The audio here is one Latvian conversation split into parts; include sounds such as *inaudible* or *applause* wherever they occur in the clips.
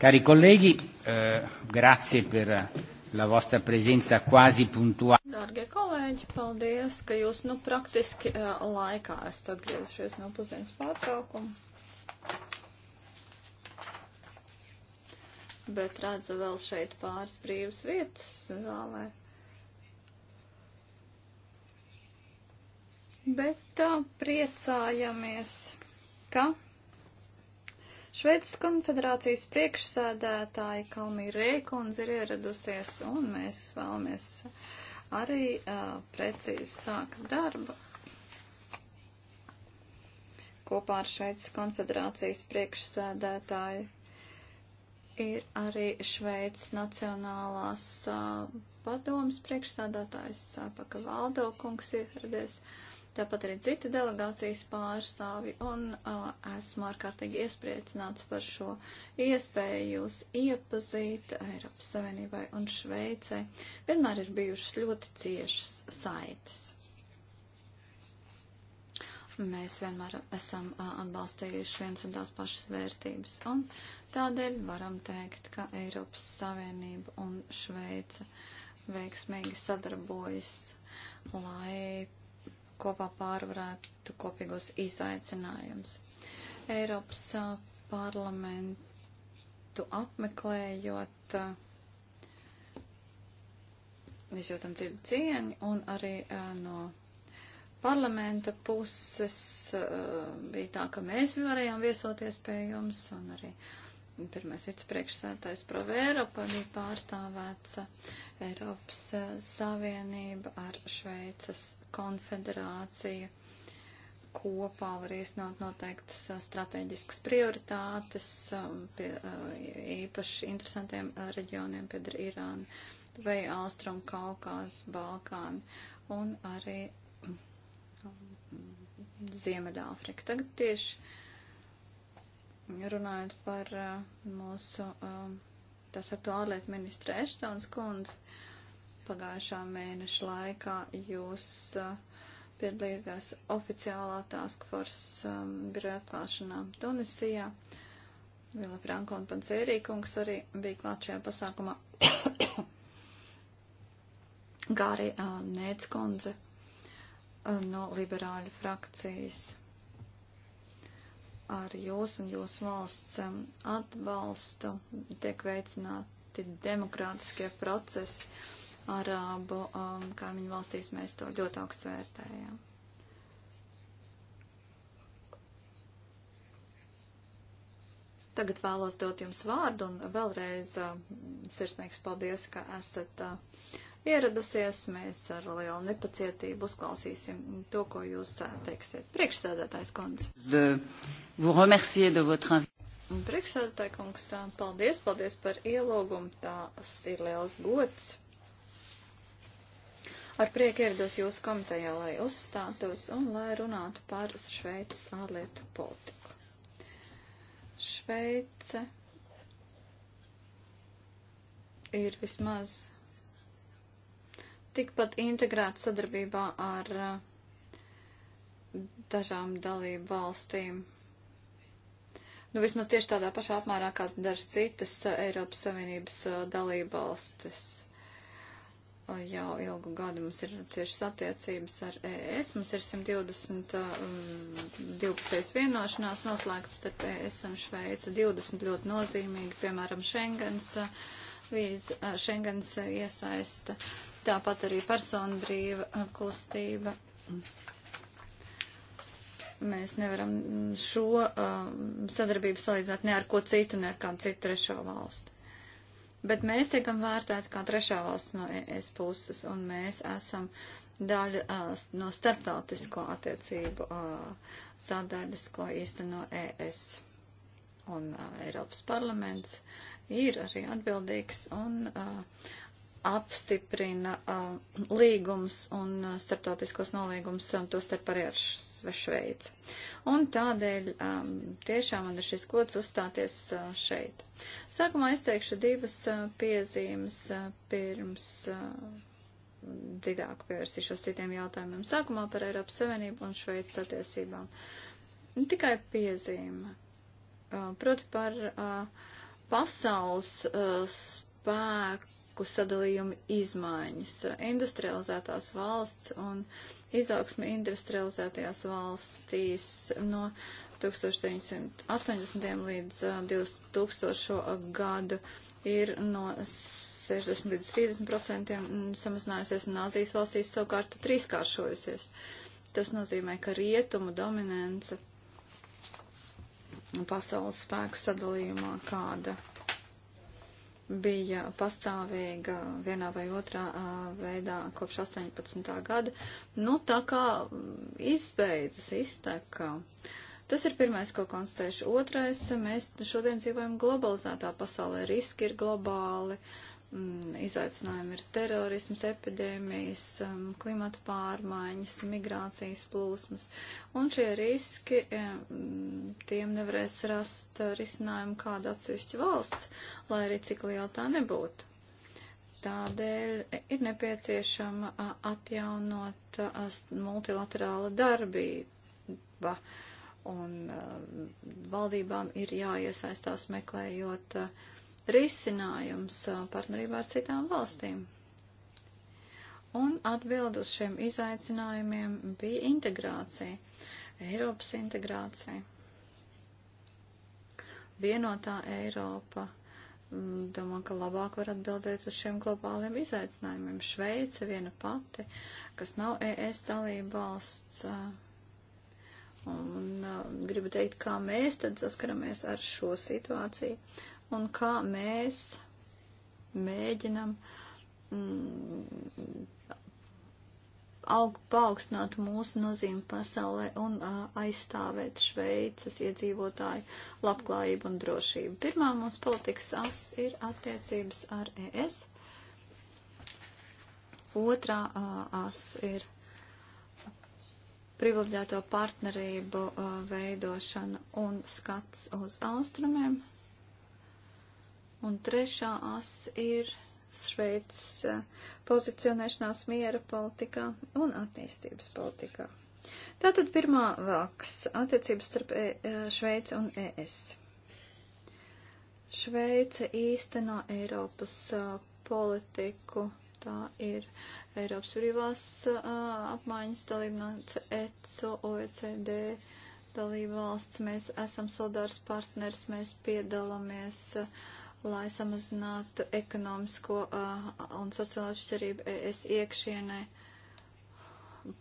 Cari colleghi, eh, grazie per la vostra presenza quasi puntuale. Dargie kolēģi, paldies, ka jūs nu praktiski uh, laikā esat atgriezušies no pusdienas pārtraukuma. Bet redzu vēl šeit pāris brīvas vietas zālē. Bet uh, priecājamies, ka Šveices konfederācijas priekšsēdētāja Kalmija Reikundze ir ieradusies, un mēs vēlamies arī uh, precīzi sākt darbu kopā ar Šveices konfederācijas priekšsēdētāju. Ir arī Šveices nacionālās uh, padomas priekšsēdētājs Sapaka Valdo kungs ieradies. Uh, tāpat arī citi delegācijas pārstāvi, un uh, esmu ārkārtīgi iespriecināts par šo iespēju jūs iepazīt Eiropas Savienībai un Šveicē. Vienmēr ir bijušas ļoti ciešas saites. Mēs vienmēr esam uh, atbalstījuši viens un tās pašas vērtības, un tādēļ varam teikt, ka Eiropas Savienība un Šveice veiksmīgi sadarbojas, lai kopā pārvarētu kopīgos izaicinājumus. Eiropas parlamentu apmeklējot, izjūtam dziļu cieņu un arī no parlamenta puses bija tā, ka mēs varējām viesoties pie jums un arī uh, pirmais vicepriekšsētājs Provēro bija pārstāvēts uh, Eiropas uh, Savienība ar Šveicas konfederāciju. Kopā var iesnot noteiktas uh, strateģiskas prioritātes, um, pie, īpaši interesantiem reģioniem piedara Irāna vai Austrum Kaukās, Balkāni un arī um, Ziemeļāfrika. Tagad tieši runājot par uh, mūsu um, tas aktuālietu ministra Eštons kundzi pagājušā mēneša laikā jūs uh, piedalījāties oficiālā task force um, biroja atklāšanā Tunisijā. Vila Franko un Pancērī kungs arī bija klāt šajā pasākumā. *coughs* Gāri uh, Nēc kundze no liberāļu frakcijas ar jūsu un jūsu valsts atbalstu tiek veicināti demokrātiskie procesi. Arābu um, kaimiņu valstīs mēs to ļoti augstu vērtējam. Tagad vēlos dot jums vārdu un vēlreiz uh, sirsnīgs paldies, ka esat uh, ieradusies. Mēs ar lielu nepacietību uzklausīsim to, ko jūs teiksiet. Priekšsēdētājs kundze. Priekšsēdētāja kungs, paldies, paldies par ielūgumu. Tās ir liels gods. Ar prieku ierados jūsu komitejā, lai uzstātos un lai runātu par Šveices ārlietu politiku. Šveice ir vismaz tikpat integrēta sadarbībā ar eh, dažām dalību valstīm. Nu, vismaz tieši tādā pašā apmērā kā dažas citas eh, Eiropas Savienības eh, dalību valstis. Jau ilgu gadu mums ir ciešas attiecības ar ES, mums ir 120 mm, divpusējas vienošanās noslēgts starp ES un Šveicu, 20 ļoti nozīmīgi, piemēram, Schengens. Uh, vīz, Schengens iesaista, tāpat arī personu brīva kustība. Mēs nevaram šo um, sadarbību salīdzināt ne ar ko citu, ne ar kādu citu trešo valstu. Bet mēs tiekam vērtēti kā trešā valsts no ES puses, un mēs esam daļa uh, no starptautisko attiecību uh, sadaļas, ko īsteno ES un uh, Eiropas parlaments ir arī atbildīgs un uh, apstiprina uh, līgums un uh, starptautiskos nolīgums, um, to starp arī ar Šveici. Un tādēļ um, tiešām man ir šis gods uzstāties uh, šeit. Sākumā es teikšu divas uh, piezīmes uh, pirms uh, dziļāk pievērsīšos citiem jautājumiem. Sākumā par Eiropas Savienību un Šveicas attiecībām. Tikai piezīme. Uh, proti par. Uh, pasaules uh, spēku sadalījuma izmaiņas. Uh, industrializētās valsts un izaugsme industrializētajās valstīs no 1980. līdz 2000. Uh, gadu ir no 60 līdz 30 procentiem samazinājusies, un Āzijas valstīs savukārt trīskāršojusies. Tas nozīmē, ka rietumu dominance pasaules spēku sadalījumā, kāda bija pastāvīga vienā vai otrā veidā kopš 18. gada, nu tā kā izbeidzas, izteka. Tas ir pirmais, ko konstatēšu. Otrais, mēs šodien dzīvojam globalizētā pasaulē, riski ir globāli. Uh, Mm, izaicinājumi ir terorisms, epidēmijas, mm, klimata pārmaiņas, migrācijas plūsmas. Un šie riski, mm, tiem nevarēs rast uh, risinājumu kāda atsevišķa valsts, lai arī cik liela tā nebūtu. Tādēļ ir nepieciešama atjaunot multilaterāla darbība. Un valdībām ir jāiesaistās meklējot uh, risinājums partnerībā ar citām valstīm. Un atbild uz šiem izaicinājumiem bija integrācija, Eiropas integrācija. Vienotā Eiropa, domāju, ka labāk var atbildēt uz šiem globāliem izaicinājumiem. Šveice viena pati, kas nav ES dalība valsts. Un, un gribu teikt, kā mēs tad saskaramies ar šo situāciju un kā mēs mēģinam mm, aug, paaugstināt mūsu nozīmi pasaulē un uh, aizstāvēt Šveices iedzīvotāju labklājību un drošību. Pirmā mūsu politikas as ir attiecības ar ES. Otrā uh, as ir privileģēto partnerību uh, veidošana un skats uz austrumiem. Un trešā as ir Šveices eh, pozicionēšanās miera politikā un attīstības politikā. Tātad pirmā vāks - attiecības starp e, Šveici un ES. Šveice īsteno Eiropas a, eh, politiku, tā ir Eiropas brīvās apmaiņas dalībnāca ECO, OECD dalībvalsts. Mēs esam solidārs partners, mēs piedalāmies. A, lai samazinātu ekonomisko uh, un sociālo atšķirību ES iekšienē,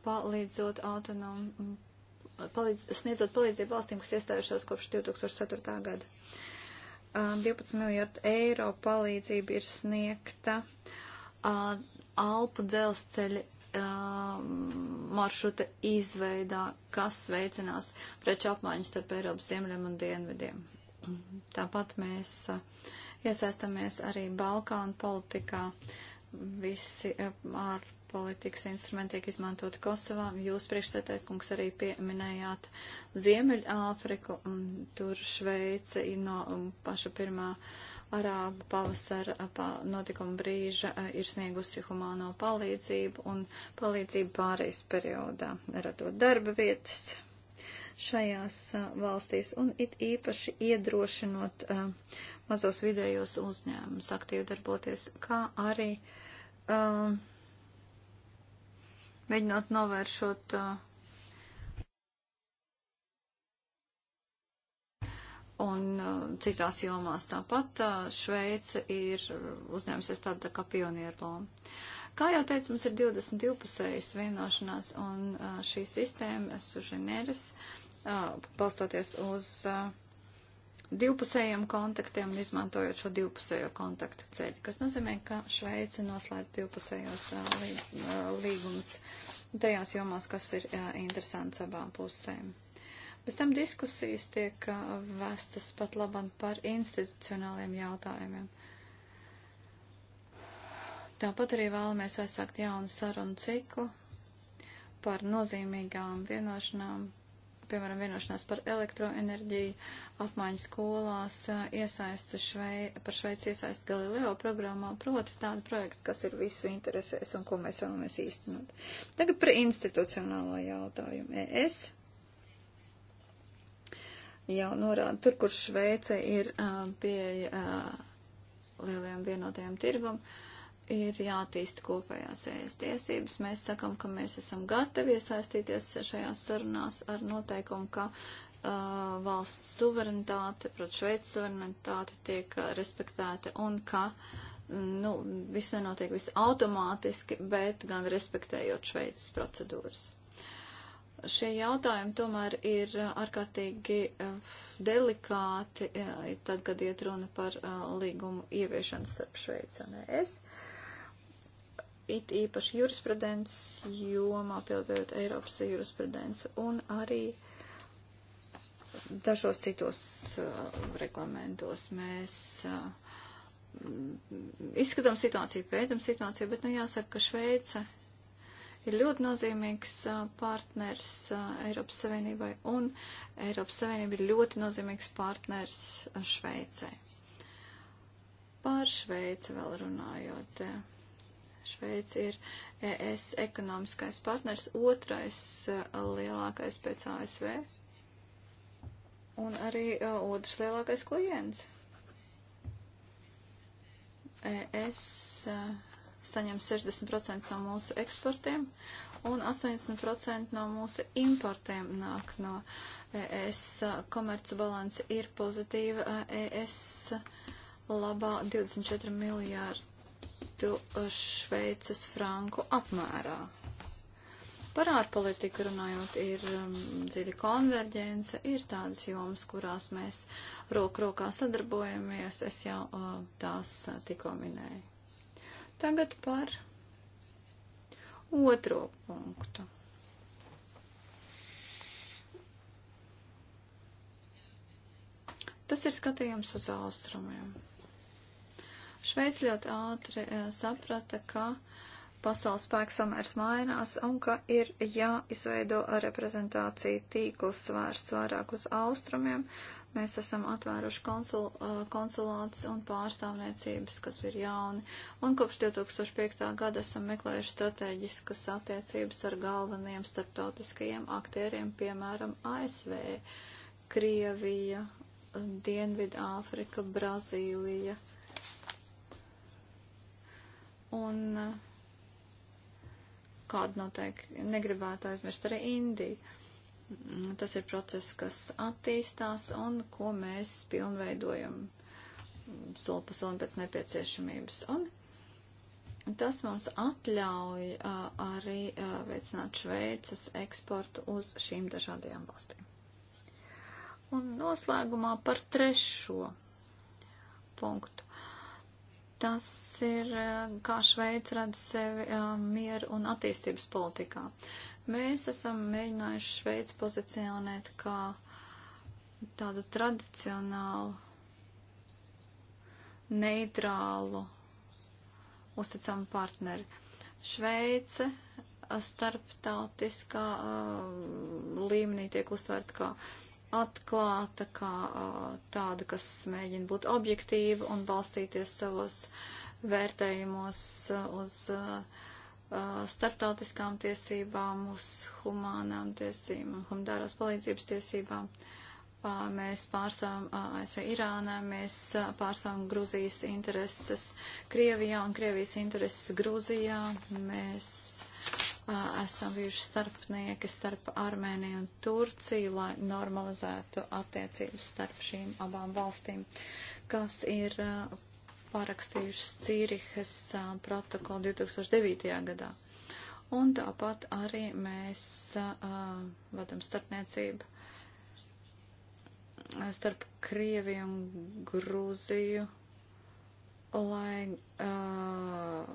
palīdzot autonomu, palīdz, sniedzot palīdzību valstīm, kas iestājušās kopš 2004. gada. Uh, 12 miljārdu eiro palīdzība ir sniegta uh, Alpu dzelzceļa maršruta izveidā, kas veicinās preču apmaiņas starp Eiropas ziemeļiem un dienvidiem. Tāpat mēs uh, Iesaistamies arī Balkānu politikā. Visi ārpolitikas eh, instrumenti tiek izmantoti Kosovā. Jūs priekšstādājat, kungs, arī pieminējāt Ziemeļāfriku. Mm, tur Šveice no mm, paša pirmā arābu pavasara eh, pa notikuma brīža eh, ir sniegusi humāno palīdzību un palīdzību pārejas periodā, radot darba vietas šajās valstīs un it īpaši iedrošinot mazos vidējos uzņēmumus aktīvi darboties, kā arī mēģinot novēršot un citās jomās tāpat Šveica ir uzņēmusies tāda kā pionierloma. Kā jau teicu, mums ir 22 pusējas vienošanās, un šī sistēma, Suženeres, balstoties uz divpusējiem kontaktiem un izmantojot šo divpusējo kontaktu ceļu, kas nozīmē, ka Šveice noslēdz divpusējos līgumus tajās jomās, kas ir interesants abām pusēm. Pēc tam diskusijas tiek vestas pat labam par institucionāliem jautājumiem. Tāpat arī vēlamies aizsākt jaunu sarunu ciklu par nozīmīgām vienošanām piemēram, vienošanās par elektroenerģiju, apmaiņu skolās, iesaista švei, par Šveici iesaist Galileo programmā, proti tādu projektu, kas ir visu interesēs un ko mēs vēlamies īstenot. Tagad par institucionālo jautājumu. Es jau norāda, tur, kur Šveice ir uh, pieeja uh, lielajam vienotajam tirgum, uh, ir jātīsta kopējās ēs tiesības. Mēs sakam, ka mēs esam gatavi iesaistīties šajās sarunās ar noteikumu, ka uh, valsts suverenitāte, proti Šveicas suverenitāte tiek uh, respektēta un ka mm, nu, viss nenotiek viss automātiski, bet gan respektējot Šveicas procedūras šie jautājumi tomēr ir uh, ārkārtīgi uh, delikāti, uh, tad, kad iet runa par līgumu ieviešanu starp Šveici un ES it īpaši jurisprudences jomā, pildot Eiropas jurisprudence un arī dažos citos uh, reglamentos mēs uh, izskatām situāciju, pētam situāciju, bet nu jāsaka, ka Šveice ir ļoti nozīmīgs uh, partners uh, Eiropas Savienībai un Eiropas Savienība ir ļoti nozīmīgs partners uh, Šveicē. Pār Šveici vēl runājot. Ja. Šveica ir ES ekonomiskais partners, otrais e, lielākais pēc ASV un arī e, otrs lielākais klients. ES e, saņem 60% no mūsu eksportiem un 80% no mūsu importiem nāk no ES. Komercbalance ir pozitīva. ES labā 24 miljārdu Eh, Šveices franku apmērā. Par ārpolitiku runājot, ir um, dziļa konverģence, ir tādas jomas, kurās mēs roku rokā sadarbojamies, es jau uh, tās uh, tikko minēju. Tagad par otro punktu. Tas ir skatījums uz austrumiem. Šveica ļoti ātri eh, saprata, ka pasaules spēku samērs mainās un ka ir jāizveido reprezentācija tīkls vērsts vairāk uz austrumiem. Mēs esam atvēruši konsul, eh, konsulātus un pārstāvniecības, kas ir jauni, un kopš 2005. gada esam meklējuši strateģiskas attiecības ar galveniem starptautiskajiem aktieriem, piemēram, ASV, Krievija, Dienvidāfrika, Brazīlija, Un eh, kādu noteikti negribētu aizmirst arī Indiju. Mm, tas ir process, kas attīstās un ko mēs pilnveidojam mm, soli pa solim pēc nepieciešamības. Un tas mums atļauj uh, arī uh, veicināt Šveicas eksportu uz šīm dažādajām valstīm. Un noslēgumā par trešo punktu. Tas ir, eh, kā Šveica redz sevi eh, mieru un attīstības politikā. Mēs esam mēģinājuši Šveici pozicionēt kā tādu tradicionālu, neitrālu, uzticamu partneri. Šveice eh, starptautiskā līmenī tiek uztvērta kā uh, atklāta, kā tāda, kas mēģina būt objektīva un balstīties savos vērtējumos uz starptautiskām tiesībām, uz humānām tiesībām, humanitārās palīdzības tiesībām. Mēs pārstāvam ASV Irānā, mēs pārstāvam Gruzijas intereses Krievijā un Krievijas intereses Gruzijā. Mēs esam bijuši starpnieki starp Armēniju un Turciju, lai normalizētu attiecības starp šīm abām valstīm, kas ir parakstījušas Cīrihas protokolu 2009. gadā. Un tāpat arī mēs uh, vadam starpniecību starp Krieviju un Grūziju lai uh,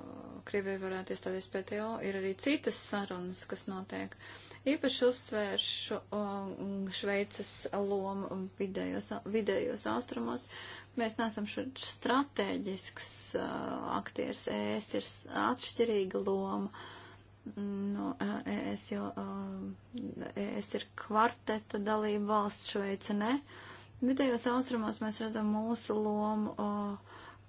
Krievija varētu iestāties PTO, ir arī citas sarunas, kas notiek. Īpaši uzsvēršu uh, Šveices lomu vidējos, vidējos austrumos. Mēs neesam strateģisks uh, aktieris. ES ir atšķirīga loma. Mm, no, uh, ES, jo, uh, ES ir kvarteta dalība valsts, Šveice ne. Vidējos austrumos mēs redzam mūsu lomu. Uh,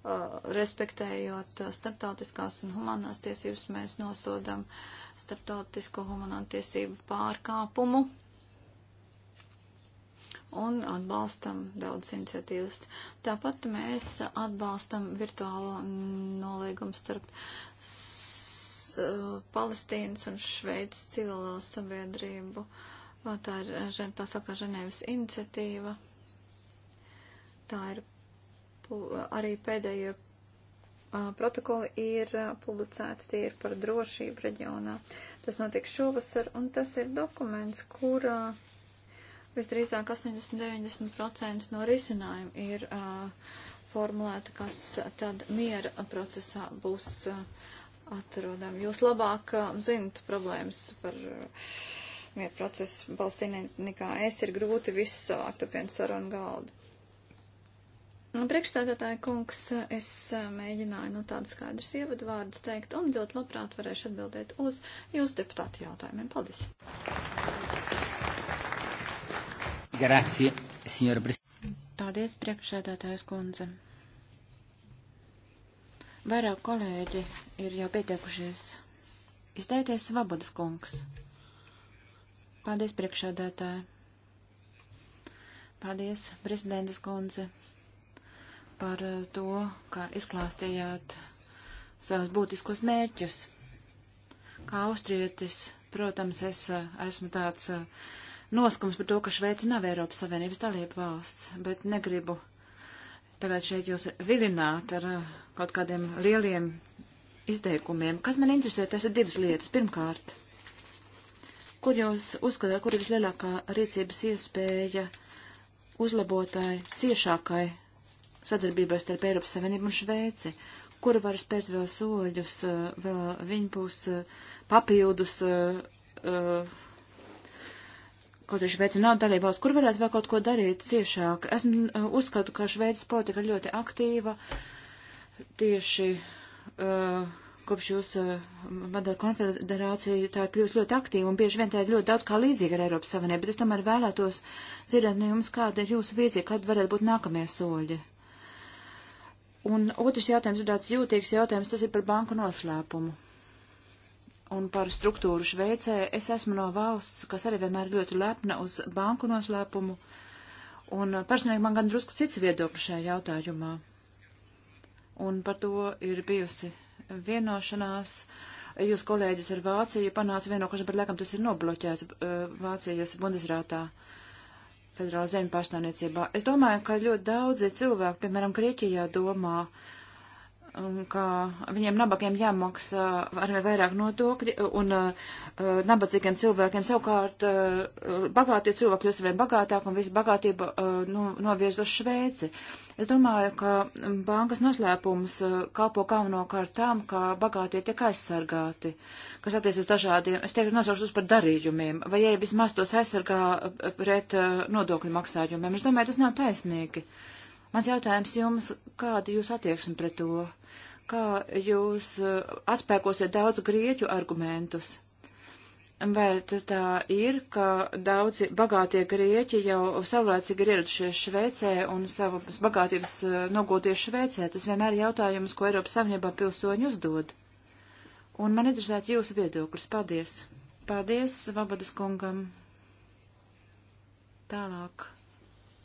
Uh, respektējot uh, starptautiskās un humanās tiesības, mēs nosodam starptautisko humanā tiesību pārkāpumu un atbalstam daudz iniciatīvas. Tāpat mēs atbalstam virtuālo nolīgumu starp uh, Palestīnas un Šveices civilo sabiedrību. Tā ir tā sakā Ženēvas iniciatīva. Tā ir Arī pēdējie protokoli ir publicēti, tie ir par drošību reģionā. Tas notiek šovasar, un tas ir dokuments, kurā visdrīzāk 80-90% no risinājuma ir formulēta, kas tad miera procesā būs atrodam. Jūs labāk zinat problēmas par mieru procesu balstīnē nekā es, ir grūti visu sākt ap vienu sarunu galdu. Nu, priekšstādātāja kungs, es eh, mēģināju nu, tādu skaidrs ievadu vārdus teikt un ļoti labprāt varēšu atbildēt uz jūsu deputātu jautājumiem. Paldies! Grazie, signora Paldies, priekšsēdētājs kundze. Vairāk kolēģi ir jau pieteikušies. Izteikties Svabodas kungs. Paldies, priekšsēdētāji. Paldies, prezidentas kundze par eh, to, kā izklāstījāt savus būtiskos mērķus. Kā austrietis, protams, es eh, esmu tāds eh, noskums par to, ka Šveica nav Eiropas Savienības dalība valsts, bet negribu tagad šeit jūs vilināt ar kaut kādiem lieliem izteikumiem. Kas man interesē, tas ir divas lietas. Pirmkārt, kur jūs uzskatāt, kur ir vislielākā rīcības iespēja uzlabotai, ciešākai sadarbībai starp Eiropas Savienību un Šveici, kura var spērt vēl soļus, eh, vēl viņa būs eh, papildus, eh, kaut arī Šveica nav dalībās, kur varētu vēl kaut ko darīt ciešāk. Esmu uzskatu, ka Šveicas politika ir ļoti aktīva tieši. Uh, kopš jūs vadāt uh, konfederāciju, tā ir kļūst ļoti aktīva un bieži vien tā ir ļoti daudz kā līdzīga ar Eiropas Savienību, bet es tomēr vēlētos dzirdēt no jums, kāda ir jūsu vīzija, kad varētu būt nākamie soļi. Un otrs jautājums ir tāds jūtīgs jautājums, tas ir par banku noslēpumu. Un par struktūru Šveicē. Es esmu no valsts, kas arī vienmēr ļoti lepna uz banku noslēpumu. Un uh, personīgi man gan drusku cits viedoklis šajā jautājumā. Un par to ir bijusi vienošanās. Jūs kolēģis ar Vāciju panāca vienošanos, bet, laikam, tas ir nobloķēts uh, Vācijas bundesrātā. Uh, federāla zemju pārstāvniecībā. Es domāju, ka ļoti daudzi cilvēki, piemēram, Grieķijā domā, uh, ka viņiem nabagiem jāmaksā arvien vairāk nodokļi, un uh, uh, nabadzīgiem cilvēkiem savukārt uh, bagātie cilvēki kļūst arvien bagātāk, un visa bagātība uh, nu, novirz uz Šveici. Es domāju, ka bankas noslēpums uh, kalpo galvenokārt tām, ka bagātie tiek aizsargāti, kas attiecas uz dažādiem, es teiktu, nosaušos par darījumiem, vai arī vismaz tos aizsargā uh, pret nodokļu maksājumiem. Es domāju, tas nav taisnīgi. Mans jautājums jums, kāda jūs attieksme pret to? Uh, kā jūs uh, atspēkosiet daudz grieķu argumentus. Vai tas tā ir, ka daudzi bagātie grieķi jau savlaicīgi ir ieradušies Šveicē un savas bagātības uh, nogūties Šveicē? Tas vienmēr ir jautājums, ko Eiropas Savienībā pilsoņi uzdod. Un man interesētu jūsu viedoklis. Paldies. Paldies Vabadas kungam. Tālāk.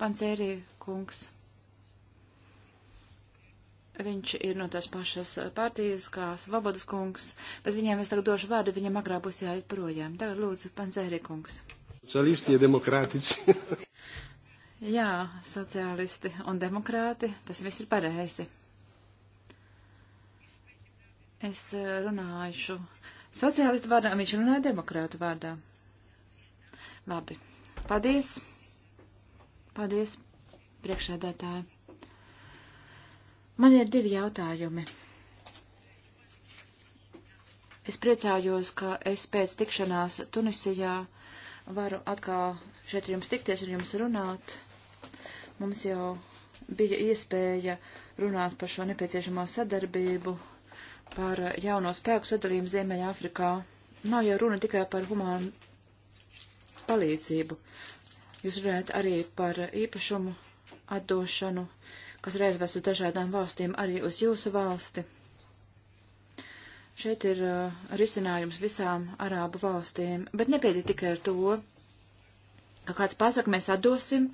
Pancērī kungs. Viņš ir no tās pašas partijas, kā Svobodas kungs, bet viņiem es tagad došu vārdu, viņam agrāk būs jāiet projām. Tagad lūdzu, Panzēri kungs. Sociālisti ir demokrātiķi. *laughs* Jā, sociālisti un demokrāti, tas viss ir pareizi. Es eh, runāšu sociālistu vārdā, viņš runāja demokrātu vārdā. Labi. Paldies. Paldies, priekšsēdētāji. Man ir divi jautājumi. Es priecājos, ka es pēc tikšanās Tunisijā varu atkal šeit ar jums tikties un jums runāt. Mums jau bija iespēja runāt par šo nepieciešamo sadarbību, par jauno spēku sadalījumu Ziemeļāfrikā. Nav jau runa tikai par humānu palīdzību. Jūs runājat arī par īpašumu atdošanu kas reizvēs uz dažādām valstīm, arī uz jūsu valsti. Šeit ir uh, risinājums visām arābu valstīm, bet nepiediet tikai ar to, ka kāds pasaka, mēs atdosim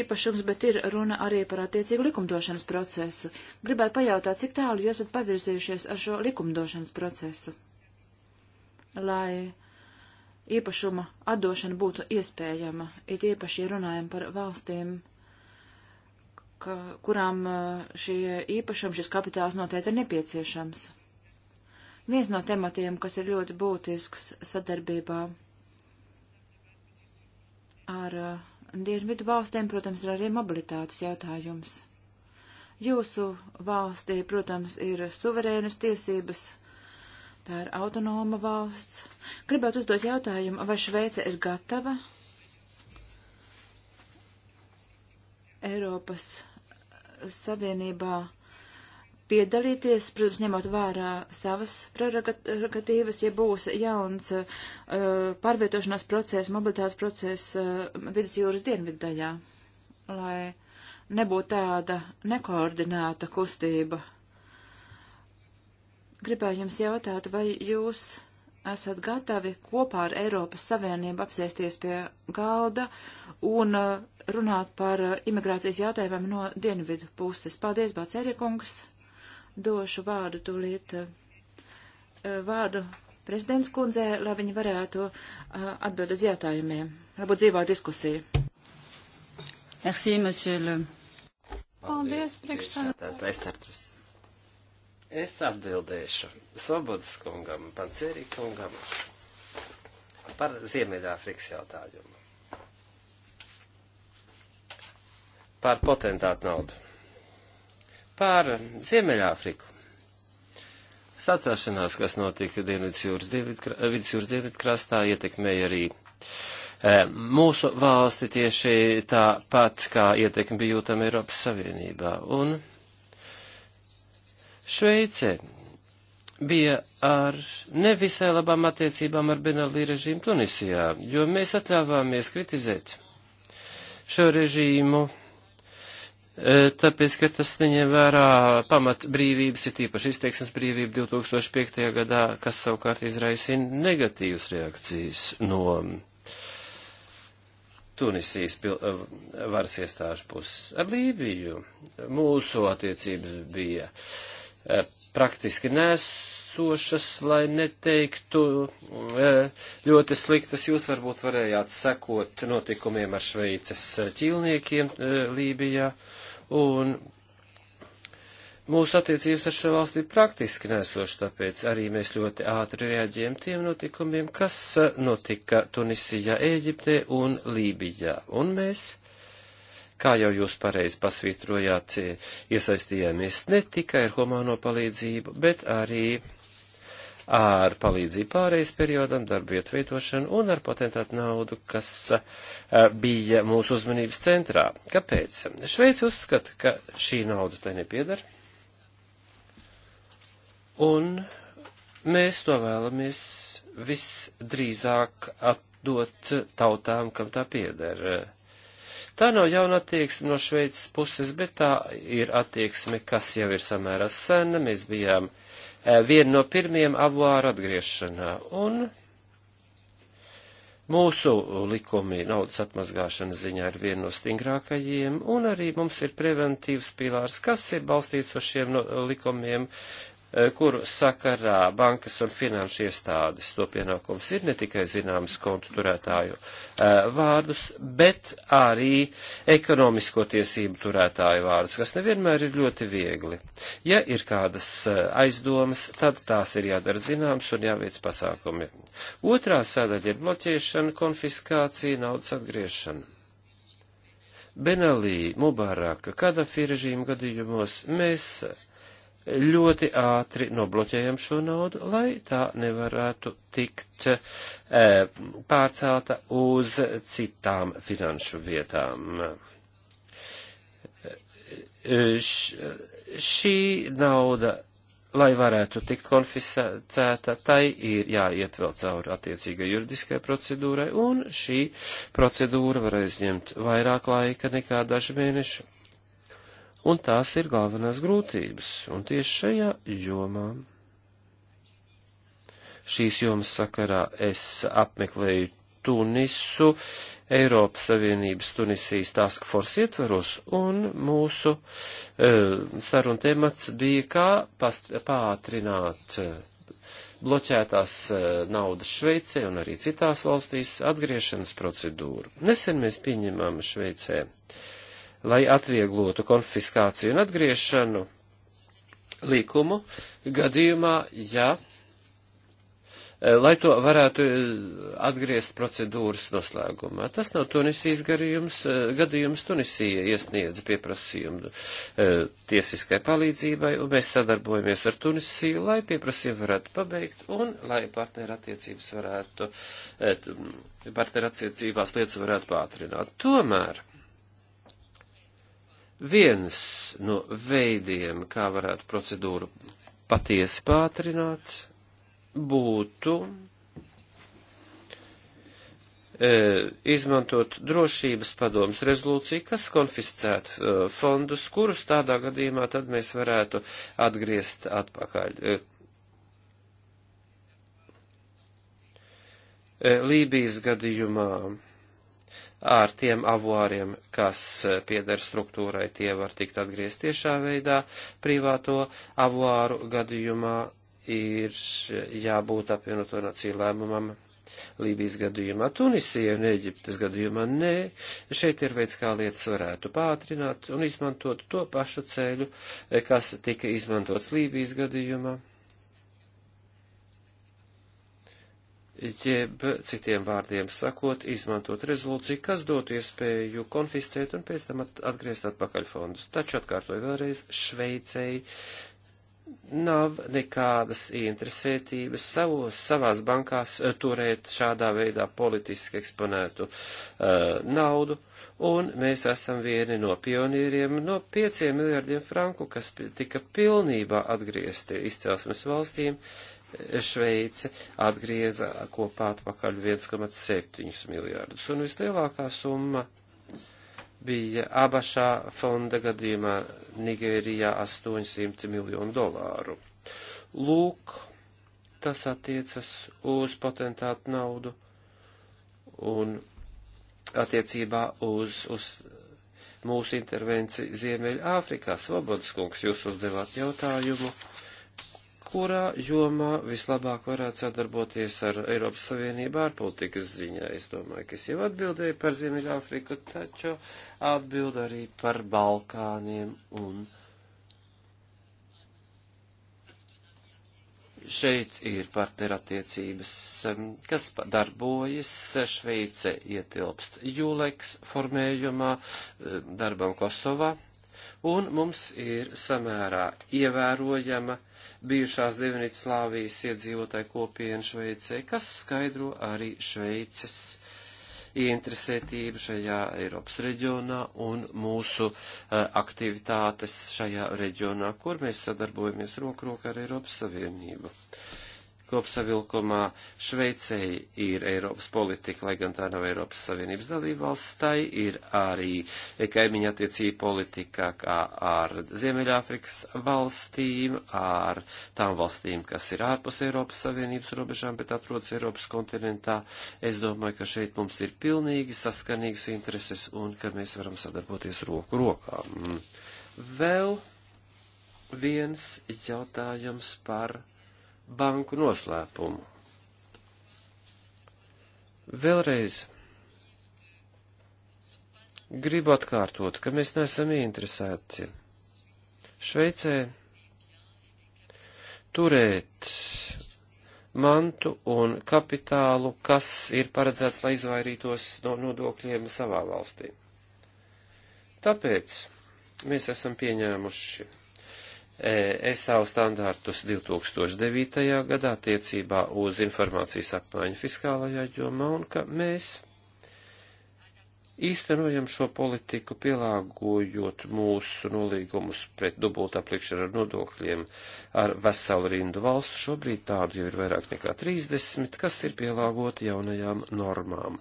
īpašums, bet ir runa arī par attiecīgu likumdošanas procesu. Gribētu pajautāt, cik tālu jūs esat pavirzījušies ar šo likumdošanas procesu, lai īpašuma atdošana būtu iespējama, it īpaši runājam par valstīm, ka, kurām uh, šie īpašumi, šis kapitāls noteikti ir nepieciešams. Viens no tematiem, kas ir ļoti būtisks sadarbībā ar uh, dienvidu valstiem, protams, ir arī mobilitātes jautājums. Jūsu valstī, protams, ir suverēnas tiesības, tā ir autonoma valsts. Gribētu uzdot jautājumu, vai Šveice ir gatava Eiropas Savienībā piedalīties, protams, ņemot vērā savas prerogatīvas, ja būs jauns uh, pārvietošanās process, mobilitātes process uh, vidusjūras dienviddaļā, lai nebūtu tāda nekoordinēta kustība. Gribēju jums jautāt, vai jūs esat gatavi kopā ar Eiropas Savienību apsēsties pie galda un uh, runāt par eh, imigrācijas jautājumiem no dienvidu puses. Paldies, Bāceriekungs. Došu vārdu tūlīt eh, eh, vārdu prezidents kundzē, lai viņi varētu atbild uz jautājumiem. Varbūt dzīvā diskusija. Merci, monsieur le. Paldies, priekšsēdētājs. Es atbildēšu Svobodas kungam, Pancēri kungam par Ziemeļāfrikas jautājumu. par potentātu naudu. Par Ziemeļāfriku. Sacēšanās, kas notika Dienvidjūras dienvidkrastā, ietekmēja arī e, mūsu valsti tieši tāpat, kā ietekme bija jūtama Eiropas Savienībā. Un Šveice bija ar nevisai labām attiecībām ar Benelī režīmu Tunisijā, jo mēs atļāvāmies kritizēt šo režīmu E, tāpēc, ka tas neņem vērā pamat brīvības, ir tīpaši izteiksmes brīvība 2005. gadā, kas savukārt izraisina negatīvas reakcijas no Tunisijas pil, e, varas iestāžu puses. Ar Lībiju mūsu attiecības bija e, praktiski nesošas, lai neteiktu ļoti sliktas. Jūs varbūt varējāt sekot notikumiem ar Šveices ķīlniekiem Lībijā. Uh, Un mūsu attiecības ar šo valsti ir praktiski nesoši, tāpēc arī mēs ļoti ātri reaģējam tiem notikumiem, kas e, notika Tunisijā, Ēģiptē un Lībijā. Un mēs, kā jau jūs pareizi pasvītrojāt, e, iesaistījāmies ne tikai ar humāno palīdzību, bet arī ar palīdzību pārejas periodam, darba ietvītošanu un ar patentātu naudu, kas eh, bija mūsu uzmanības centrā. Kāpēc? Šveica uzskata, ka šī nauda tai nepiedara. Un mēs to vēlamies visdrīzāk atdot tautām, kam tā pieder. Tā nav jauna attieksme no Šveices puses, bet tā ir attieksme, kas jau ir samērā sena. Mēs bijām uh, Eh, viena no pirmiem avāru atgriešanā. Un mūsu likumi naudas atmazgāšanas ziņā ir viena no stingrākajiem, un arī mums ir preventīvs pilārs, kas ir balstīts uz šiem no, likumiem, Eh, kuru sakarā bankas un finanšu iestādes to pienākums ir ne tikai zināmas kontu turētāju eh, vārdus, bet arī ekonomisko tiesību turētāju vārdus, kas nevienmēr ir ļoti viegli. Ja ir kādas eh, aizdomas, tad tās ir jādara zināmas un jāveic pasākumi. Otrā sadaļa ir bloķēšana, konfiskācija, naudas atgriešana. Benelī, Mubaraka, Kadafi režīmu gadījumos mēs ļoti ātri nobloķējam šo naudu, lai tā nevarētu tikt e, pārcelta uz citām finanšu vietām. E, š, šī nauda lai varētu tikt konfiscēta, tai ir jāiet vēl cauri attiecīgai juridiskai procedūrai, un šī procedūra var aizņemt vairāk laika nekā daži mēneši un tās ir galvenās grūtības, un tieši šajā jomā. Šīs jomas sakarā es apmeklēju Tunisu, Eiropas Savienības Tunisijas task force ietvaros, un mūsu e, saruna temats bija, kā past, pātrināt e, bloķētās e, naudas Šveicē un arī citās valstīs atgriešanas procedūru. Nesen mēs pieņemām Šveicē lai atvieglotu konfiskāciju un atgriešanu likumu gadījumā, ja, eh, lai to varētu eh, atgriezt procedūras noslēgumā. Tas nav Tunisijas gadījums, eh, gadījums Tunisija iesniedza pieprasījumu tiesiskai palīdzībai, un mēs sadarbojamies ar Tunisiju, lai pieprasījumu varētu pabeigt, un lai partnerattiecības varētu, partnerattiecībās lietas varētu pātrināt. Tomēr, Viens no veidiem, kā varētu procedūru patiesi pātrināt, būtu e, izmantot drošības padomas rezolūciju, kas konfiscētu e, fondus, kurus tādā gadījumā tad mēs varētu atgriezt atpakaļ. E, Lībijas gadījumā ar tiem avāriem, kas pieder struktūrai, tie var tikt atgriezt tiešā veidā. Privāto avāru gadījumā ir jābūt apvienoto nāciju lēmumam. Lībijas gadījumā, Tunisija un Eģiptes gadījumā nē, šeit ir veids, kā lietas varētu pātrināt un izmantot to pašu ceļu, kas tika izmantots Lībijas gadījumā. jeb citiem vārdiem sakot, izmantot rezolūciju, kas dotu iespēju konfiscēt un pēc tam atgriezt atpakaļ fondus. Taču atkārtoju vēlreiz, Šveicei nav nekādas interesētības savos, savās bankās eh, turēt šādā veidā politiski eksponētu uh, naudu, un mēs esam vieni no pionieriem no pieciem miljardiem franku, kas tika pilnībā atgriezti izcelsmes valstīm, uh, Šveice atgrieza kopā atpakaļ 1,7 miljārdus. Un vislielākā summa bija abašā fonda gadījumā Nigērijā 800 miljonu dolāru. Lūk, tas attiecas uz potentātu naudu un attiecībā uz, uz mūsu intervenciju Ziemeļa Āfrikā. Svobodas kungs, jūs uzdevāt jautājumu kurā jomā vislabāk varētu sadarboties ar Eiropas Savienību ārpolitikas ziņā. Es domāju, ka es jau atbildēju par Ziemeļāfriku, taču atbild arī par Balkāniem un. šeit ir partnerattiecības, kas darbojas, Šveice ietilpst Juleks formējumā darbam Kosovā un mums ir samērā ievērojama bijušās Dienvidslāvijas iedzīvotāju kopiena Šveicē, kas skaidro arī Šveices ieinteresētību šajā Eiropas reģionā un mūsu uh, aktivitātes šajā reģionā, kur mēs sadarbojamies roku rokā ar Eiropas Savienību. Uh, kopsavilkumā Šveicei ir Eiropas politika, lai gan tā nav Eiropas Savienības dalībvalsts, tai ir arī kaimiņa attiecība politika kā ar Ziemeļāfrikas valstīm, ar tām valstīm, kas ir ārpus Eiropas Savienības robežām, bet atrodas Eiropas kontinentā. Es domāju, ka šeit mums ir pilnīgi saskanīgas intereses un ka mēs varam sadarboties roku rokā. Vēl viens jautājums par banku noslēpumu. Vēlreiz gribu atkārtot, ka mēs neesam interesēti Šveicē turēt mantu un kapitālu, kas ir paredzēts, lai izvairītos no nodokļiem savā valstī. Tāpēc mēs esam pieņēmuši ESAU standārtus 2009. gadā attiecībā uz informācijas apmaiņu fiskālajā jomā un ka mēs īstenojam šo politiku pielāgojot mūsu nolīgumus pret dubultā plikšana ar nodokļiem ar veselu rindu valstu. Šobrīd tādu jau ir vairāk nekā 30, kas ir pielāgoti jaunajām normām.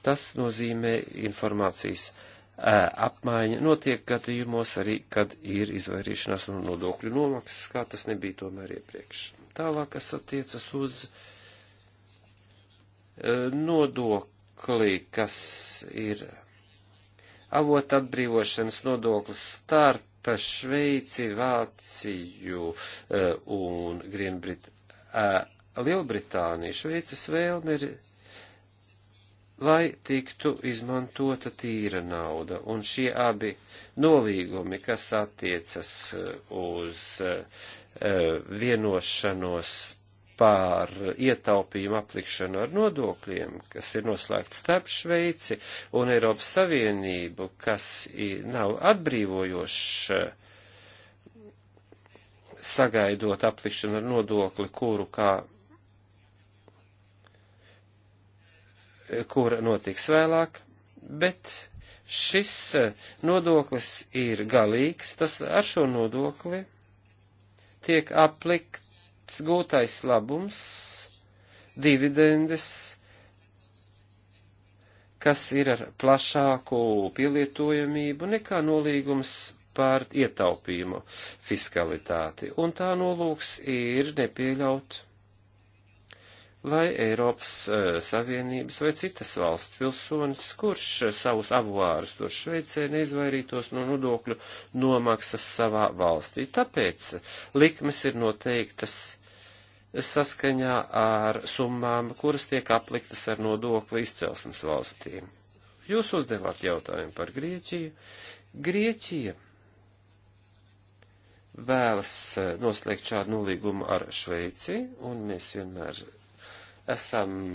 Tas nozīmē informācijas apmaiņu apmaiņa notiek gadījumos arī, kad ir izvairīšanās no nodokļu nomaksas, kā tas nebija tomēr iepriekš. Tālāk, kas attiecas uz nodokli, kas ir avot atbrīvošanas nodoklis starp Šveici, Vāciju un Grienbrit, Lielbritāniju. Šveicis vēlme ir lai tiktu izmantota tīra nauda. Un šie abi nolīgumi, kas attiecas eh, uz eh, eh, vienošanos pār ietaupījumu aplikšanu ar nodokļiem, kas ir noslēgts starp Šveici un Eiropas Savienību, kas nav atbrīvojošs sagaidot aplikšanu ar nodokli, kuru kā kura notiks vēlāk, bet šis eh, nodoklis ir galīgs, tas ar šo nodokli tiek aplikts gūtais labums, dividendes, kas ir ar plašāku pielietojamību nekā nolīgums pār ietaupījumu fiskalitāti, un tā nolūks ir nepieļaut lai Eiropas eh, Savienības vai citas valsts pilsonis, kurš eh, savus avārus tur Šveicē neizvairītos no nodokļu nomaksas savā valstī. Tāpēc likmes ir noteiktas saskaņā ar summām, kuras tiek apliktas ar nodokli izcelsmes valstīm. Jūs uzdevāt jautājumu par Grieķiju. Grieķija vēlas eh, noslēgt šādu nolīgumu ar Šveici, un mēs vienmēr esam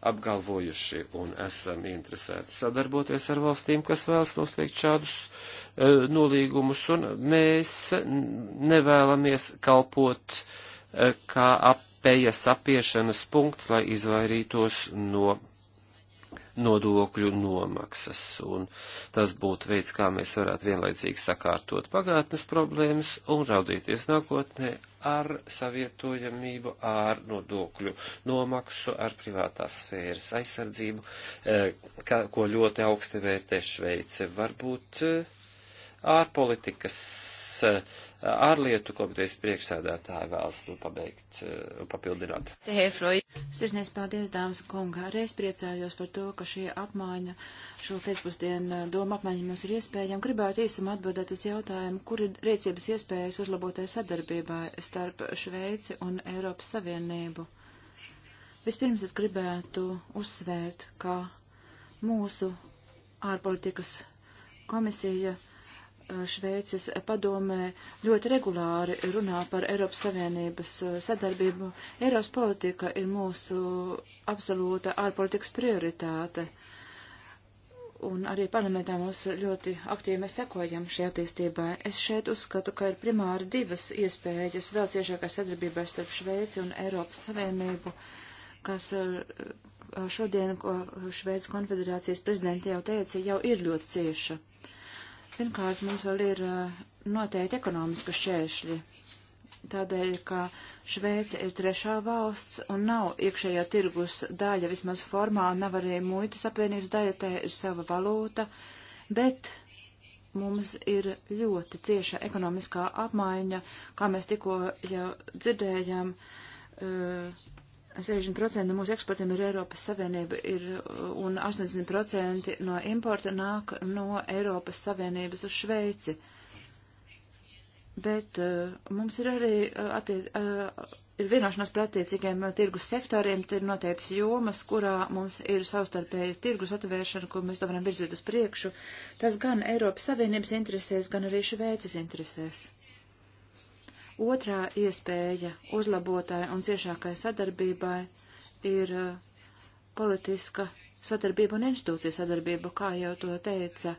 apgalvojuši un esam interesēti sadarboties ar valstīm, kas vēlas noslēgt šādus e, nolīgumus, un mēs nevēlamies kalpot e, kā apēja sapiešanas punkts, lai izvairītos no nodokļu nomaksas, un tas būtu veids, kā mēs varētu vienlaicīgi sakārtot pagātnes problēmas un raudzīties nākotnē ar savietojamību, ar nodokļu nomaksu, ar privātās sfēras aizsardzību, eh, kā, ko ļoti augsti vērtē Šveice. Varbūt eh, ārpolitikas. politikas eh, ārlietu komitejas priekšsēdētāja vēlas to pabeigt un eh, papildināt. Sirsnieks, paldies, dāmas un kungi. Arī es priecājos par to, ka šī apmaiņa, šo pēcpusdienu eh, doma apmaiņa mums ir iespējama. Gribētu īsumā atbildēt uz jautājumu, kur ir rīcības iespējas uzlabotai sadarbībai starp Šveici un Eiropas Savienību. Vispirms es gribētu uzsvērt, ka mūsu ārpolitikas komisija uh, Šveices padomē ļoti regulāri runā par Eiropas Savienības eh, sadarbību. Eiropas politika ir mūsu absolūta ārpolitikas prioritāte. Un arī parlamentā mums ļoti aktīvi mēs sekojam šī attīstībai. Es šeit uzskatu, ka ir primāri divas iespējas vēl ciešākā sadarbībā starp Šveici un Eiropas Savienību, kas eh, šodien, ko Šveices konfederācijas prezidenti jau teica, jau ir ļoti cieša Pirmkārt, mums vēl ir eh, noteikti ekonomiski šķēršļi. Tādēļ, ka Šveice ir trešā valsts un nav iekšējā tirgus daļa, vismaz formāli nav arī muitas apvienības daļa, tā ir sava valūta, bet mums ir ļoti cieša ekonomiskā apmaiņa, kā mēs tikko jau dzirdējām. Uh, 60% no mūsu eksportiem ir Eiropas Savienība, ir, un 80% no importa nāk no Eiropas Savienības uz Šveici. Bet uh, mums ir arī uh, attie, uh, ir vienošanās par attiecīgiem tirgus sektoriem, ir noteikts jomas, kurā mums ir savstarpējas tirgus atvēršana, kur mēs to varam virzīt uz priekšu. Tas gan Eiropas Savienības interesēs, gan arī Šveices interesēs. Otrā iespēja uzlabotāja un ciešākai sadarbībai ir uh, politiska sadarbība un institūcija sadarbība, kā jau to teica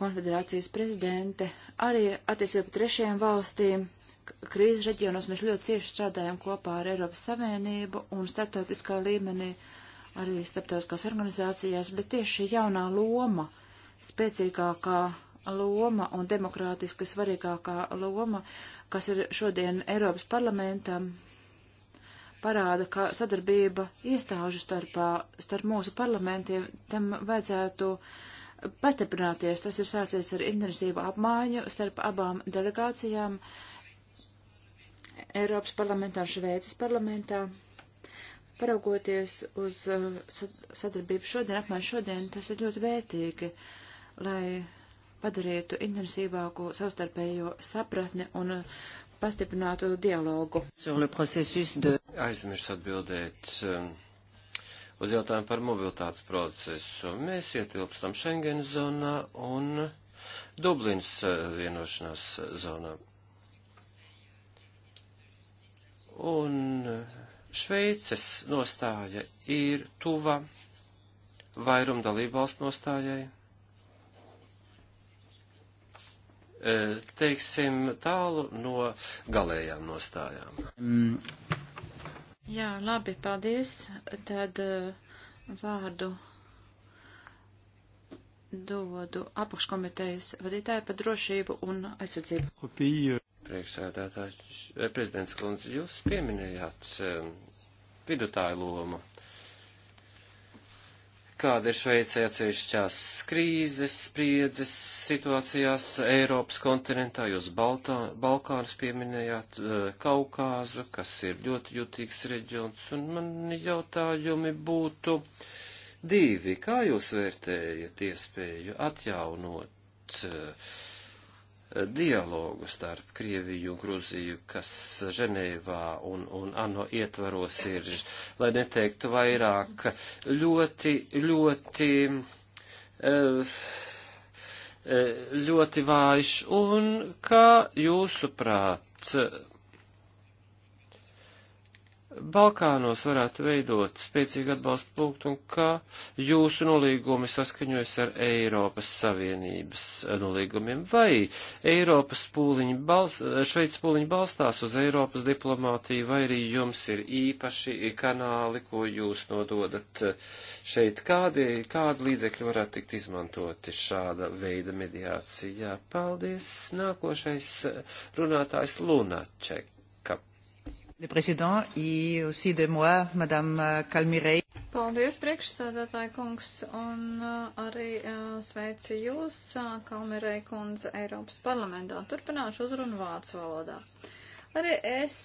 konfederācijas prezidente. Arī attiecībā trešajām valstīm krīzes reģionos mēs ļoti cieši strādājam kopā ar Eiropas Savienību un starptautiskā līmenī arī starptautiskās organizācijās, bet tieši šī jaunā loma spēcīgākā loma un demokrātiski svarīgākā loma, kas ir šodien Eiropas parlamentam, parāda, ka sadarbība iestāžu starpā, starp mūsu parlamentiem, tam vajadzētu pastiprināties. Tas ir sācies ar intensīvu apmaiņu starp abām delegācijām Eiropas parlamentā un Šveices parlamentā. Paraugoties uz uh, sadarbību šodien, apmaiņu šodien, tas ir ļoti vērtīgi, lai padarītu intensīvāku savstarpējo sapratni un pastiprinātu dialogu. De... Aizmirst atbildēt um, uz jautājumu par mobilitātes procesu. Mēs ietilpstam Schengen zonā un Dublins uh, vienošanās zonā. Un uh, Šveices nostāja ir tuva vairum dalībvalstu nostājai. E, teiksim, tālu no galējām nostājām. Mm. Jā, labi, paldies. Tad e, vārdu dodu apakškomitejas vadītāju par drošību un aizsardzību. Priekšsēdētājs, e, prezidents Kundze, jūs pieminējāt vidutāju lomu kāda ir Šveicē atsevišķās krīzes, spriedzes situācijās Eiropas kontinentā, jūs Baltā, Balkānus pieminējāt, eh, Kaukāzu, kas ir ļoti jutīgs reģions, un man jautājumi būtu divi. Kā jūs vērtējat iespēju atjaunot uh, dialogu starp Krieviju un Gruziju, kas Ženēvā un, un ANO ietvaros ir, lai neteiktu vairāk, ļoti, ļoti, eh, eh, ļoti vājš. Un kā jūsuprāt, Balkānos varētu veidot spēcīgu atbalstu punktu un kā jūsu nolīgumi saskaņojas ar Eiropas Savienības nolīgumiem? Vai Eiropas pūliņi balst, Šveicis pūliņi balstās uz Eiropas diplomātiju, vai arī jums ir īpaši kanāli, ko jūs nododat šeit? Kādi, kādi līdzekļi varētu tikt izmantoti šāda veida mediācijā? Paldies! Nākošais runātājs Lunaček. Euh, Paldies, priekšsādātāji kungs, un uh, arī uh, sveicu jūs, Kalmirei uh, kundze, Eiropas parlamentā. Turpināšu uzrunu vācu valodā. Arī es,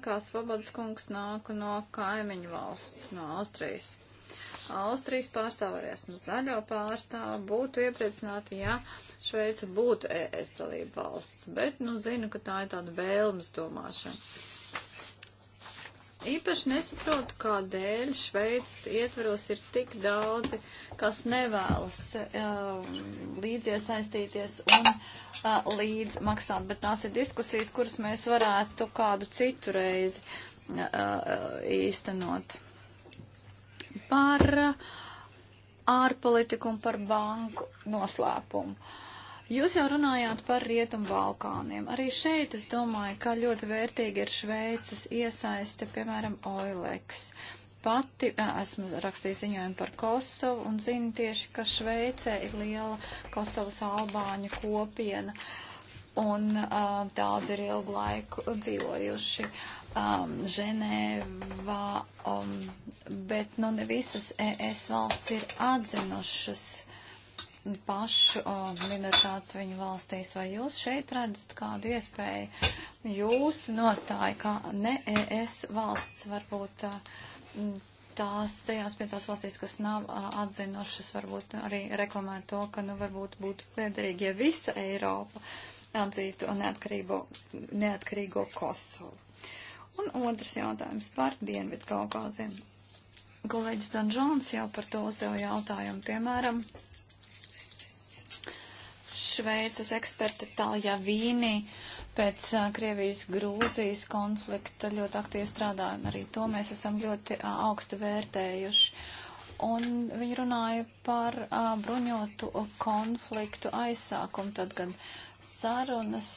kā Svobodas kungs, nāku no kaimiņu valsts, no Austrijas. Austrijas pārstāvu arī esmu zaļo pārstāvu, būtu iepriecināti, ja Šveica būtu ES dalība valsts, bet, nu, zinu, ka tā ir tāda vēlmes domāšana. Īpaši nesaprotu, kādēļ Šveices ietvaros ir tik daudzi, kas nevēlas uh, līdziesaistīties un uh, līdz maksāt, bet tās ir diskusijas, kuras mēs varētu kādu citu reizi uh, īstenot. Par ārpolitiku un par banku noslēpumu. Uh, Jūs jau runājāt par Rietumu Balkāniem. Arī šeit es domāju, ka ļoti vērtīgi ir Šveices iesaiste, piemēram, Oileks. Pati esmu rakstījis ziņojumu par Kosovu un zinu tieši, ka Šveicē ir liela Kosovas albāņu kopiena. Uh, un uh, daudz ir ilgu laiku dzīvojuši um, Ženēvā, um, bet nu ne visas ES valsts ir atzinušas pašu minoritātes viņu valstīs, vai jūs šeit redzat kādu iespēju jūsu nostāju, kā ne ES valsts varbūt tās tajās piecās valstīs, kas nav atzinošas, varbūt arī reklamē to, ka nu varbūt būtu liederīgi, ja visa Eiropa atzītu neatkarīgo, neatkarīgo Kosovu. Un otrs jautājums par Dienvidu Kaukāziem. Kolēģis Danžons jau par to uzdeva jautājumu, piemēram, Šveicas eksperti Talja Vīnī pēc Krievijas-Grūzijas konflikta ļoti aktīvi strādāja, un arī to mēs esam ļoti augsti vērtējuši. Un viņi runāja par uh, bruņotu konfliktu aizsākumu, tad, kad sarunas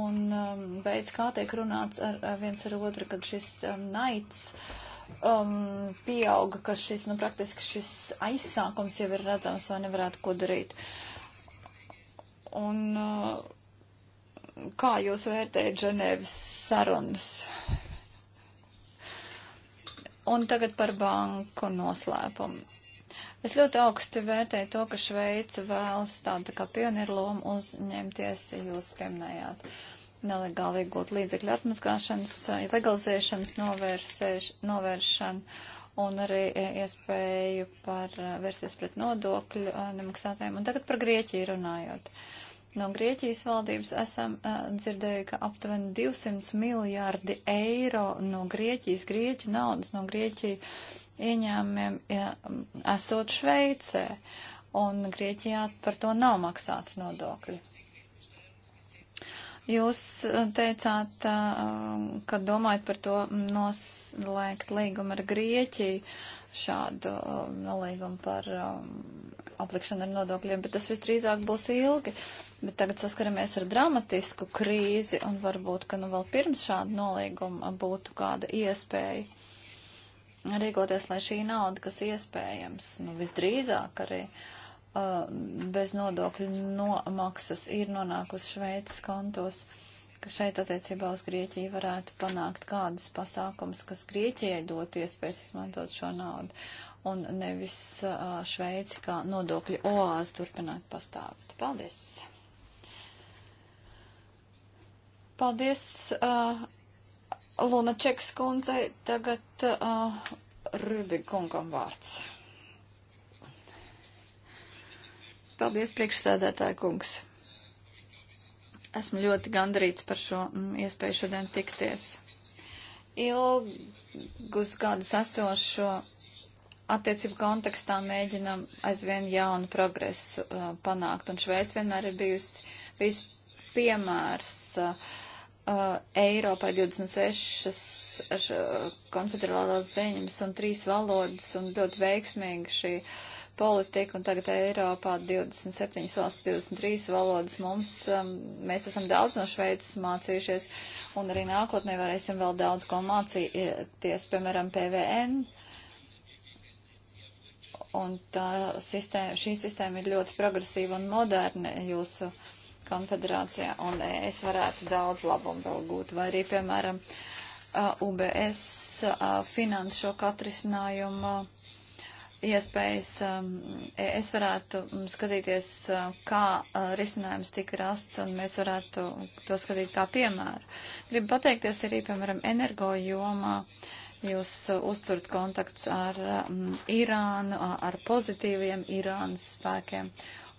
un um, beidz kā tiek runāts ar, ar viens ar otru, kad šis um, naids um, pieauga, ka šis, nu, praktiski šis aizsākums jau ir redzams, vai nevarētu ko darīt. Uh, un uh, kā jūs vērtējat Ženēvis sarunas? Un tagad par banku noslēpumu. Es ļoti augsti vērtēju to, ka Šveica vēlas tādu kā pionieru lomu uzņemties, jūs pieminējāt nelegāli iegūt līdzekļu atmaskāšanas, legalizēšanas novēršanu un arī e, iespēju par e, vērsties pret nodokļu e, nemaksātājiem. Un tagad par Grieķiju runājot. No Grieķijas valdības esam dzirdēju, ka aptuveni 200 miljārdi eiro no Grieķijas, Grieķu naudas no Grieķiju ieņēmumiem ja, esot Šveicē, un Grieķijā par to nav maksāti nodokļi. Jūs eh, teicāt, eh, ka domājat par to noslēgt līgumu ar Grieķiju, šādu eh, nolīgumu par aplikšanu ar nodokļiem, bet tas visdrīzāk būs ilgi. Bet tagad saskaramies ar dramatisku krīzi un varbūt, ka nu vēl pirms šāda nolīguma būtu kāda iespēja rīkoties, lai šī nauda, kas iespējams, nu visdrīzāk arī. Uh, Uh, bez nodokļu nomaksas ir nonākusi Šveices kontos, ka šeit attiecībā uz Grieķiju varētu panākt kādas pasākums, kas Grieķijai dot iespējas izmantot šo naudu, un nevis uh, Šveici kā nodokļu oāzi turpināt pastāvēt. Paldies! Paldies, uh, Lunačeks kundzei. Tagad uh, Rubikungam vārds. Paldies, priekšstādātāja kungs. Esmu ļoti gandrīts par šo mm, iespēju šodien tikties. Ilgus gadus esošo attiecību kontekstā mēģinam aizvien jaunu progresu uh, panākt, un Šveic vienmēr ir bijusi bijis piemērs uh, uh, Eiropai 26 uh, konfederālās ziņas un trīs valodas, un ļoti veiksmīgi šī uh, politika, un tagad Eiropā 27 valsts, 23 valodas mums, um, mēs esam daudz no Šveices mācījušies, un arī nākotnē varēsim vēl daudz ko mācīties, piemēram, PVN. Un tā sistēma, šī sistēma ir ļoti progresīva un moderna jūsu konfederācijā, un es varētu daudz labumu vēl gūt, vai arī, piemēram, UBS uh, uh, finanšu katrisinājumu iespējas um, e, es varētu mm, skatīties, uh, kā uh, risinājums tika rasts, un mēs varētu to skatīt kā piemēru. Gribu pateikties arī, piemēram, energo jomā. Jūs uh, uzturat kontakts ar mm, Irānu, ar pozitīviem Irānas spēkiem,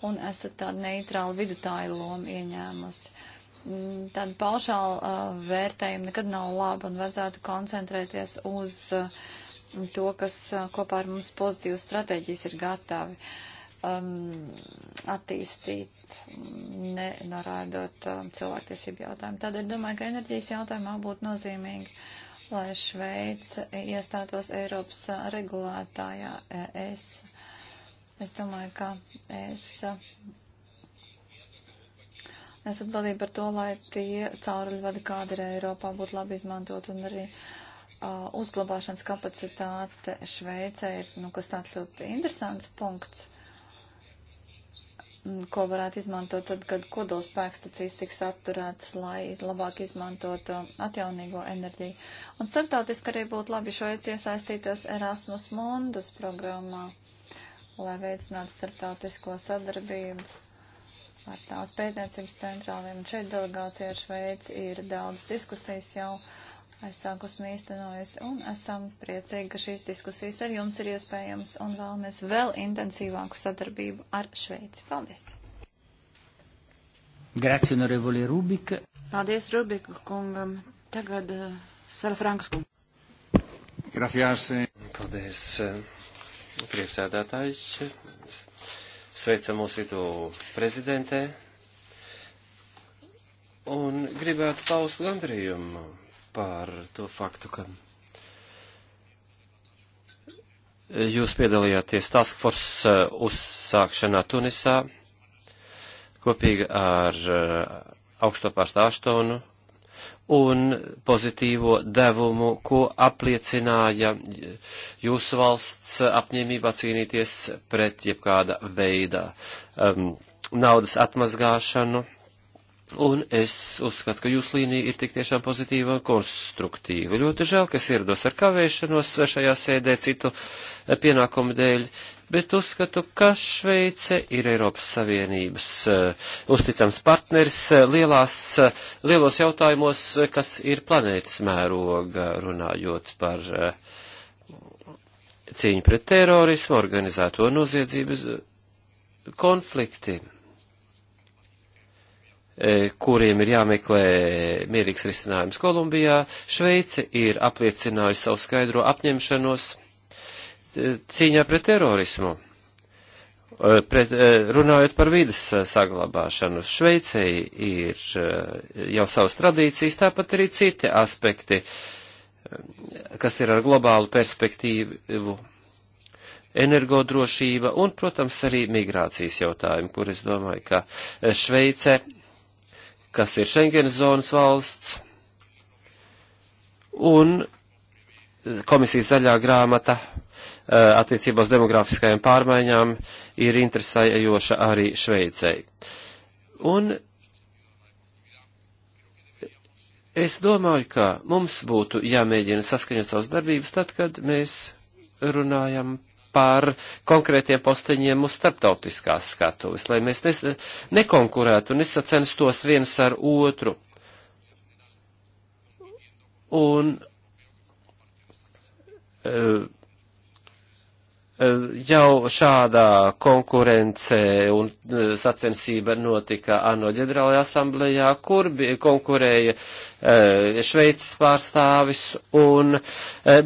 un esat tādu neitrālu vidutāju lomu ieņēmusi. Mm, tāda paušāla vērtējuma nekad nav laba, un vajadzētu koncentrēties uz uh, to, kas kopā ar mums pozitīvas stratēģijas ir gatavi um, attīstīt, nenorādot um, cilvēktiesību jautājumu. Tādēļ domāju, ka enerģijas jautājumā būtu nozīmīgi, lai Šveica iestātos Eiropas regulētājā. Es, es domāju, ka es. Es atbildīju par to, lai tie cauruļvadi, kāda ir Eiropā, būtu labi izmantot un arī uh, uh, uzglabāšanas kapacitāte Šveicē ir, nu, kas tāds ļoti interesants punkts, ko varētu izmantot tad, kad kodolspēkstacijas tiks apturētas, lai labāk izmantotu atjaunīgo enerģiju. Un starptautiski arī būtu labi Šveici iesaistīties Erasmus Mundus programmā, lai veicinātu starptautisko sadarbību ar tās pētniecības centrāliem. Un šeit delegācija ar Šveici ir daudz diskusijas jau. Uh, aizsākus un īstenojas, un esam priecīgi, ka šīs diskusijas ar jums ir iespējams un vēlamies vēl intensīvāku sadarbību ar Šveici. Paldies! Grazie, onorevole Rubik. Paldies, Rubika kungam. Tagad uh, eh, Sara Frankas kungam. Gracias. Eh. Paldies, eh, priekšsēdētājs. Sveicam mūsu vidū prezidentē. Un gribētu paust gandrījumu par to faktu, ka jūs piedalījāties Task Force uh, uzsākšanā Tunisā kopīgi ar uh, augsto pārstāštonu un pozitīvo devumu, ko apliecināja jūsu valsts apņēmībā cīnīties pret jebkāda veida um, naudas atmazgāšanu Un es uzskatu, ka jūsu līnija ir tik tiešām pozitīva un konstruktīva. Ļoti žēl, ka es ierados ar kavēšanos šajā sēdē citu pienākumu dēļ, bet uzskatu, ka Šveice ir Eiropas Savienības uh, uzticams partners eh, lielās, uh, lielos jautājumos, kas ir planētas mēroga, runājot par uh, cīņu pret terorismu, organizēto noziedzības konfliktiem E, kuriem ir jāmeklē mierīgs risinājums Kolumbijā. Šveice ir apliecinājusi savu skaidro apņemšanos e, cīņā pret terorismu, e, pret, runājot par vidas saglabāšanu. Šveicei ir jau savas tradīcijas, tāpat arī citi aspekti, kas ir ar globālu perspektīvu energodrošība un, protams, arī migrācijas jautājumi, kur es domāju, ka Šveice kas ir Schengenas zonas valsts, un komisijas zaļā grāmata eh, attiecībā uz demografiskajām pārmaiņām ir interesējoša arī Šveicei. Un es domāju, ka mums būtu jāmēģina saskaņot savas darbības tad, kad mēs runājam par konkrētiem posteņiem uz starptautiskās skatuves, lai mēs nes, nekonkurētu un nesacenstos viens ar otru. Un, uh, Eh, jau šādā konkurence un eh, sacensība notika ANO ģenerālajā asamblējā, kur bija konkurēja eh, Šveices pārstāvis un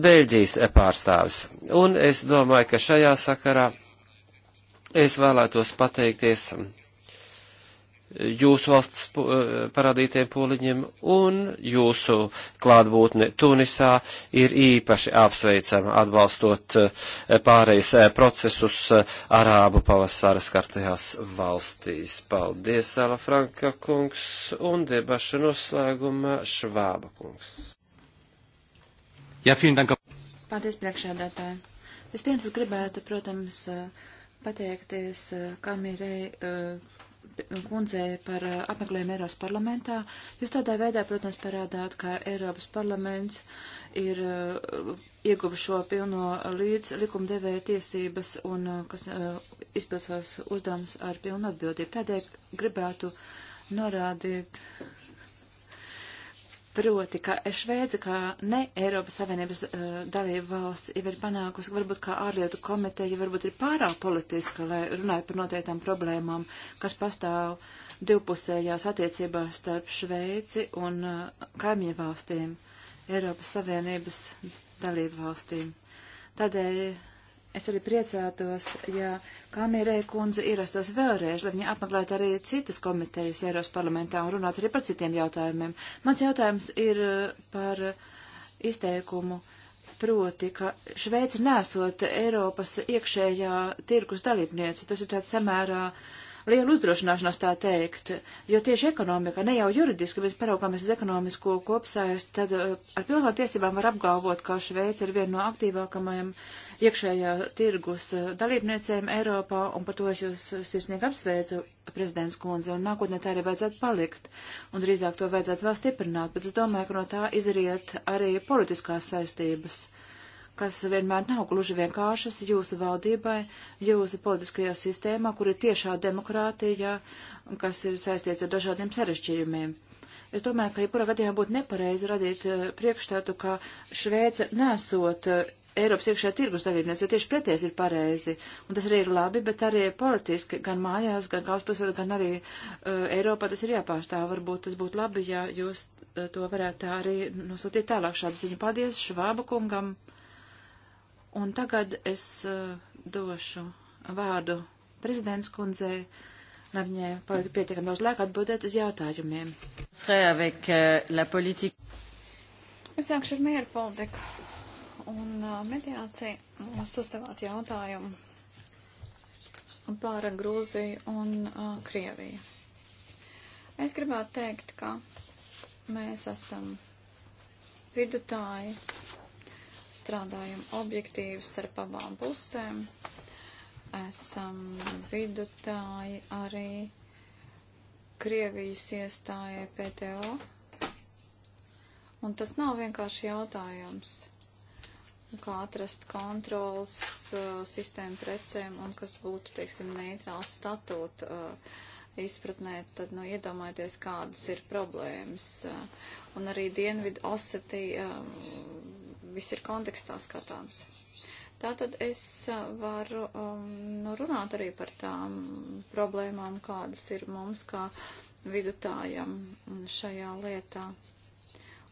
Beļģijas pārstāvis. Un es domāju, ka šajā sakarā es vēlētos pateikties jūsu valsts eh, parādītiem pūliņiem un jūsu klātbūtne Tunisā ir īpaši apsveicama atbalstot eh, pārejas eh, procesus Arābu pavasara skartajās valstīs. Paldies, Sala Franka kungs, un debašu noslēguma Švāba kungs. Jā, ja, Paldies, priekšēdētāji. Vispirms gribētu, protams, pateikties Kamirei kundzei par eh, apmeklējumu Eiropas parlamentā. Jūs tādā veidā, protams, parādāt, ka Eiropas parlaments ir eh, ieguva šo pilno līdz likumdevēja tiesības un eh, kas izpilsās uzdevums ar pilnu atbildību. Tādēļ gribētu norādīt proti, ka Šveica, kā ne Eiropas Savienības uh, dalība valsts, jau ir panākusi, varbūt kā ārlietu komiteja, varbūt ir pārāk politiska, lai runātu par noteiktām problēmām, kas pastāv divpusējās attiecībās starp Šveici un uh, kaimiņu valstīm, Eiropas Savienības dalību valstīm. Tādēļ Es arī priecātos, ja Kamierēja kundze ierastos vēlreiz, lai viņa apmeklētu arī citas komitejas Eiros parlamentā un runātu arī par citiem jautājumiem. Mans jautājums ir eh, par izteikumu proti, ka Šveica nesot Eiropas iekšējā tirkus dalībniece. Tas ir tāds samērā uh, liela uzdrošināšanās tā teikt, jo tieši ekonomika, ne jau juridiski, bet paraugāmies uz ekonomisko kopsājus, tad eh, ar pilnām tiesībām var apgalvot, ka Šveica ir viena no aktīvākamajām iekšējā tirgus eh, dalībniecēm Eiropā, un par to es jūs sirsnīgi apsveicu, prezidents kundze, un nākotnē tā arī vajadzētu palikt, un drīzāk to vajadzētu vēl stiprināt, bet es domāju, ka no tā izriet arī politiskās saistības kas vienmēr nav gluži vienkāršas jūsu valdībai, jūsu politiskajā sistēmā, kur ir tiešā demokrātija, kas ir saistīts ar dažādiem sarežģījumiem. Es domāju, ka jebkurā gadījumā būtu nepareizi radīt eh, priekšstatu, ka Šveice nesot eh, Eiropas iekšējā tirgus dalībnieks, jo tieši pretēs ir pareizi. Un tas arī ir labi, bet arī politiski, gan mājās, gan galvaspilsētā, gan arī uh, Eiropā tas ir jāpārstāv. Varbūt tas būtu labi, ja jūs uh, to varētu tā arī nosūtīt tālāk šādu ziņu. Paldies Švāba kungam! Un tagad es uh, došu vārdu prezidents kundzei, lai viņai paliek pietiekami daudz laika atbildēt uz jautājumiem. Euh, es sākšu ar mieru politiku un uh, mediāciju. Jūs uzdevāt jautājumu par Grūziju un uh, Krieviju. Es gribētu teikt, ka mēs esam vidutāji strādājam objektīvi starp abām pusēm, esam vidutāji arī Krievijas iestājai PTO. Un tas nav vienkārši jautājums, kā atrast kontrols uh, sistēmu precēm un kas būtu, teiksim, neitrāls statūta uh, izpratnē, tad, nu, iedomājieties, kādas ir problēmas. Uh, un arī Dienvidu Osetija. Uh, viss ir kontekstā skatāms. Tātad es varu um, nu, runāt arī par tām problēmām, kādas ir mums kā vidutājam šajā lietā.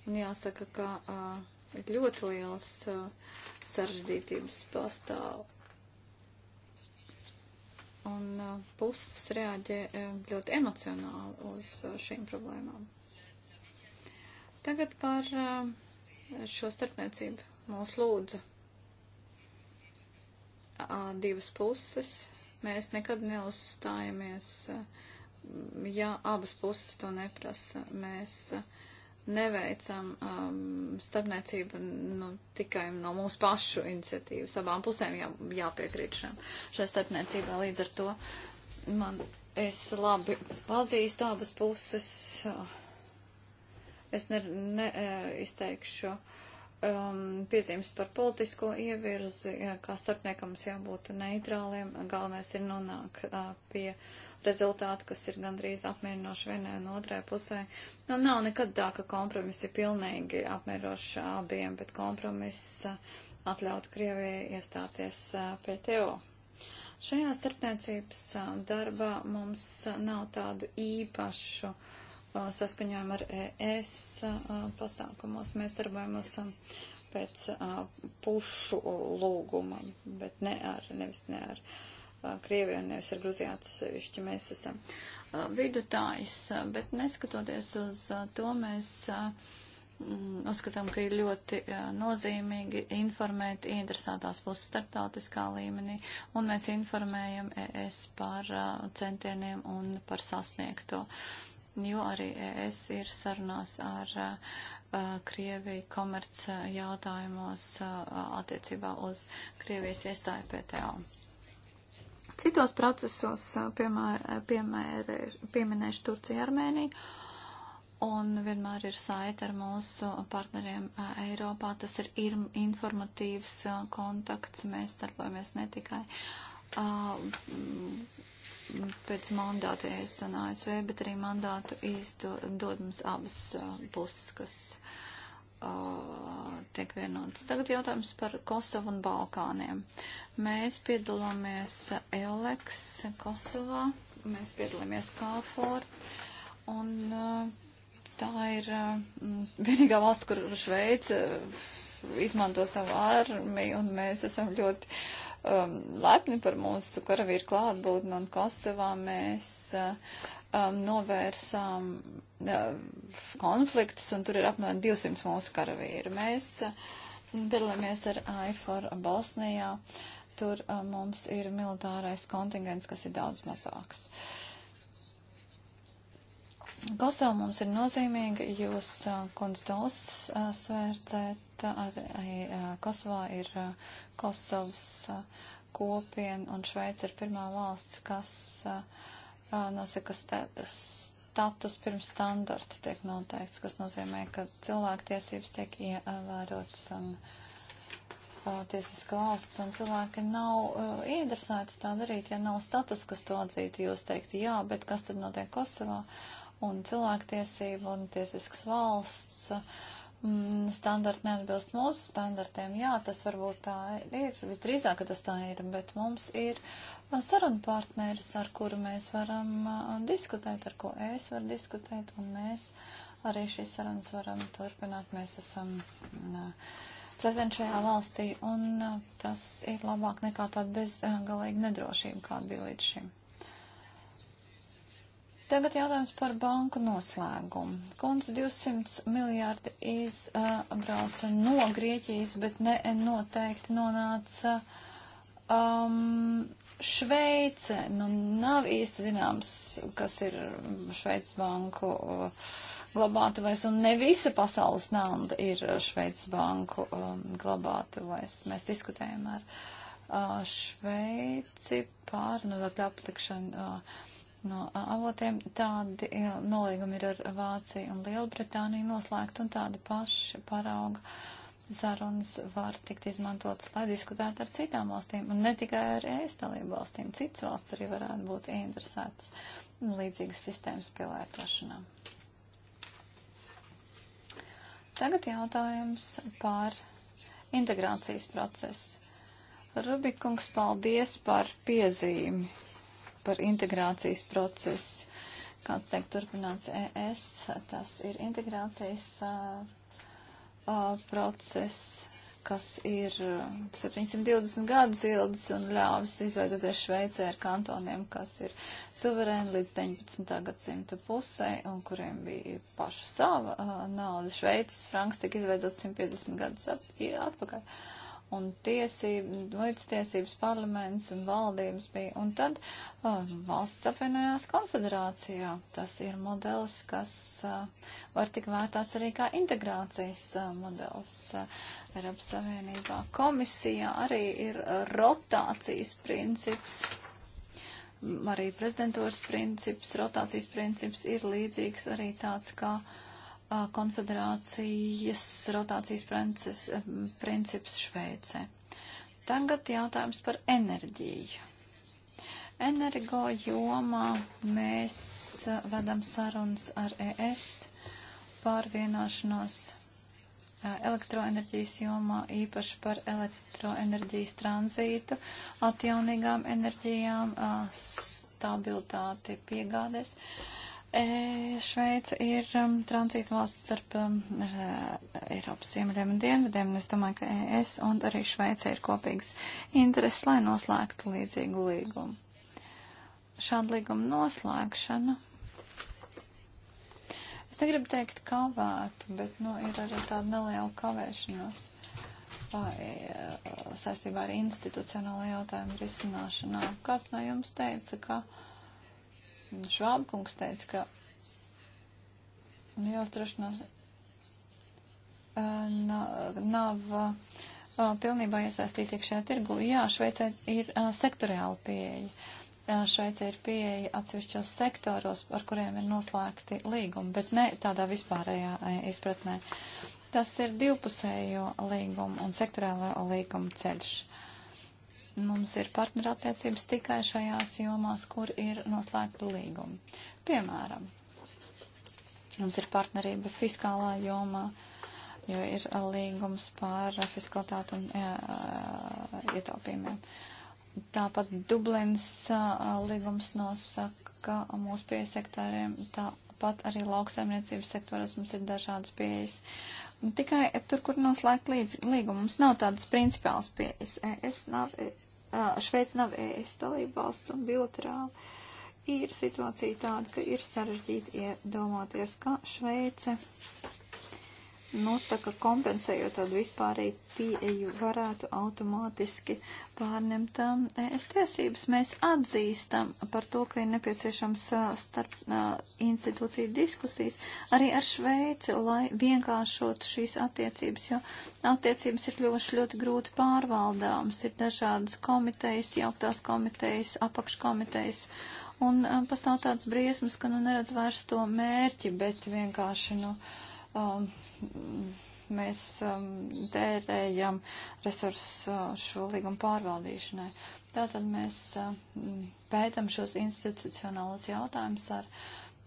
Un jāsaka, ka uh, ļoti liels uh, sarežģītības pastāv. Un uh, puses reaģē uh, ļoti emocionāli uz uh, šīm problēmām. Tagad par uh, šo starpniecību mūs lūdza divas puses. Mēs nekad neuzstājamies, ja abas puses to neprasa. Mēs neveicam um, starpniecību nu, tikai no mūsu pašu iniciatīvas. Abām pusēm jā, jāpiekrīt šai, šai starpniecībai. Līdz ar to man, es labi pazīstu abas puses. Uh, Es neizteikšu ne, ne e, um, piezīmes par politisko ievirzi, kā starpniekam mums jābūt neitrāliem. Galvenais ir nonākt uh, pie rezultātu, kas ir gandrīz apmierinoši vienai un otrai pusē. Nu, nav nekad tā, ka kompromiss ir pilnīgi apmierinoši abiem, bet kompromiss uh, atļaut Krievijai iestāties uh, PTO. Šajā starpniecības darbā mums nav tādu īpašu uh, saskaņojam ar ES pasākumos. Mēs darbojamies pēc pušu lūguma, bet ne ar, nevis ne ar Krieviju, nevis ar Gruziju atsevišķi. Mēs esam vidutājs, bet neskatoties uz to, mēs uzskatām, ka ir ļoti nozīmīgi informēt interesētās puses starptautiskā līmenī, un mēs informējam ES par centieniem un par sasniegto. Uh, jo arī ES ir sarunās ar uh, Krieviju komerc jautājumos uh, attiecībā uz Krievijas iestāju PTO. Citos procesos piemēr, piemēr, pieminēšu Turciju, Armēniju, un vienmēr ir saita ar mūsu partneriem Eiropā. Tas ir informatīvs kontakts, mēs darbojamies ne tikai pēc mandāta ES un ASV, bet arī mandātu izdod mums abas puses, kas uh, tiek vienotas. Tagad jautājums par Kosovu un Balkāniem. Mēs piedalāmies EOLEX Kosovā, mēs piedalāmies KFOR un uh, tā ir uh, vienīgā valsts, kur Šveica izmanto savu armiju un mēs esam ļoti um, lepni par mūsu karavīru klātbūtni un Kosovā mēs uh, um, novērsām uh, konfliktus un tur ir apmēram 200 mūsu karavīru. Mēs uh, piedalāmies ar AIFOR Bosnijā. Tur uh, mums ir militārais kontingents, kas ir daudz mazāks. Uh, Kosova mums ir nozīmīga, jūs, kundz, to uzsvērcēt, arī Kosovā ir Kosovas kopiena, un Šveica ir pirmā valsts, kas nosaka status pirms standarta tiek noteikts, kas nozīmē, ka cilvēktiesības tiek ievērotas un tiesiska valsts, un cilvēki nav uh, iedresēti tā darīt, ja nav status, kas to atzītu. Jūs teiktu, jā, bet kas tad notiek Kosovā? Uh, un cilvēktiesība un tiesisks valsts mm, standarti neatbilst mūsu standartiem. Jā, tas varbūt tā ir, visdrīzāk, ka tas tā ir, bet mums ir sarunu partneris, ar kuru mēs varam uh, diskutēt, ar ko es varu diskutēt, un mēs arī šīs sarunas varam turpināt. Mēs esam uh, prezidenti šajā valstī, un uh, tas ir labāk nekā tāda bezgalīga nedrošība, kāda bija līdz šim. Tagad jautājums par banku noslēgumu. Kundze 200 miljārdi izbrauca uh, no Grieķijas, bet ne noteikti nonāca um, Šveice. Nu, nav īsti zināms, kas ir Šveices banku uh, glabātuvais, un ne visa pasaules nauda ir Šveices banku um, glabātuvais. Mēs diskutējam ar uh, Šveici pār nodokļu aplikšanu. Uh, no avotiem. Tādi nolīgumi ir ar Vāciju un Lielbritāniju noslēgti, un tādi paši parauga sarunas var tikt izmantotas, lai diskutētu ar citām valstīm, un ne tikai ar ES dalību valstīm. Cits valsts arī varētu būt interesētas līdzīgas sistēmas pielietošanā. Tagad jautājums par integrācijas procesu. Rubikungs, paldies par piezīmi par integrācijas procesu, kāds tiek turpināts ES, tas ir integrācijas uh, process, kas ir 720 gadus ilgs un ļāvis izveidoties Šveicē ar kantoniem, kas ir suverēni līdz 19. gadsimta pusē un kuriem bija paša sava uh, nauda. Šveicis franks tika izveidots 150 gadus at atpakaļ. Uh, un tiesība, līdz tiesības parlaments un valdības bija. Un tad uh, valsts apvienojās konfederācijā. Tas ir modelis, kas uh, var tik vērtāts arī kā integrācijas uh, modelis uh, Eiropas Savienībā. Komisijā arī ir uh, rotācijas princips. Arī prezidentūras princips, rotācijas princips ir līdzīgs arī tāds kā uh, konfederācijas rotācijas princips Šveicē. Tagad jautājums par enerģiju. Energo jomā mēs vedam sarunas ar ES par vienošanos elektroenerģijas jomā, īpaši par elektroenerģijas tranzītu, atjaunīgām enerģijām, stabilitāti piegādes. Uh, E, Šveica ir um, tranzīta valsts starp um, e, Eiropas ziemeļiem un dienvidiem, un es domāju, ka ES un arī Šveica ir kopīgs interesi, lai noslēgtu līdzīgu līgumu. Šāda līguma noslēgšana. Es negribu teikt kavētu, bet, nu, ir arī tāda neliela kavēšanos vai e, saistībā ar institucionālu jautājumu risināšanā. Kāds no jums teica, ka Švābkungs teica, ka nu, jāuzdrošinās nav, nav pilnībā iesaistīti iekšējā tirgu. Jā, Šveicē ir sektoriāla pieeja. Šveicē ir pieeja atsevišķos sektoros, ar kuriem ir noslēgti līgumi, bet ne tādā vispārējā izpratnē. Tas ir divpusējo līgumu un sektoriālo līgumu ceļš. Uh, Mums ir partnerattiecības tikai šajās jomās, kur ir noslēgta līguma. Piemēram, mums ir partnerība fiskālā jomā, jo ir līgums par fiskalitātu un jā, ietaupījumiem. Tāpat Dublins līgums nosaka mūsu piesektāriem, tāpat arī lauksaimniecības sektoros mums ir dažādas pieejas. Tikai tur, kur noslēgt līdz līgumu, mums nav tādas principālas pieejas. Es nav, Šveica nav ES dalība valsts un bilaterāli ir situācija tāda, ka ir sarežģīti iedomāties, ka Šveice Nu, tā kā kompensējot tādu vispārēju pieeju, varētu automātiski pārņemt um, ES tiesības. Mēs atzīstam par to, ka ir nepieciešams uh, starp uh, institūciju diskusijas arī ar Šveici, lai vienkāršotu šīs attiecības, jo attiecības ir kļuvušas ļoti grūti pārvaldāmas. Ir dažādas komitejas, jauktās komitejas, apakškomitejas. Un um, pastāv tāds briesmas, ka nu neredz vairs to mērķi, bet vienkārši, nu. No um, mēs um, tērējam resursus uh, šo līgumu pārvaldīšanai. Tātad mēs uh, pētam šos institucionālos jautājumus ar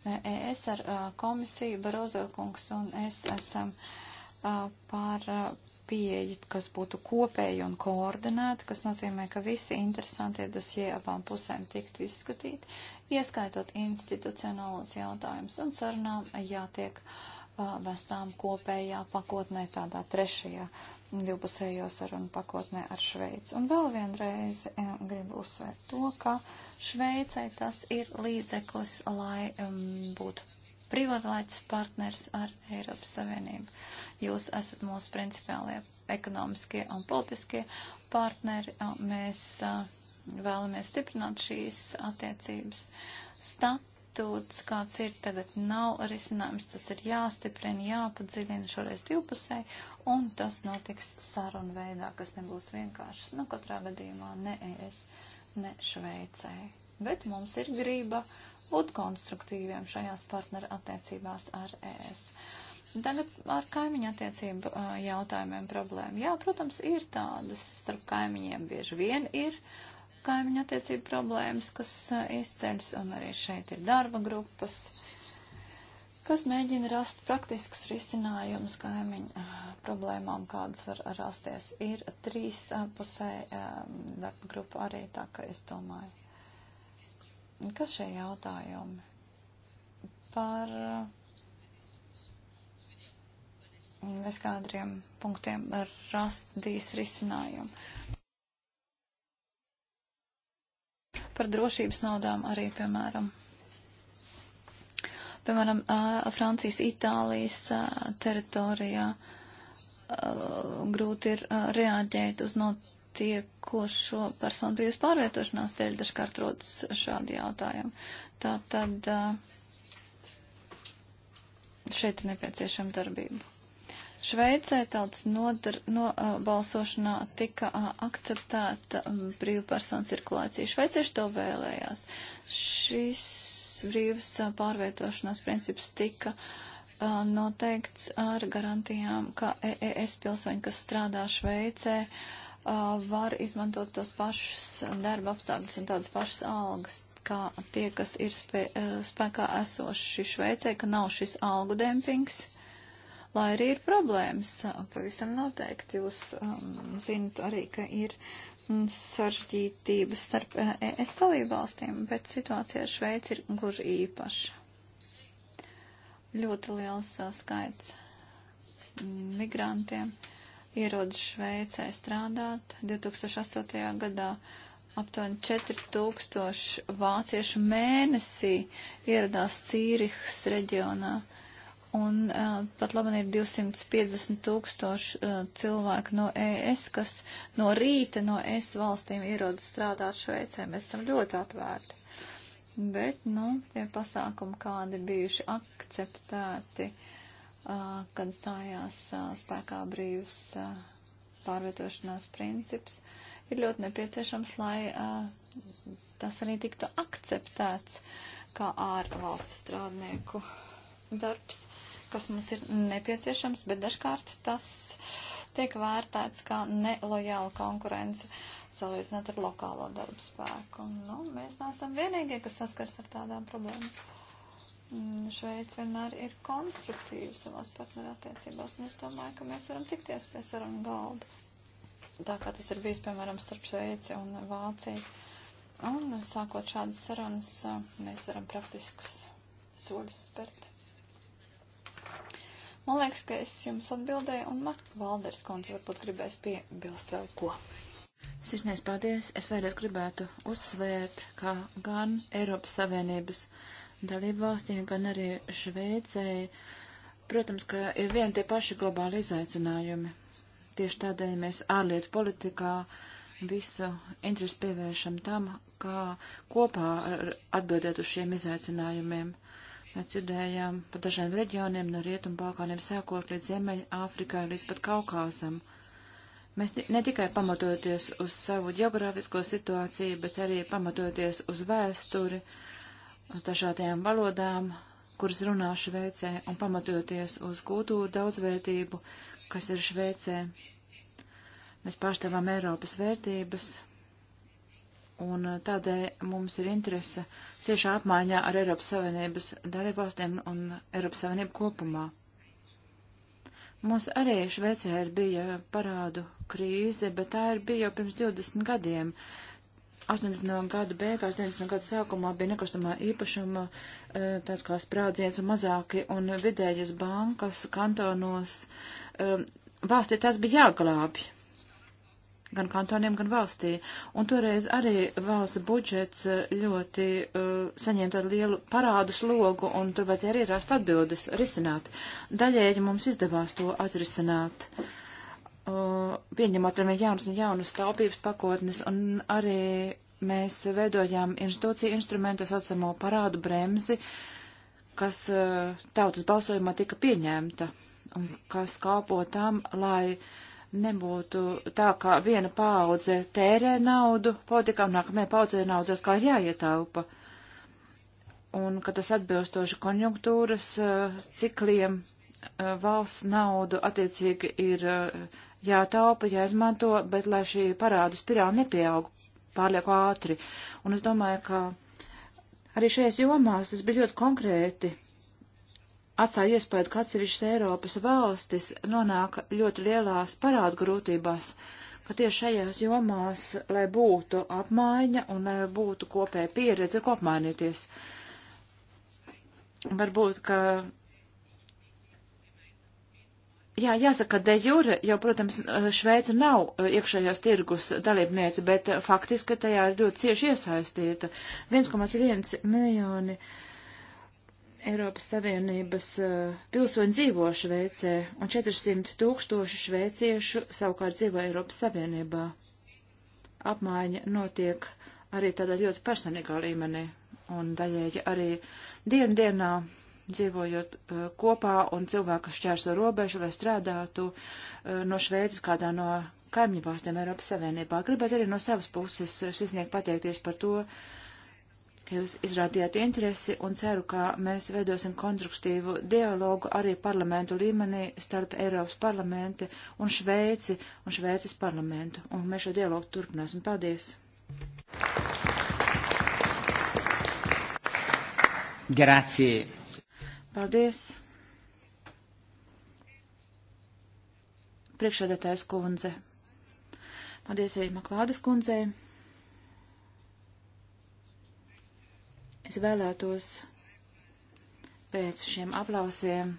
e, ES, ar uh, komisiju, Barozo kungs un es esam uh, par uh, pieeju, kas būtu kopēja un koordinēta, kas nozīmē, ka visi interesantie dosie abām pusēm tiktu izskatīti, ieskaitot institucionālos jautājumus un sarunām jātiek. Uh, vestām kopējā pakotnē, tādā trešajā divpusējo sarunu pakotnē ar Šveici. Un vēl vienreiz eh, gribu uzsvērt to, ka Šveicai tas ir līdzeklis, lai um, būtu privileģēts partners ar Eiropas Savienību. Jūs esat mūsu principiālie ekonomiskie un politiskie partneri. Mēs uh, vēlamies stiprināt šīs attiecības. Stat institūts, kāds ir tagad, nav risinājums. Tas ir jāstiprina, jāpadziļina šoreiz divpusēji, un tas notiks sarunu veidā, kas nebūs vienkāršas. Nu, katrā gadījumā ne es, ne Šveicē. Bet mums ir grība būt konstruktīviem šajās partneru attiecībās ar ES. Tagad ar kaimiņu attiecību jautājumiem problēma. Jā, protams, ir tādas starp kaimiņiem bieži vien ir. Uh, kaimiņu attiecību problēmas, kas izceļas, un arī šeit ir darba grupas, kas mēģina rast praktiskus risinājumus kaimiņu problēmām, kādas var rasties. Ir trīs pusē darba grupa arī tā, ka es domāju, ka šie jautājumi par bez kādiem punktiem rastīs risinājumu par drošības naudām arī, piemēram. Piemēram, Francijas, Itālijas teritorijā grūti ir reaģēt uz notiekošo personu brīvas pārvietošanās dēļ, dažkārt rodas šādi jautājumi. Tā tad šeit ir nepieciešama darbība. Šveicē tautas nobalsošanā no, uh, tika uh, akceptēta um, brīvpersonu cirkulācija. Šveicieši to vēlējās. Šis brīvs uh, pārvietošanās princips tika uh, noteikts ar garantijām, ka EES pilsoņi, kas strādā Šveicē, uh, var izmantot tos pašus darba apstākļus un tādas pašas algas kā tie, kas ir spē, uh, spēkā esoši Šveicē, ka nav šis algu dempings. Uh, lai arī ir problēmas. Pavisam noteikti jūs um, zinat arī, ka ir mm, saržģītības starp ES e dalībvalstīm, bet situācija ar Šveici ir gluži īpaša. Ļoti liels uh, skaits mm, migrantiem ierodas Šveicē strādāt. 2008. gadā aptuveni 4000 vāciešu mēnesī ieradās Cīrihas reģionā. Un uh, pat labi ir 250 tūkstoši uh, cilvēku no ES, kas no rīta no ES valstīm ierodas strādāt Šveicē. Mēs esam ļoti atvērti. Bet, nu, tie pasākumi, kādi bijuši akceptēti, uh, kad stājās uh, spēkā brīvs uh, pārvietošanās princips, ir ļoti nepieciešams, lai uh, tas arī tiktu akceptēts kā ārvalstu strādnieku darbs kas mums ir nepieciešams, bet dažkārt tas tiek vērtēts kā nelojāla konkurence salīdzinot ar lokālo darbu spēku. Nu, mēs neesam vienīgie, kas saskars ar tādām problēmām. Mm, Šveic vienmēr ir konstruktīva savās partnerattiecībās, un es domāju, ka mēs varam tikties pie sarunu galda. Tā kā tas ir bijis, piemēram, starp Šveici un Vāciju. Un sākot šādas sarunas, mēs varam praktiskus soļus spērt. Man liekas, ka es jums atbildēju, un Marka Valders kundze varbūt gribēs piebilst vēl ko. Sirsnēs paldies. Es vēlreiz gribētu uzsvērt, ka gan Eiropas Savienības dalību valstīm, gan arī Šveicēji, protams, ka ir vien tie paši globāli izaicinājumi. Tieši tādēļ mēs ārlietu politikā visu interesi pievēršam tam, kā kopā atbildēt uz šiem izaicinājumiem. Mēs dzirdējām par dažiem reģioniem no Rietumu Balkāniem sākot līdz Ziemeļa Āfrikai līdz pat Kaukāzam. Mēs ne tikai pamatoties uz savu geogrāfisko situāciju, bet arī pamatoties uz vēsturi, uz dažādajām valodām, kuras runā Šveicē, un pamatoties uz kultūru daudzvērtību, kas ir Šveicē. Mēs pārstāvām Eiropas vērtības, un eh, tādēļ mums ir interese ciešā apmaiņā ar Eiropas Savienības dalībvalstiem un Eiropas Savienību kopumā. Mums arī Šveicē ir bija parādu krīze, bet tā ir bija jau pirms 20 gadiem. 80. gada beigās, 90. gada sākumā bija nekustamā īpašuma eh, tāds kā sprādziens un mazāki un vidējas bankas kantonos. Eh, valstī tas bija jāglābj gan kantoniem, gan valstī. Un toreiz arī valsts budžets eh, ļoti uh, saņēma tādu lielu parādu slogu, un tur vajadzēja arī rast atbildes, risināt. Daļēji mums izdevās to atrisināt, uh, pieņemot ar vien jaunas un jaunas taupības pakotnes, un arī mēs veidojām institūciju instrumentu, saucamo parādu bremzi, kas uh, tautas balsojumā tika pieņemta, un kas kalpo tam, lai uh, nebūtu tā, ka viena paudze tērē naudu politikām, nākamajai paudzei naudu atkal jāietaupa. Un ka tas atbilstoši konjunktūras eh, cikliem eh, valsts naudu attiecīgi ir eh, jātaupa, jāizmanto, bet lai šī parādu spirāla nepieaug pārlieku ātri. Un es domāju, ka arī šajās jomās tas bija ļoti konkrēti atstāja iespēju, ka atsevišķas Eiropas valstis nonāk ļoti lielās parādu grūtībās, ka tieši šajās jomās, lai būtu apmaiņa un lai būtu kopēja pieredze, ir kopmainīties. Varbūt, ka. Jā, jāsaka, de jure, jo, protams, Šveica nav iekšējās tirgus dalībniece, bet faktiski tajā ir ļoti cieši iesaistīta. 1,1 miljoni. Uh, Eiropas Savienības uh, pilsoņi dzīvo Šveicē, un 400 tūkstoši šveiciešu savukārt dzīvo Eiropas Savienībā. Apmaiņa notiek arī tādā ļoti personīgā līmenī, un daļēji arī dienu dienā dzīvojot uh, kopā, un cilvēki, kas šķērso robežu, lai strādātu uh, no Šveices kādā no kaimiņu valstīm Eiropas Savienībā. Gribētu arī no savas puses sasniegt pateikties par to, uh, ka jūs izrādījāt interesi un ceru, ka mēs veidosim konstruktīvu dialogu arī parlamentu līmenī starp Eiropas parlamenti un Šveici un Šveicis parlamentu. Un mēs šo dialogu turpināsim. Paldies! Grazie. Paldies. Priekšsēdētājs kundze. Paldies arī Maklādes kundzei. Es vēlētos pēc šiem aplausiem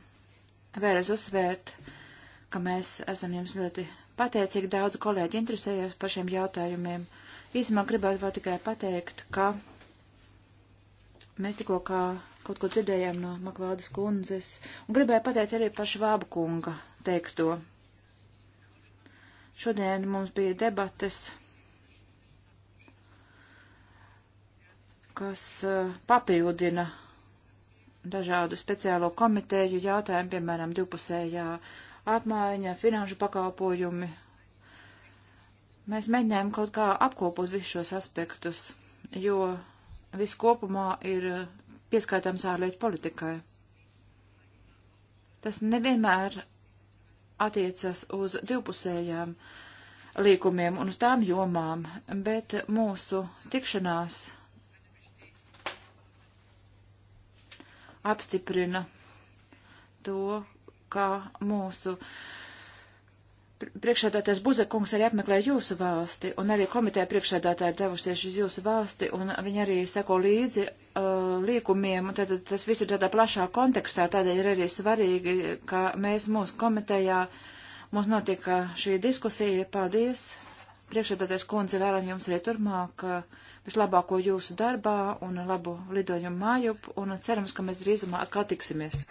vēlreiz uzsvērt, ka mēs esam jums ļoti pateicīgi. Daudz kolēģi interesējas par šiem jautājumiem. Īsumā gribētu vēl tikai pateikt, ka mēs tikko kā kaut ko dzirdējām no Makvādas kundzes, un gribēju pateikt arī par Švābu kunga teikto. Šodien mums bija debates kas eh, papildina dažādu speciālo komiteju jautājumu, piemēram, divpusējā apmaiņa, finanšu pakalpojumi. Mēs mēģinājām kaut kā apkopot visus šos aspektus, jo viss kopumā ir eh, pieskaitāms ārlietu politikai. Tas nevienmēr attiecas uz divpusējām līkumiem un uz tām jomām, bet mūsu tikšanās apstiprina to, kā mūsu priekšsēdētājs Buzekungs arī apmeklēja jūsu valsti, un arī komiteja priekšsēdētāji ir devušies uz jūsu valsti, un viņi arī seko līdzi uh, liekumiem, un tad tas viss ir tādā plašā kontekstā, tādēļ ir arī svarīgi, ka mēs mūsu komitejā, mums notika uh, šī diskusija, paldies, priekšsēdētājs kundze vēlam jums arī turmāk. Uh, vislabāko jūsu darbā un labu lidojumu mājup, un cerams, ka mēs drīzumā atkal tiksimies.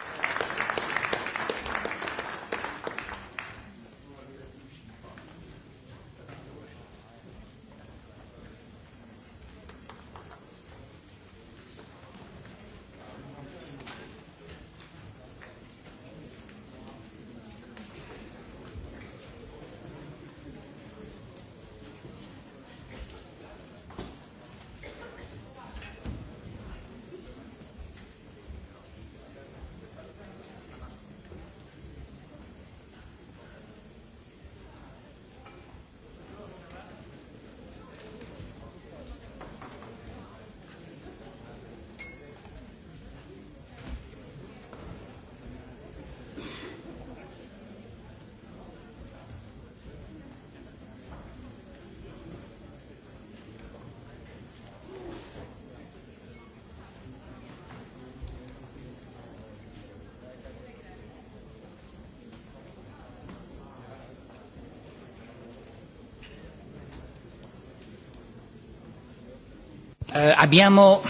Eh, abbiamo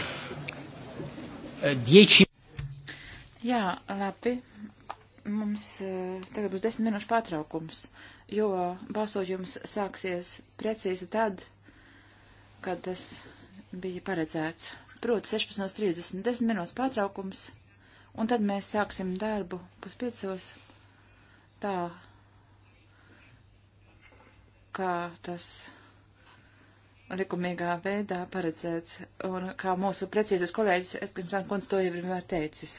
eh, dieci. Jā, labi. Mums eh, tagad būs desmit minūšu pārtraukums, jo eh, balsojums sāksies precīzi tad, kad tas bija paredzēts. Proti 16.30, 10 minūtes pārtraukums, un tad mēs sāksim darbu puspiecos. Tā kā tas likumīgā veidā paredzēts, un kā mūsu precīzes kolēģis Edgars Ankons to jau ir teicis.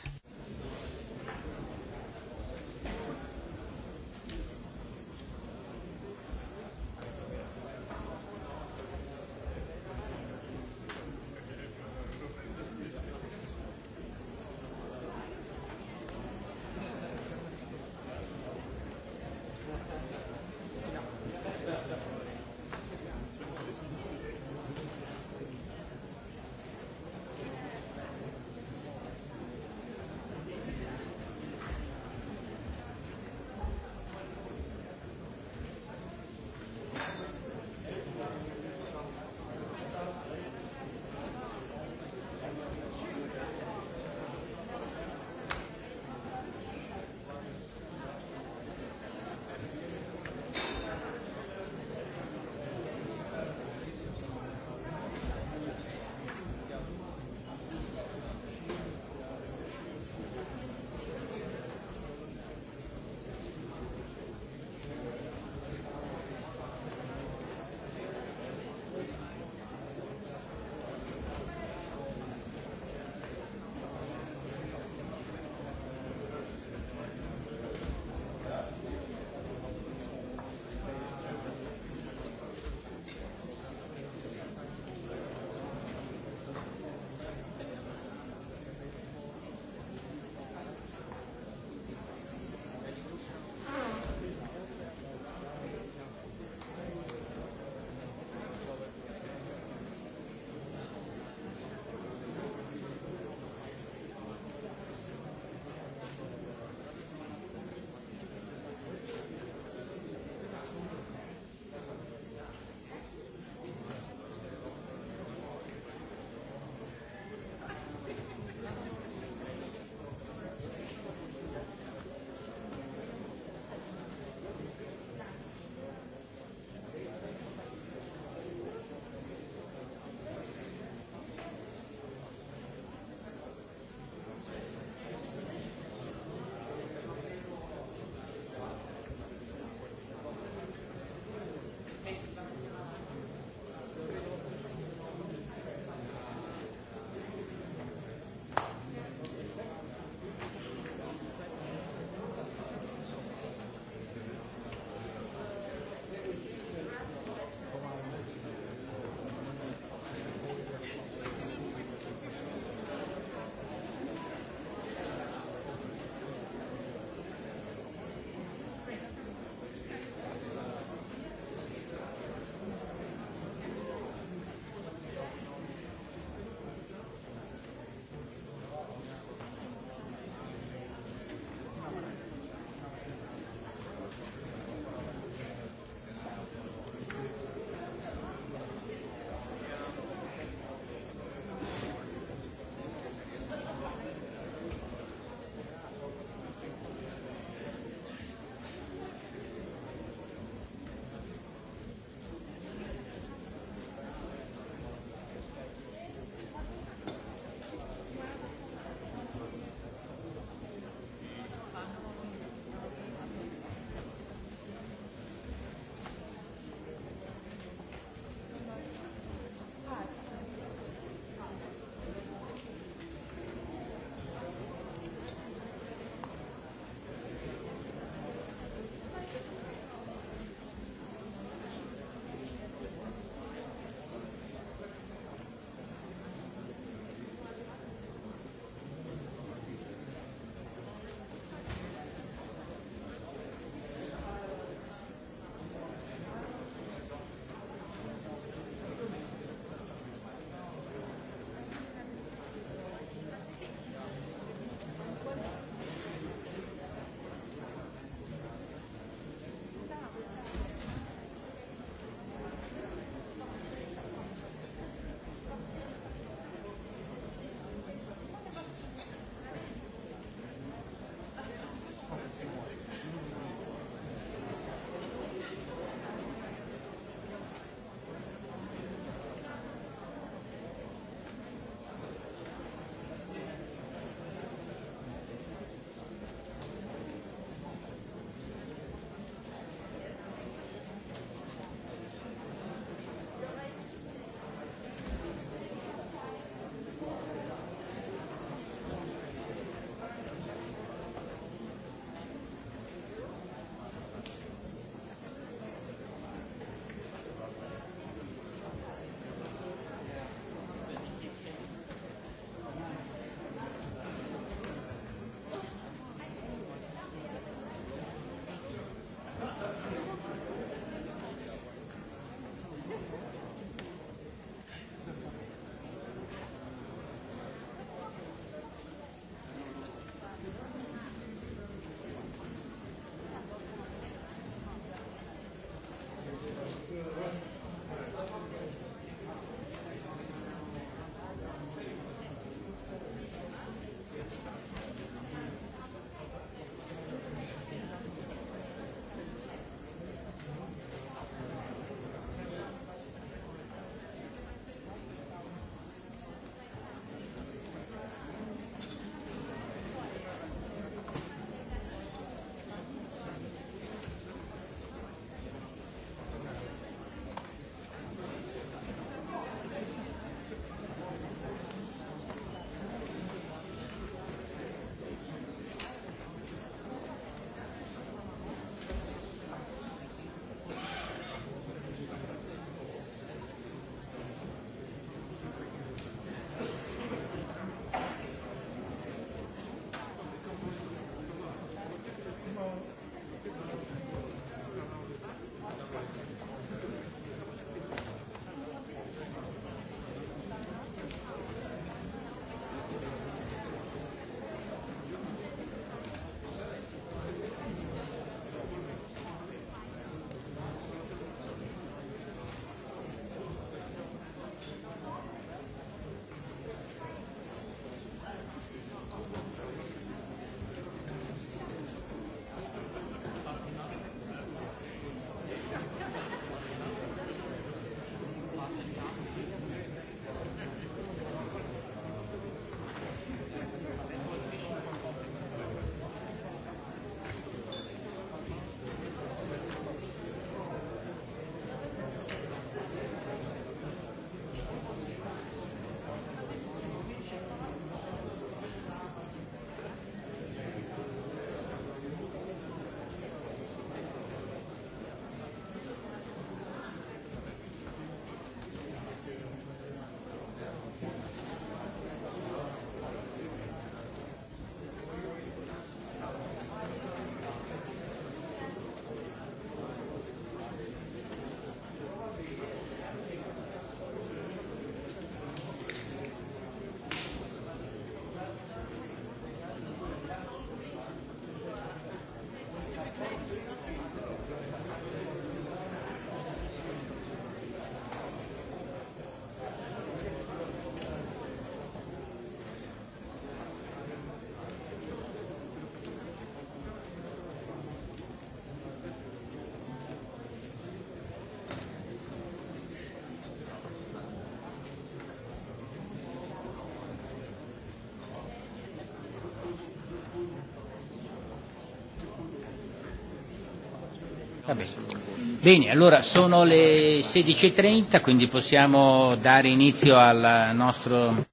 Va bene. bene, allora sono le 16.30, e quindi possiamo dare inizio al nostro.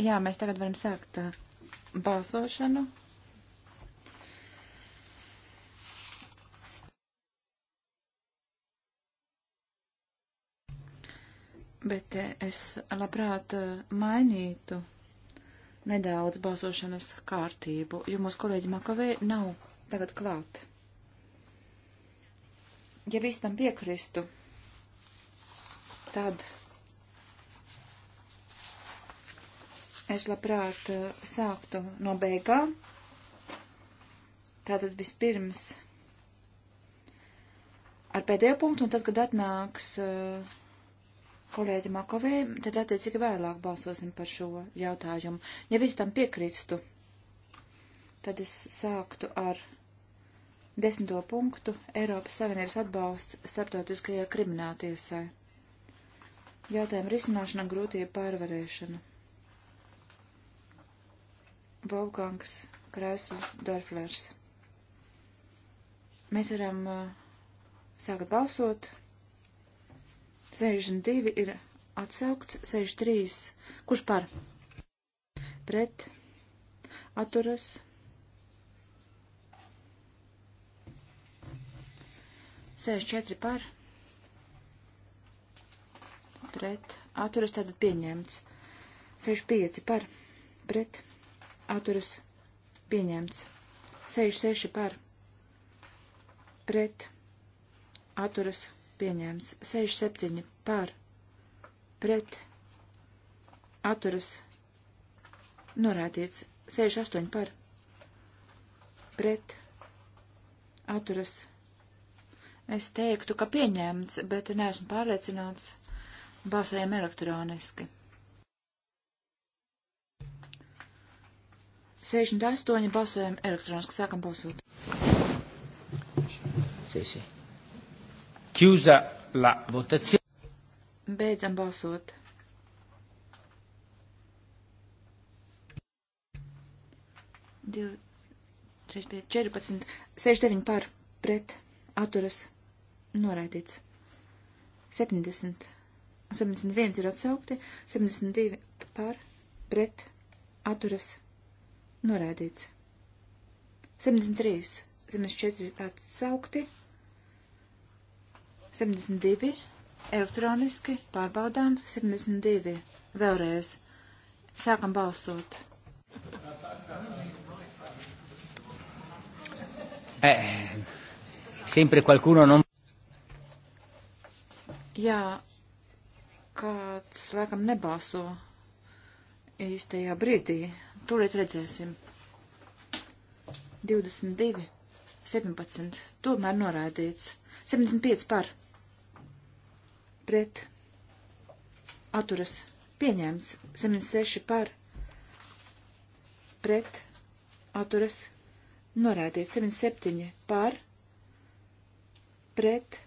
Jā, mēs tagad varam sākt uh, balsošanu. Bet uh, es labprāt uh, mainītu nedaudz balsošanas kārtību, jo mūsu kolēģi Makavē nav tagad klāt. Ja visam piekristu, tad es labprāt eh, sāktu no beigām. Tātad vispirms ar pēdējo punktu, un tad, kad atnāks uh, kolēģi Makovē, tad attiecīgi vēlāk balsosim par šo jautājumu. Ja viss tam piekrīstu, tad es sāktu ar desmito punktu Eiropas Savienības atbalsts starptautiskajai krimināltiesai. Jautājumu risināšana grūtību pārvarēšana. Volgangs Krēsus Dorflers. Mēs varam uh, sākt balsot. 62 ir atsaukts, 63. Kurš par? Pret. Atturas. 64 par pret atturas tātad pieņemts. 65 par pret atturas pieņemts. 66 par pret atturas pieņemts. 67 par pret atturas norādīts. 68 par pret atturas pieņemts Es teiktu, ka pieņemts, bet neesmu pārliecināts. Balsējam elektroniski. 68 balsojam elektroniski. Sākam balsot. Sì, sì. Chiusa la votazione. Beidzam balsot. Divi, trīs, pieci, četrpadsmit, seši, deviņi par, pret, atturas. Noraidīts. 70. 71 ir atsaukti, 72 par, pret, atturas, noraidīts. 73, 74 ir atsaukti, 72 elektroniski pārbaudām, 72 vēlreiz. Sākam balsot. Eh, sempre qualcuno non Jā, kāds laikam nebalso īstajā brīdī. Tūlīt redzēsim. 22, 17, tomēr noraidīts. 75 par. Pret. Aturas. Pieņemts. 76 par. Pret. Aturas. Noraidīts. 77 par. Pret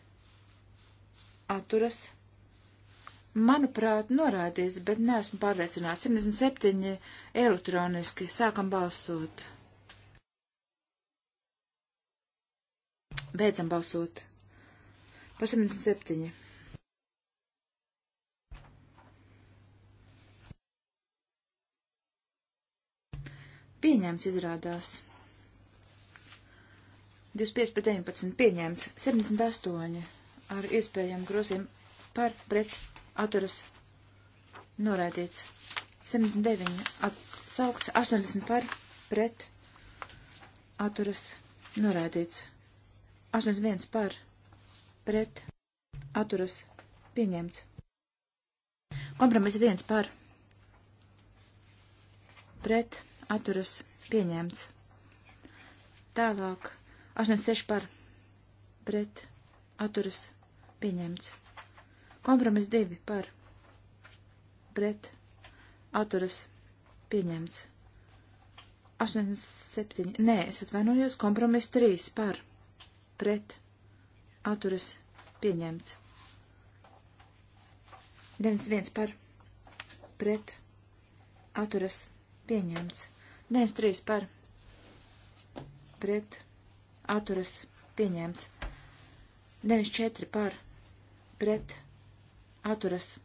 atturas. Manuprāt, norādīts, bet neesmu pārliecināts. 77 elektroniski. Sākam balsot. Beidzam balsot. Pa 77. Pieņēmts izrādās. 25 pret 19. Pieņēmts 78 ar iespējamu grozījumu par pret atturas norādīts. 79 atsaukts, 80 par pret atturas norādīts. 81 par pret atturas pieņemts. Kompromiss 1 par pret atturas pieņemts. Tālāk 86 par pret atturas pieņemts. Pieņemts. Kompromis 2 par. Pret. Atturas. Pieņemts. 87. Nē, es atvainojos. Kompromis 3 par. Pret. Atturas. Pieņemts. 91 par. Pret. Atturas. Pieņemts. 93 par. Pret. Atturas. Pieņemts. 94 par pret atturas.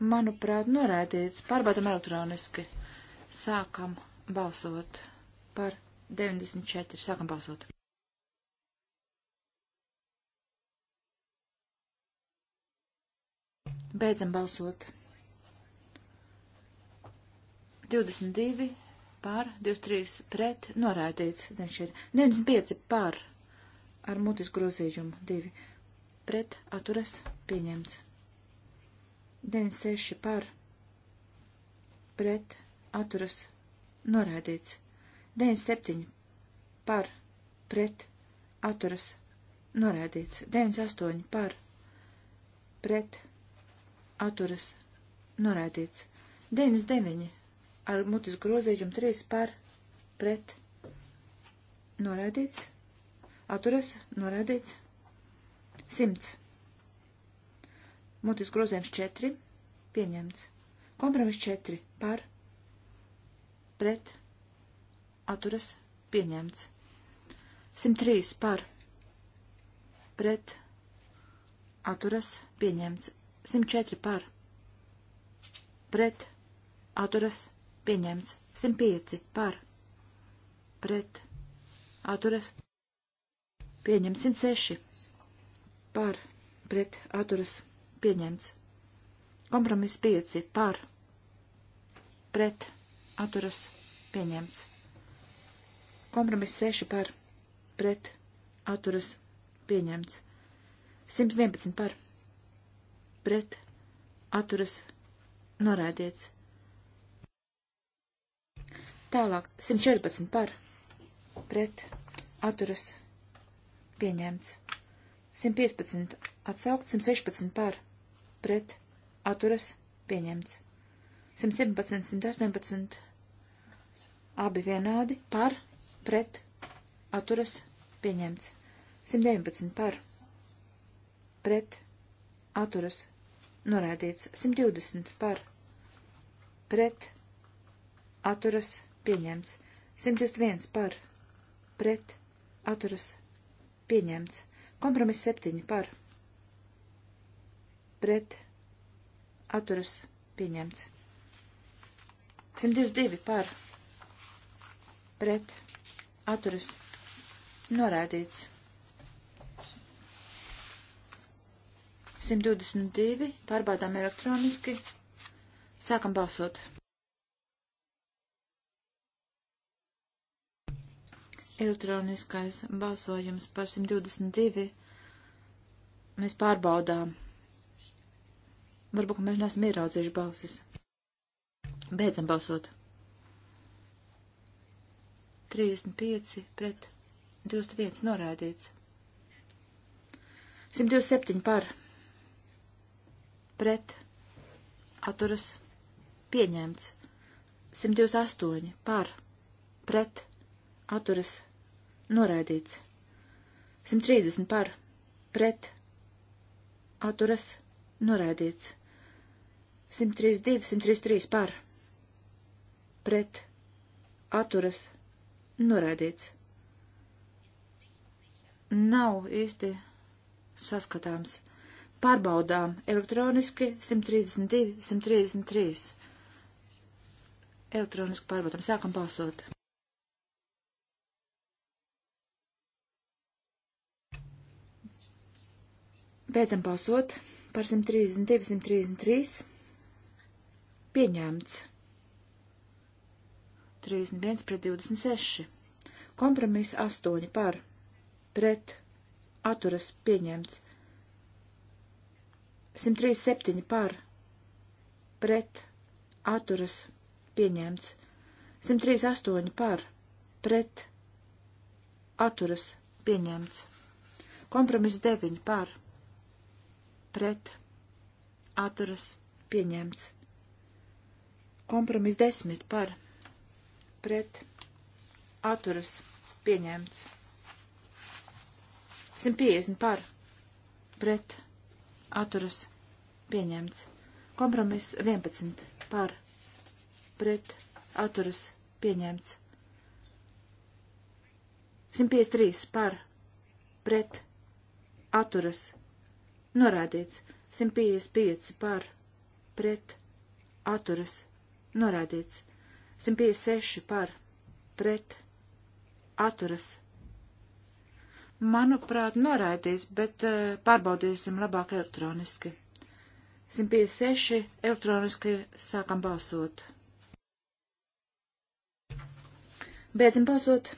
Manuprāt, norādīts. Pārbaudam elektroniski. Sākam balsot par 94. Sākam balsot. Beidzam balsot. 22 pār, 23 pret, norādīts. Viņš ir 95 pār ar mutis grozījumu 2 pret atturas pieņemts. 96 par pret atturas norādīts. 97 par pret atturas norādīts. 98 par pret atturas norādīts. 99 ar mutis grozījumu 3 par pret norādīts. Atturas norādīts. 100. Mutis grozījums 4. Pieņemts. Kompromiss 4. Par. Pret. Atturas. Pieņemts. 103. Par. Pret. Atturas. Pieņemts. 104. Par. Pret. Atturas. Pieņemts. 105. Par. Pret. Atturas. Pieņemts. 106 par pret atturas pieņemts. Kompromiss 5 par pret atturas pieņemts. Kompromiss 6 par pret atturas pieņemts. 111 par pret atturas noraidīts. Tālāk 114 par pret atturas pieņemts. 115 atsaukt, 116 par, pret, atturas, pieņemts. 117, 118, abi vienādi, par, pret, atturas, pieņemts. 119 par, pret, atturas, norādīts. 120 par, pret, atturas, pieņemts. 121 par, pret, atturas, pieņemts. Kompromiss 7 par. Pret. Atturas pieņemts. 122 par. Pret. Atturas norādīts. 122 pārbaudām elektroniski. Sākam balsot. Elektroniskais balsojums par 122. Mēs pārbaudām. Varbūt mēs neesam ieraudzījuši balsis. Beidzam balsot. 35 pret 21 norādīts. 127 par pret atturas pieņemts. 128 par pret atturas pieņemts noraidīts. 130 par, pret, atturas, noraidīts. 132, 133 par, pret, atturas, noraidīts. Nav īsti saskatāms. Pārbaudām elektroniski 132, 133. Elektroniski pārbaudām, sākam balsot. Beidzam balsot par 132, 133. Pieņemts. 31 pret 26. Kompromiss 8 par. Pret. Aturas pieņemts. 137 par. Pret. Aturas pieņemts. 138 par. Pret. Aturas pieņemts. Kompromiss 9 par pret atturas pieņemts. Kompromis 10 par pret atturas pieņemts. 150 par pret atturas pieņemts. Kompromis 11 par pret atturas pieņemts. 153 par pret atturas pieņemts norādīts 155 par pret atturas norādīts 156 par pret atturas. Manuprāt, norādīts, bet uh, pārbaudīsim labāk elektroniski. 156 elektroniski sākam balsot. Beidzam balsot.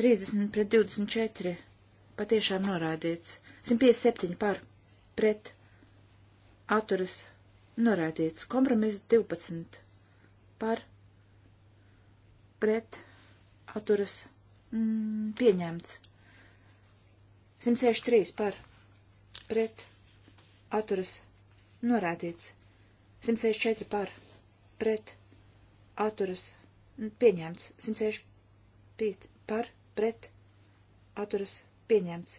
30 pret 24 patiešām norādīts. 157 par, pret, atturas, norādīts. Kompromiss 12 par, pret, atturas, mm, pieņemts. 163 par, pret, atturas, norādīts. 164 par, pret, atturas, pieņemts. 165 par, pret, atturas, norādīts pieņemts.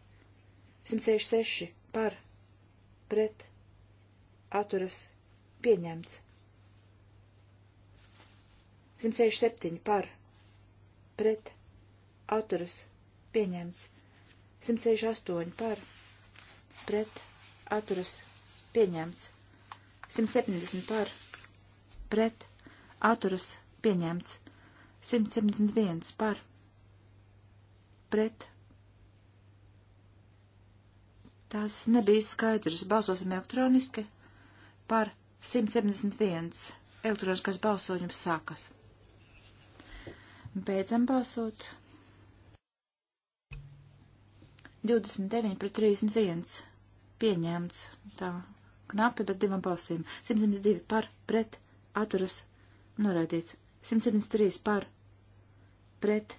166 par, pret, atturas, pieņemts. 167 par, pret, atturas, pieņemts. 168 par, pret, atturas, pieņemts. 170 par, pret, atturas, pieņemts. 171 par, pret, Tas nebija skaidrs. Balsosim elektroniski par 171. Elektroniskais balsojums sākas. Beidzam balsot. 29 pret 31. Pieņemts. Tā knapi, bet divam balsīm. 172 par pret atturas noraidīts. 173 par pret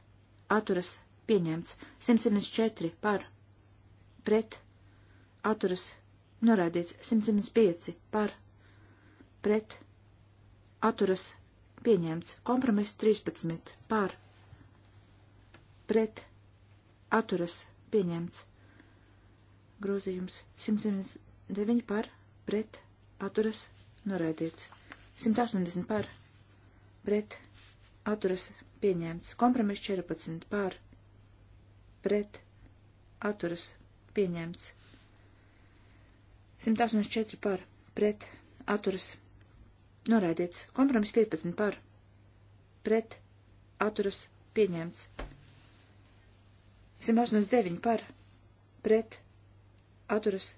atturas pieņemts. 174 par pret atturas norādīts 105 par pret atturas pieņemts kompromiss 13 par pret atturas pieņemts grozījums 109 par pret atturas norādīts 180 par pret atturas pieņemts kompromiss 14 par pret atturas pieņemts 184 par pret atturas noraidīts. Kompromiss 15 par pret atturas pieņemts. 189 par pret atturas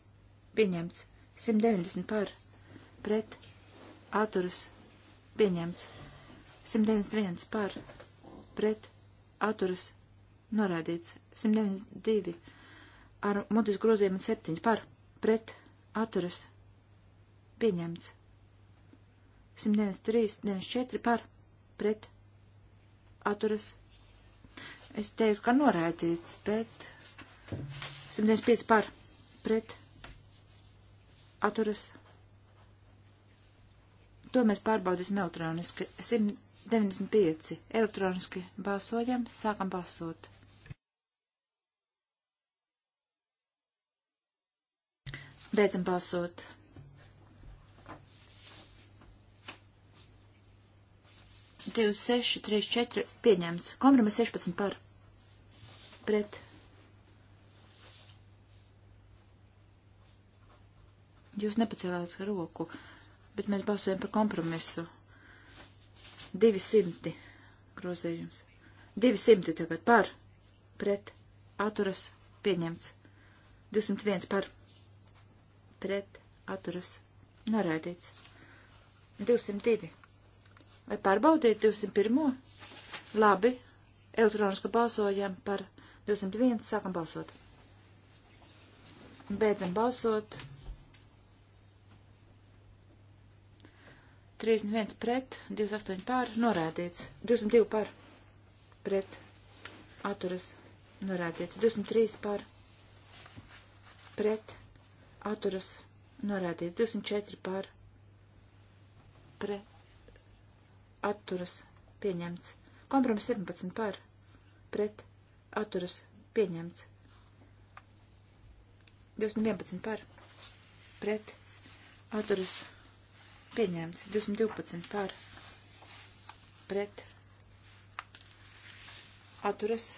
pieņemts. 190 par pret atturas pieņemts. 191 par pret atturas noraidīts. 192 ar mutis grozījumu 7 par pret atturas atturas pieņemts. 193, 94 par pret atturas. Es teiktu, ka noraidīts, bet 195 par pret atturas. To mēs pārbaudīsim elektroniski. 195 elektroniski balsojam, sākam balsot. Beidzam balsot. Divi, seši, trīs, četri pieņemts. Kompromis 16 par. Pret. Jūs nepacēlāt roku, bet mēs balsojam par kompromisu. 200 grozējums. 200 tagad par. Pret. Atturas pieņemts. 201 par pret atturas norādīts. 202. Vai pārbaudīt 201? Labi, elektroniski balsojam par 201, sākam balsot. Beidzam balsot. 31 pret, 28 pār, norādīts. 202 pār, pret, atturas, norādīts. 203 pār, pret, atturas norādīts 204 par pret atturas pieņemts. Kompromis 17 par pret atturas pieņemts. 211 par pret atturas pieņemts. 212 par pret atturas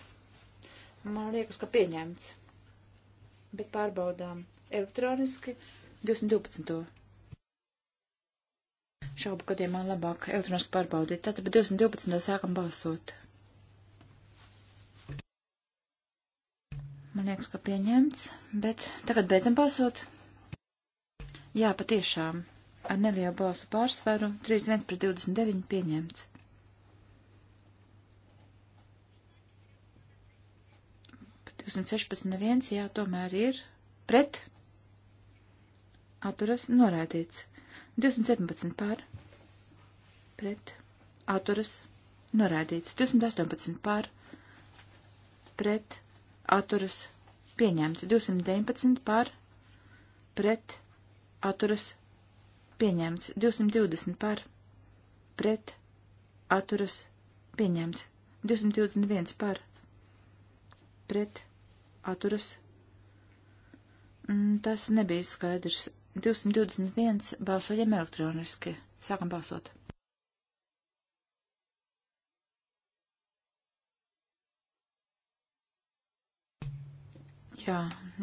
man liekas, ka pieņemts. Bet pārbaudām. 212 elektroniski 212. Šaubu, kad man labāk elektroniski pārbaudīt. Tātad par 212. sākam balsot. Man liekas, ka pieņemts, bet tagad beidzam balsot. Jā, patiešām. Ar nelielu balsu pārsvaru 31 pret 29 pieņemts. Pa 216 neviens, jā, tomēr ir pret atturas norādīts. 217 pār pret atturas norādīts. 218 pār pret atturas pieņemts. 219 pār pret atturas pieņemts. 220 pār pret atturas pieņemts. 221 pār pret atturas pieņemts. Mm, tas nebija skaidrs. 221 balsojam elektroniski. Sākam balsot. Jā,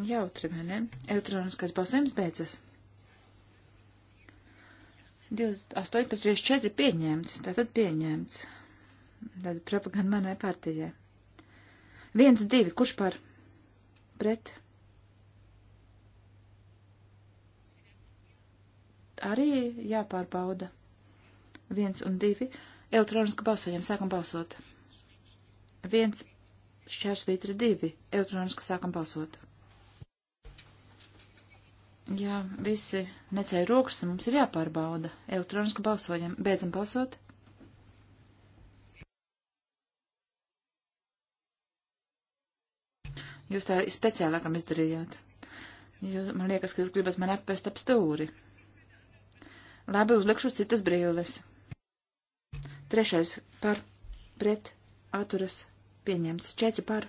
jautri, vai ne? Elektroniskais balsojums beidzas. 28 pret 34 pieņemts, tātad pieņemts. Tāda propaganda manai partijai. 1, 2, kurš par? Pret? arī jāpārbauda. Viens un divi. Elektroniski balsojam, sākam balsot. Viens, šķērsvītri divi. Elektroniski sākam balsot. Jā, visi necēja rokas, tad mums ir jāpārbauda. Elektroniski balsojam. Beidzam balsot. Jūs tā speciālākam izdarījāt. Jo man liekas, ka jūs gribat man apvest ap stūri. Labi, uzlikšu citas brīvles. Trešais par pret atturas pieņemts. Četri par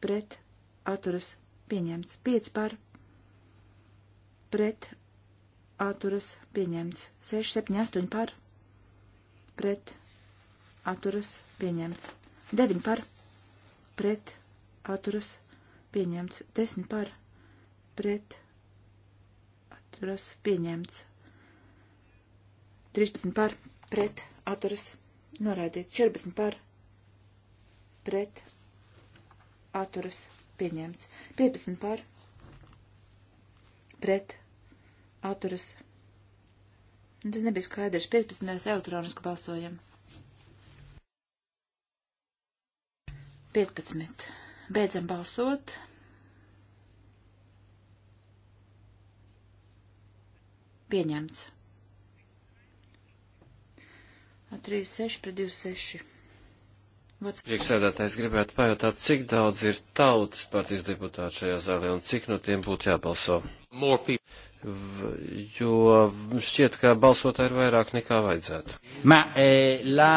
pret atturas pieņemts. Pieci par pret atturas pieņemts. Seši, septiņi, astoņi par pret atturas pieņemts. Deviņi par pret atturas pieņemts. Desmit par pret atturas pieņemts. 13 par pret atturas noraidīts. 14 par pret atturas pieņemts. 15 par pret atturas. Nu, tas nebija skaidrs. 15. elektroniski balsojam. 15. Beidzam balsot. Pieņemts. 36 pret 26. Vats... Priekšsēdētājs gribētu pajautāt, cik daudz ir tautas partijas deputāti šajā zālē un cik no tiem būtu jābalso. V, jo šķiet, ka balsotāji ir vairāk nekā vajadzētu. Ma, e, la,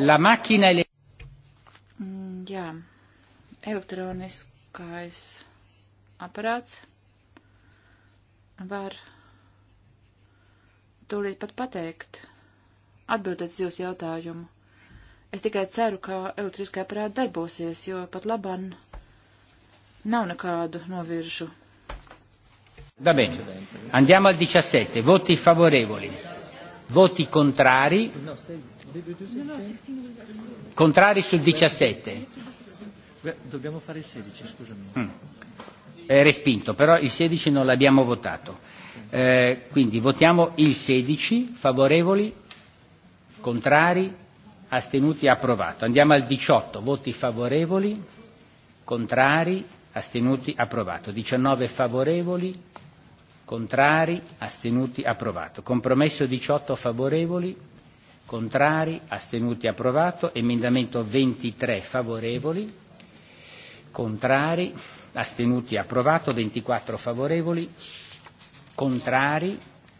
la makina... mm, jā, elektroniskais aparāts var tūlīt pat pateikt atbildēt uz jūsu jautājumu. Es tikai ceru, ka elektriskā parāda darbosies, jo pat labam nav nekādu noviršu. Va bene, andiamo al 17, voti favorevoli, voti contrari, contrari sul 17. Dobbiamo fare il 16, scusami. Mm. È respinto, però il 16 non l'abbiamo votato. Eh, quindi votiamo il 16, favorevoli, Contrari? Astenuti? E approvato. Andiamo al 18. Voti favorevoli? Contrari? Astenuti? Approvato. 19 favorevoli? Contrari? Astenuti? Approvato. Compromesso 18 favorevoli? Contrari? Astenuti? Approvato. Emendamento 23 favorevoli? Contrari? Astenuti? Approvato. 24 favorevoli? Contrari?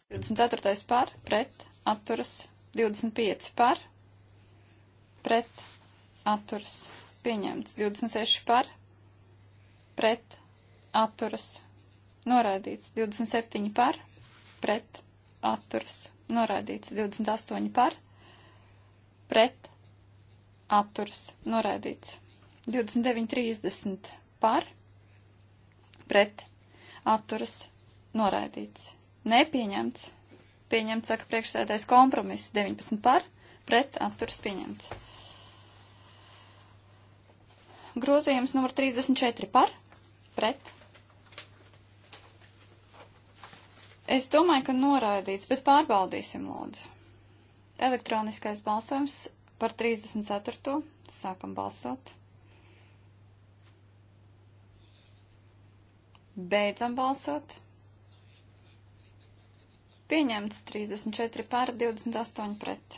24 par, pret, atturas, 25 par, pret, atturas, pieņemts. 26 par, pret, atturas, noraidīts. 27 par, pret, atturas, noraidīts. 28 par, pret, atturas, noraidīts. 29, 30 par, pret, atturas, noraidīts. Nepieņemts pieņemts, saka priekšsēdājs kompromiss 19 par, pret atturs pieņemts. Grozījums numur 34 par, pret. Es domāju, ka noraidīts, bet pārbaudīsim lūdzu. Elektroniskais balsojums par 34. Sākam balsot. Beidzam balsot. Pieņemts 34 par, 28 pret.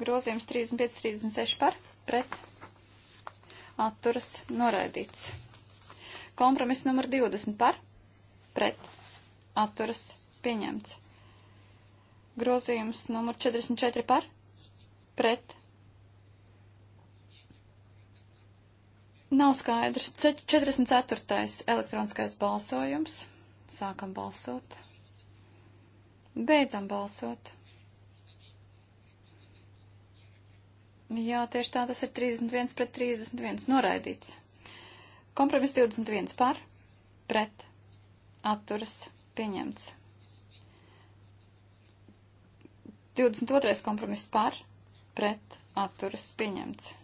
Grozījums 35, 36 par, pret. Atturas noraidīts. Kompromiss numur 20 par, pret. Atturas pieņemts. Grozījums numur 44 par, pret. Nav skaidrs. 44. elektroniskais balsojums. Sākam balsot. Beidzam balsot. Jā, tieši tā, tas ir 31 pret 31 noraidīts. Kompromiss 21 par, pret, atturas, pieņemts. 22. kompromiss par, pret, atturas, pieņemts.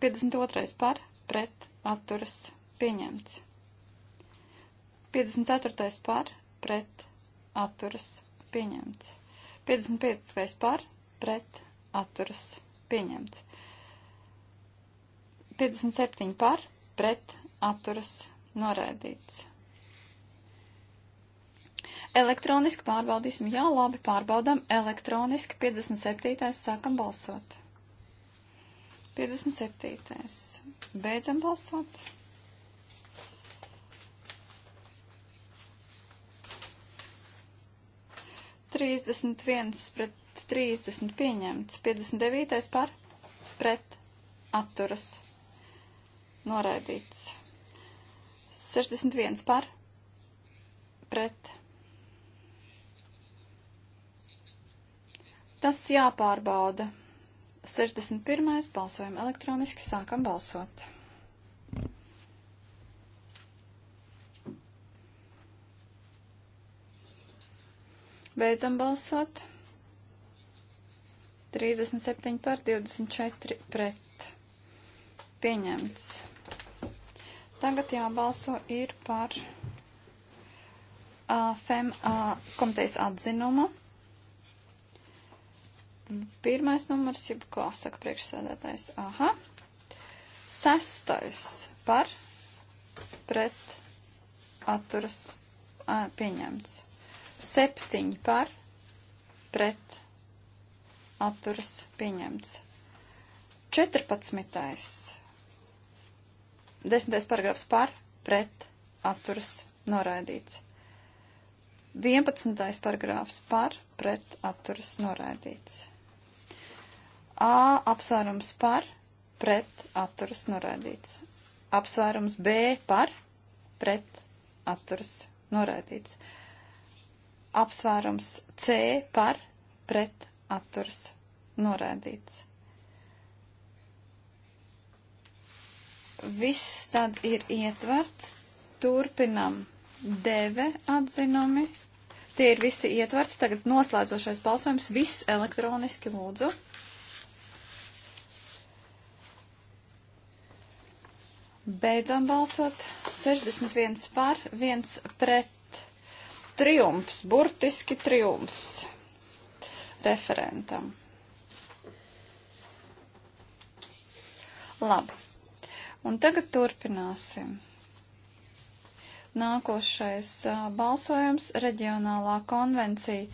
52. par, pret, atturas, pieņemts. 54. par, pret, atturas pieņemts. 55. par pret atturas pieņemts. 57 par pret atturas noraidīts. Elektroniski pārbaudīsim. Jā, labi, pārbaudam elektroniski. 57. sākam balsot. 57. Beidzam balsot. 31 pret 30 pieņemts. 59. par pret atturas noraidīts. 61 par pret. Tas jāpārbauda. 61. balsojam elektroniski, sākam balsot. Beidzam balsot. 37 par 24 pret. Pieņemts. Tagad jābalso ir par uh, FEM uh, komitejas atzinumu. Pirmais numurs, jeb ko saka priekšsēdētājs. Aha. Sestais par pret atturas pieņemts. Septiņi par, pret, atturas pieņemts. 14. Desmitais paragrafs par, pret, atturas noraidīts. 11. paragrāfs par, pret, atturas noraidīts. A apsvērums par, pret, atturas noraidīts. Apsvērums B par, pret, atturas noraidīts apsvērums C par pret atturs norādīts. Viss tad ir ietverts. Turpinam deve atzinumi. Tie ir visi ietverti. Tagad noslēdzošais balsojums. Viss elektroniski lūdzu. Beidzam balsot. 61 par, 1 pret triumfs, burtiski triumfs referentam. Labi. Un tagad turpināsim. Nākošais uh, balsojums - reģionālā konvencija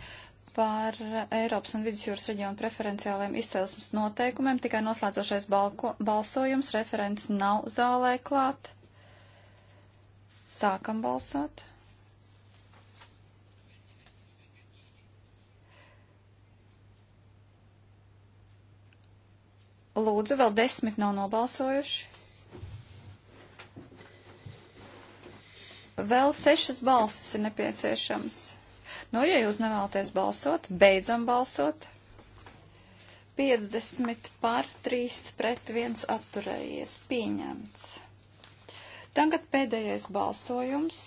par Eiropas un Vidusjūras reģionu preferenciāliem izcelsmes noteikumiem. Tikai noslēdzošais balko, balsojums - referents nav zālē klāt. Sākam balsot. Lūdzu, vēl desmit nav nobalsojuši. Vēl sešas balsis ir nepieciešams. Nu, ja jūs nevēlaties balsot, beidzam balsot. 50 pār 3 pret 1 atturējies. Pieņemts. Tagad pēdējais balsojums.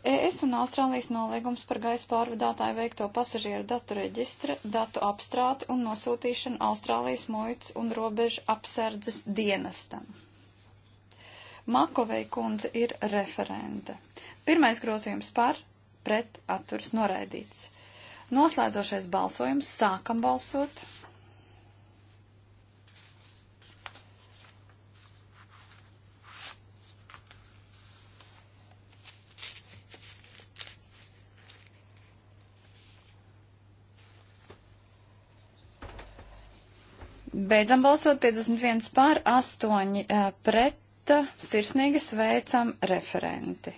ES un Austrālijas nolīgums par gaisa pārvadātāju veikto pasažieru datu reģistra, datu apstrāti un nosūtīšanu Austrālijas muitas un robežu apsardzes dienestam. Makovei kundze ir referente. Pirmais grozījums par, pret, atturs noraidīts. Noslēdzošais balsojums, sākam balsot. Beidzam balsot 51 pār 8 eh, pret sirsnīgi sveicam referenti.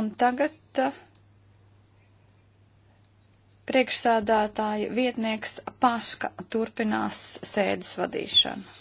Un tagad eh, priekšsādātāja vietnieks Paška turpinās sēdes vadīšanu.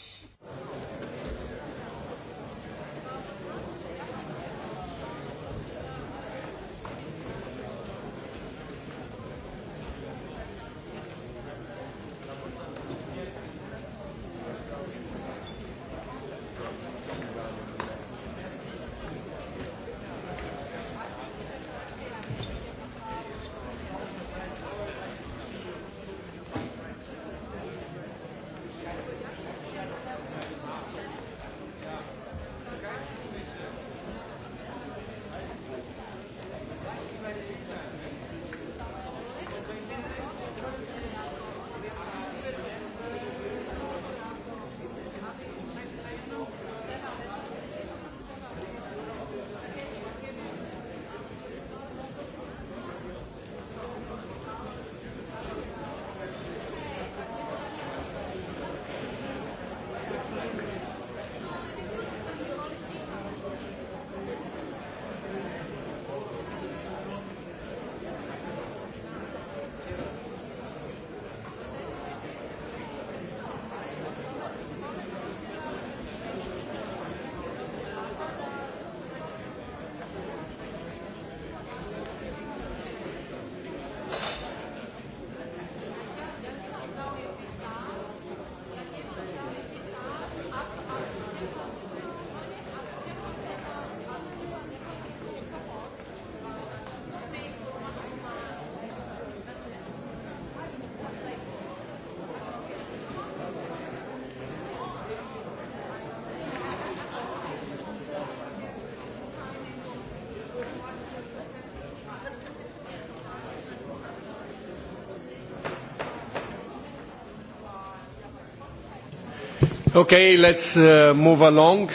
Okay, let's uh, move along.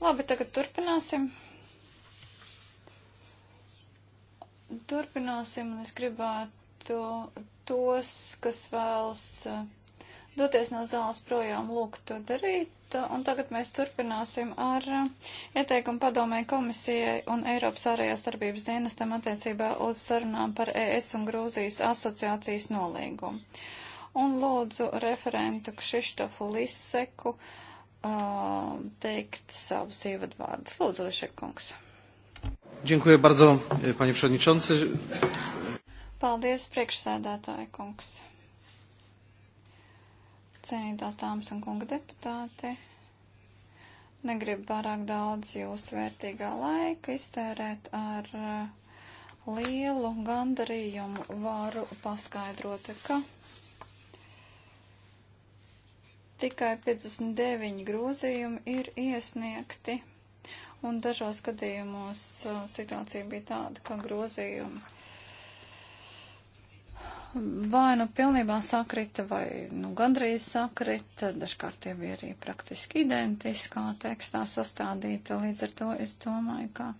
Labi, tagad turpināsim. Turpināsim, un es gribētu tos, kas vēlas uh, doties no zāles projām, lūgt to darīt. Un tagad mēs turpināsim ar uh, ieteikumu padomē komisijai un Eiropas ārējās darbības dienestam attiecībā uz sarunām par ES un Grūzijas asociācijas nolīgumu un lūdzu referentu Kšištofu Liseku uh, teikt savus ievadvārdus. Lūdzu, Lisek kungs. Dziękuję bardzo, panie przewodniczący. Paldies, priekšsēdētāji kungs. Cienītās dāmas un kunga deputāti. Negribu pārāk daudz jūsu vērtīgā laika iztērēt ar uh, lielu gandarījumu varu paskaidrot, ka Tikai 59 grozījumi ir iesniegti, un dažos gadījumos uh, situācija bija tāda, ka grozījumi vai nu pilnībā sakrita, vai nu gandrīz sakrita, dažkārt tie bija arī praktiski identiskā tekstā sastādīta, līdz ar to es domāju, ka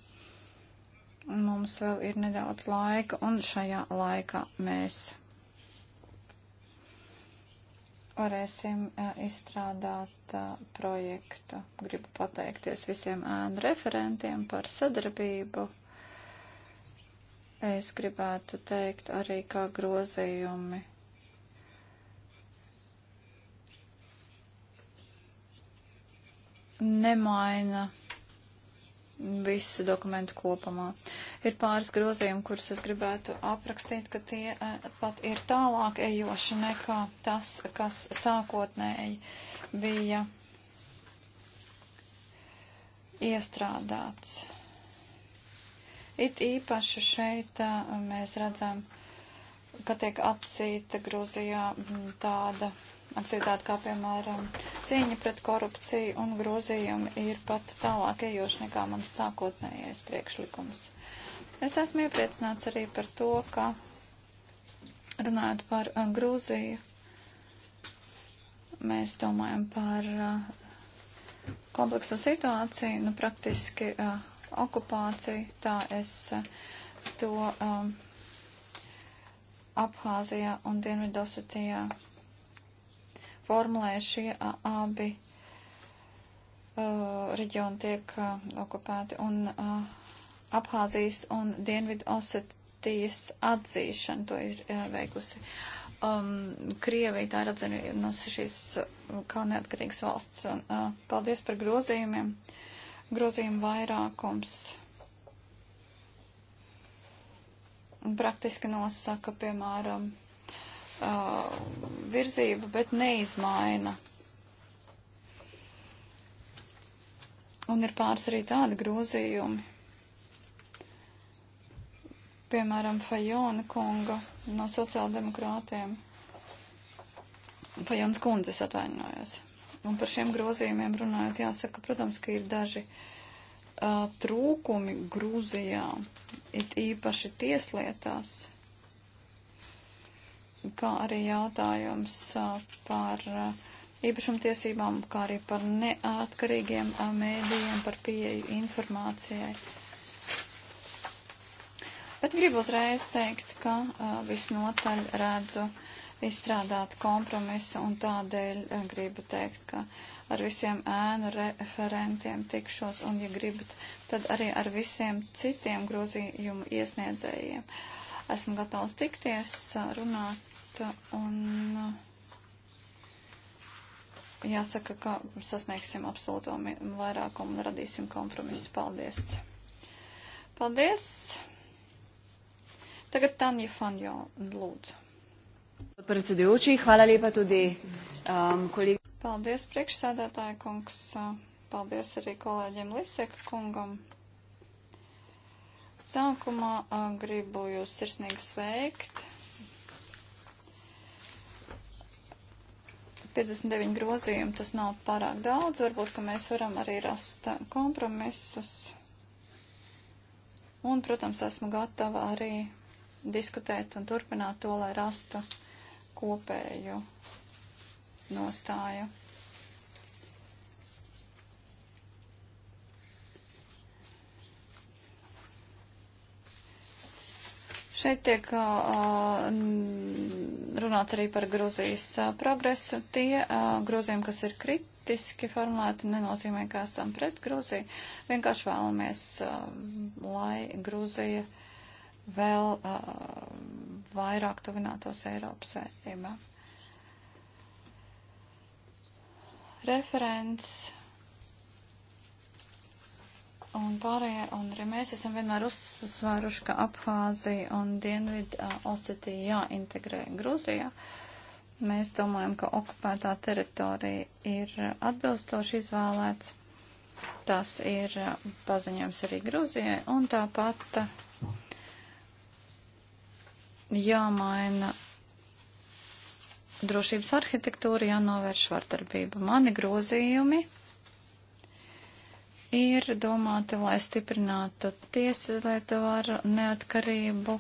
mums vēl ir nedaudz laika, un šajā laikā mēs varēsim izstrādāt projektu. Gribu pateikties visiem ēnu referentiem par sadarbību. Es gribētu teikt arī, kā grozījumi nemaina visu dokumentu kopumā. Ir pāris grozījumi, kurus es gribētu aprakstīt, ka tie eh, pat ir tālāk ejoši nekā tas, kas sākotnēji bija iestrādāts. It īpaši šeit eh, mēs redzam, ka tiek atcīta Grūzijā tāda aktivitāti, kā piemēram cīņa pret korupciju un grozījumi ir pat tālāk ejoši nekā mans sākotnējais priekšlikums. Es esmu iepriecināts arī par to, ka runājot par uh, Grūziju, mēs domājam par uh, kompleksu situāciju, nu praktiski uh, okupāciju, tā es uh, to um, Abhāzijā un Dienvidosetijā formulē šie abi uh, reģioni tiek uh, okupēti un uh, Abhāzijas un Dienvidu Osetijas atzīšana to ir uh, veikusi. Um, Krievija tā ir atzinusi šīs uh, kā neatkarīgas valsts. Un, uh, paldies par grozījumiem. Grozījumu vairākums praktiski nosaka, piemēram, uh, virzību, bet neizmaina. Un ir pāris arī tādi grozījumi. Piemēram, Fajona kunga no sociāldemokrātiem. Fajons kundzes atvainojos. Un par šiem grozījumiem runājot, jāsaka, protams, ka ir daži uh, trūkumi Grūzijā, it īpaši tieslietās kā arī jautājums par īpašumtiesībām, kā arī par neatkarīgiem mēdījiem, par pieeju informācijai. Bet gribu uzreiz teikt, ka visnotaļ redzu izstrādāt kompromisu un tādēļ gribu teikt, ka ar visiem ēnu referentiem tikšos un, ja gribat, tad arī ar visiem citiem grozījumu iesniedzējiem. Esmu gatavs tikties, runāt un uh, jāsaka, ka sasniegsim absolūto vairākumu un radīsim kompromisu. Paldies! Paldies! Tagad Tanja Fanjo, lūdzu. Predsedujoči, hvala lepa tudi um, kolegi. Paldies, priekšsēdētāja kungs. Paldies arī kolēģiem Liseka kungam. Sākumā uh, gribu jūs sirsnīgi sveikt 59 grozījumi, tas nav pārāk daudz, varbūt, ka mēs varam arī rast kompromisus. Un, protams, esmu gatava arī diskutēt un turpināt to, lai rastu kopēju nostāju. Šeit tiek uh, runāts arī par Gruzijas uh, progresu. Tie uh, grozījumi, kas ir kritiski formulēti, nenozīmē, ka esam pret Gruziju. Vienkārši vēlamies, lai Gruzija vēl vairāk tuvinātos Eiropas vērtībām. Referents un pārējie, un arī mēs esam vienmēr uzsvēruši, ka Abhāzija un Dienvidu uh, Osetija jāintegrē Grūzijā. Mēs domājam, ka okupētā teritorija ir atbilstoši izvēlēts. Tas ir uh, paziņojums arī Grūzijai, un tāpat uh, jāmaina drošības arhitektūra, jānovērš vardarbība. Mani grozījumi ir domāti, lai stiprinātu tieslietu varu neatkarību,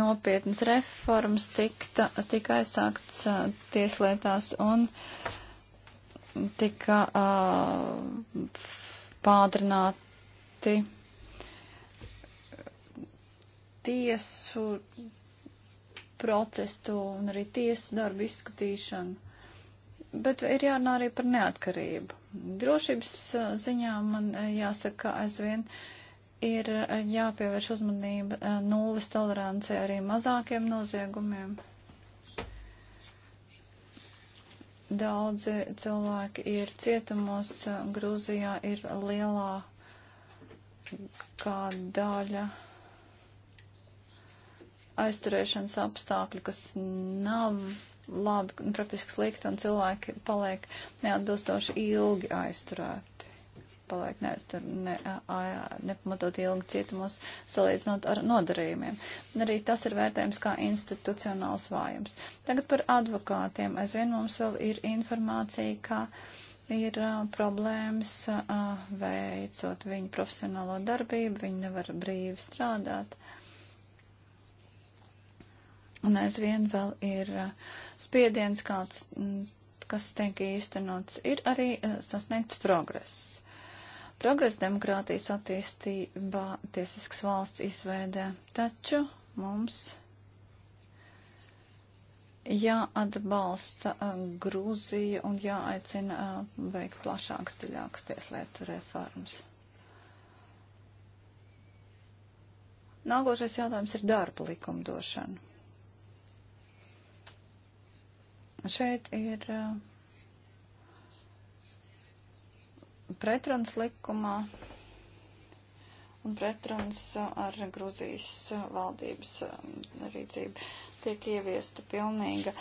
nopietnas reformas tikta, tika aizsākts tieslietās un tika uh, pādrināti tiesu procesu un arī tiesu darbu izskatīšanu. Bet ir jārunā arī par neatkarību drošības ziņā man jāsaka, aizvien ir jāpievērš uzmanība nulles tolerancija arī mazākiem noziegumiem. Daudzi cilvēki ir cietumos, Grūzijā ir lielā kā daļa aizturēšanas apstākļi, kas nav labi un praktiski slikti, un cilvēki paliek neatbilstoši ilgi aizturēti. Paliek neaiztur, ne, a, a, nepamatot ilgi cietumos, salīdzinot ar nodarījumiem. Un arī tas ir vērtējums kā institucionāls vājums. Tagad par advokātiem. Aizvien mums vēl ir informācija, ka ir a, problēmas a, veicot viņu profesionālo darbību, viņi nevar brīvi strādāt. A, Un aizvien vēl ir uh, spiediens kāds, mm, kas tiek īstenots. Ir arī uh, sasniegts progress. Progress demokrātijas attīstībā, tiesisks valsts izveidē. Taču mums jāatbalsta uh, Grūzija un jāaicina veikt plašākas, dziļākas tieslietu reformas. Nākošais jautājums ir darba likumdošana. Šeit ir uh, pretruns likumā un pretruns uh, ar Gruzijas uh, valdības um, rīcību. Tiek ieviesta pilnīga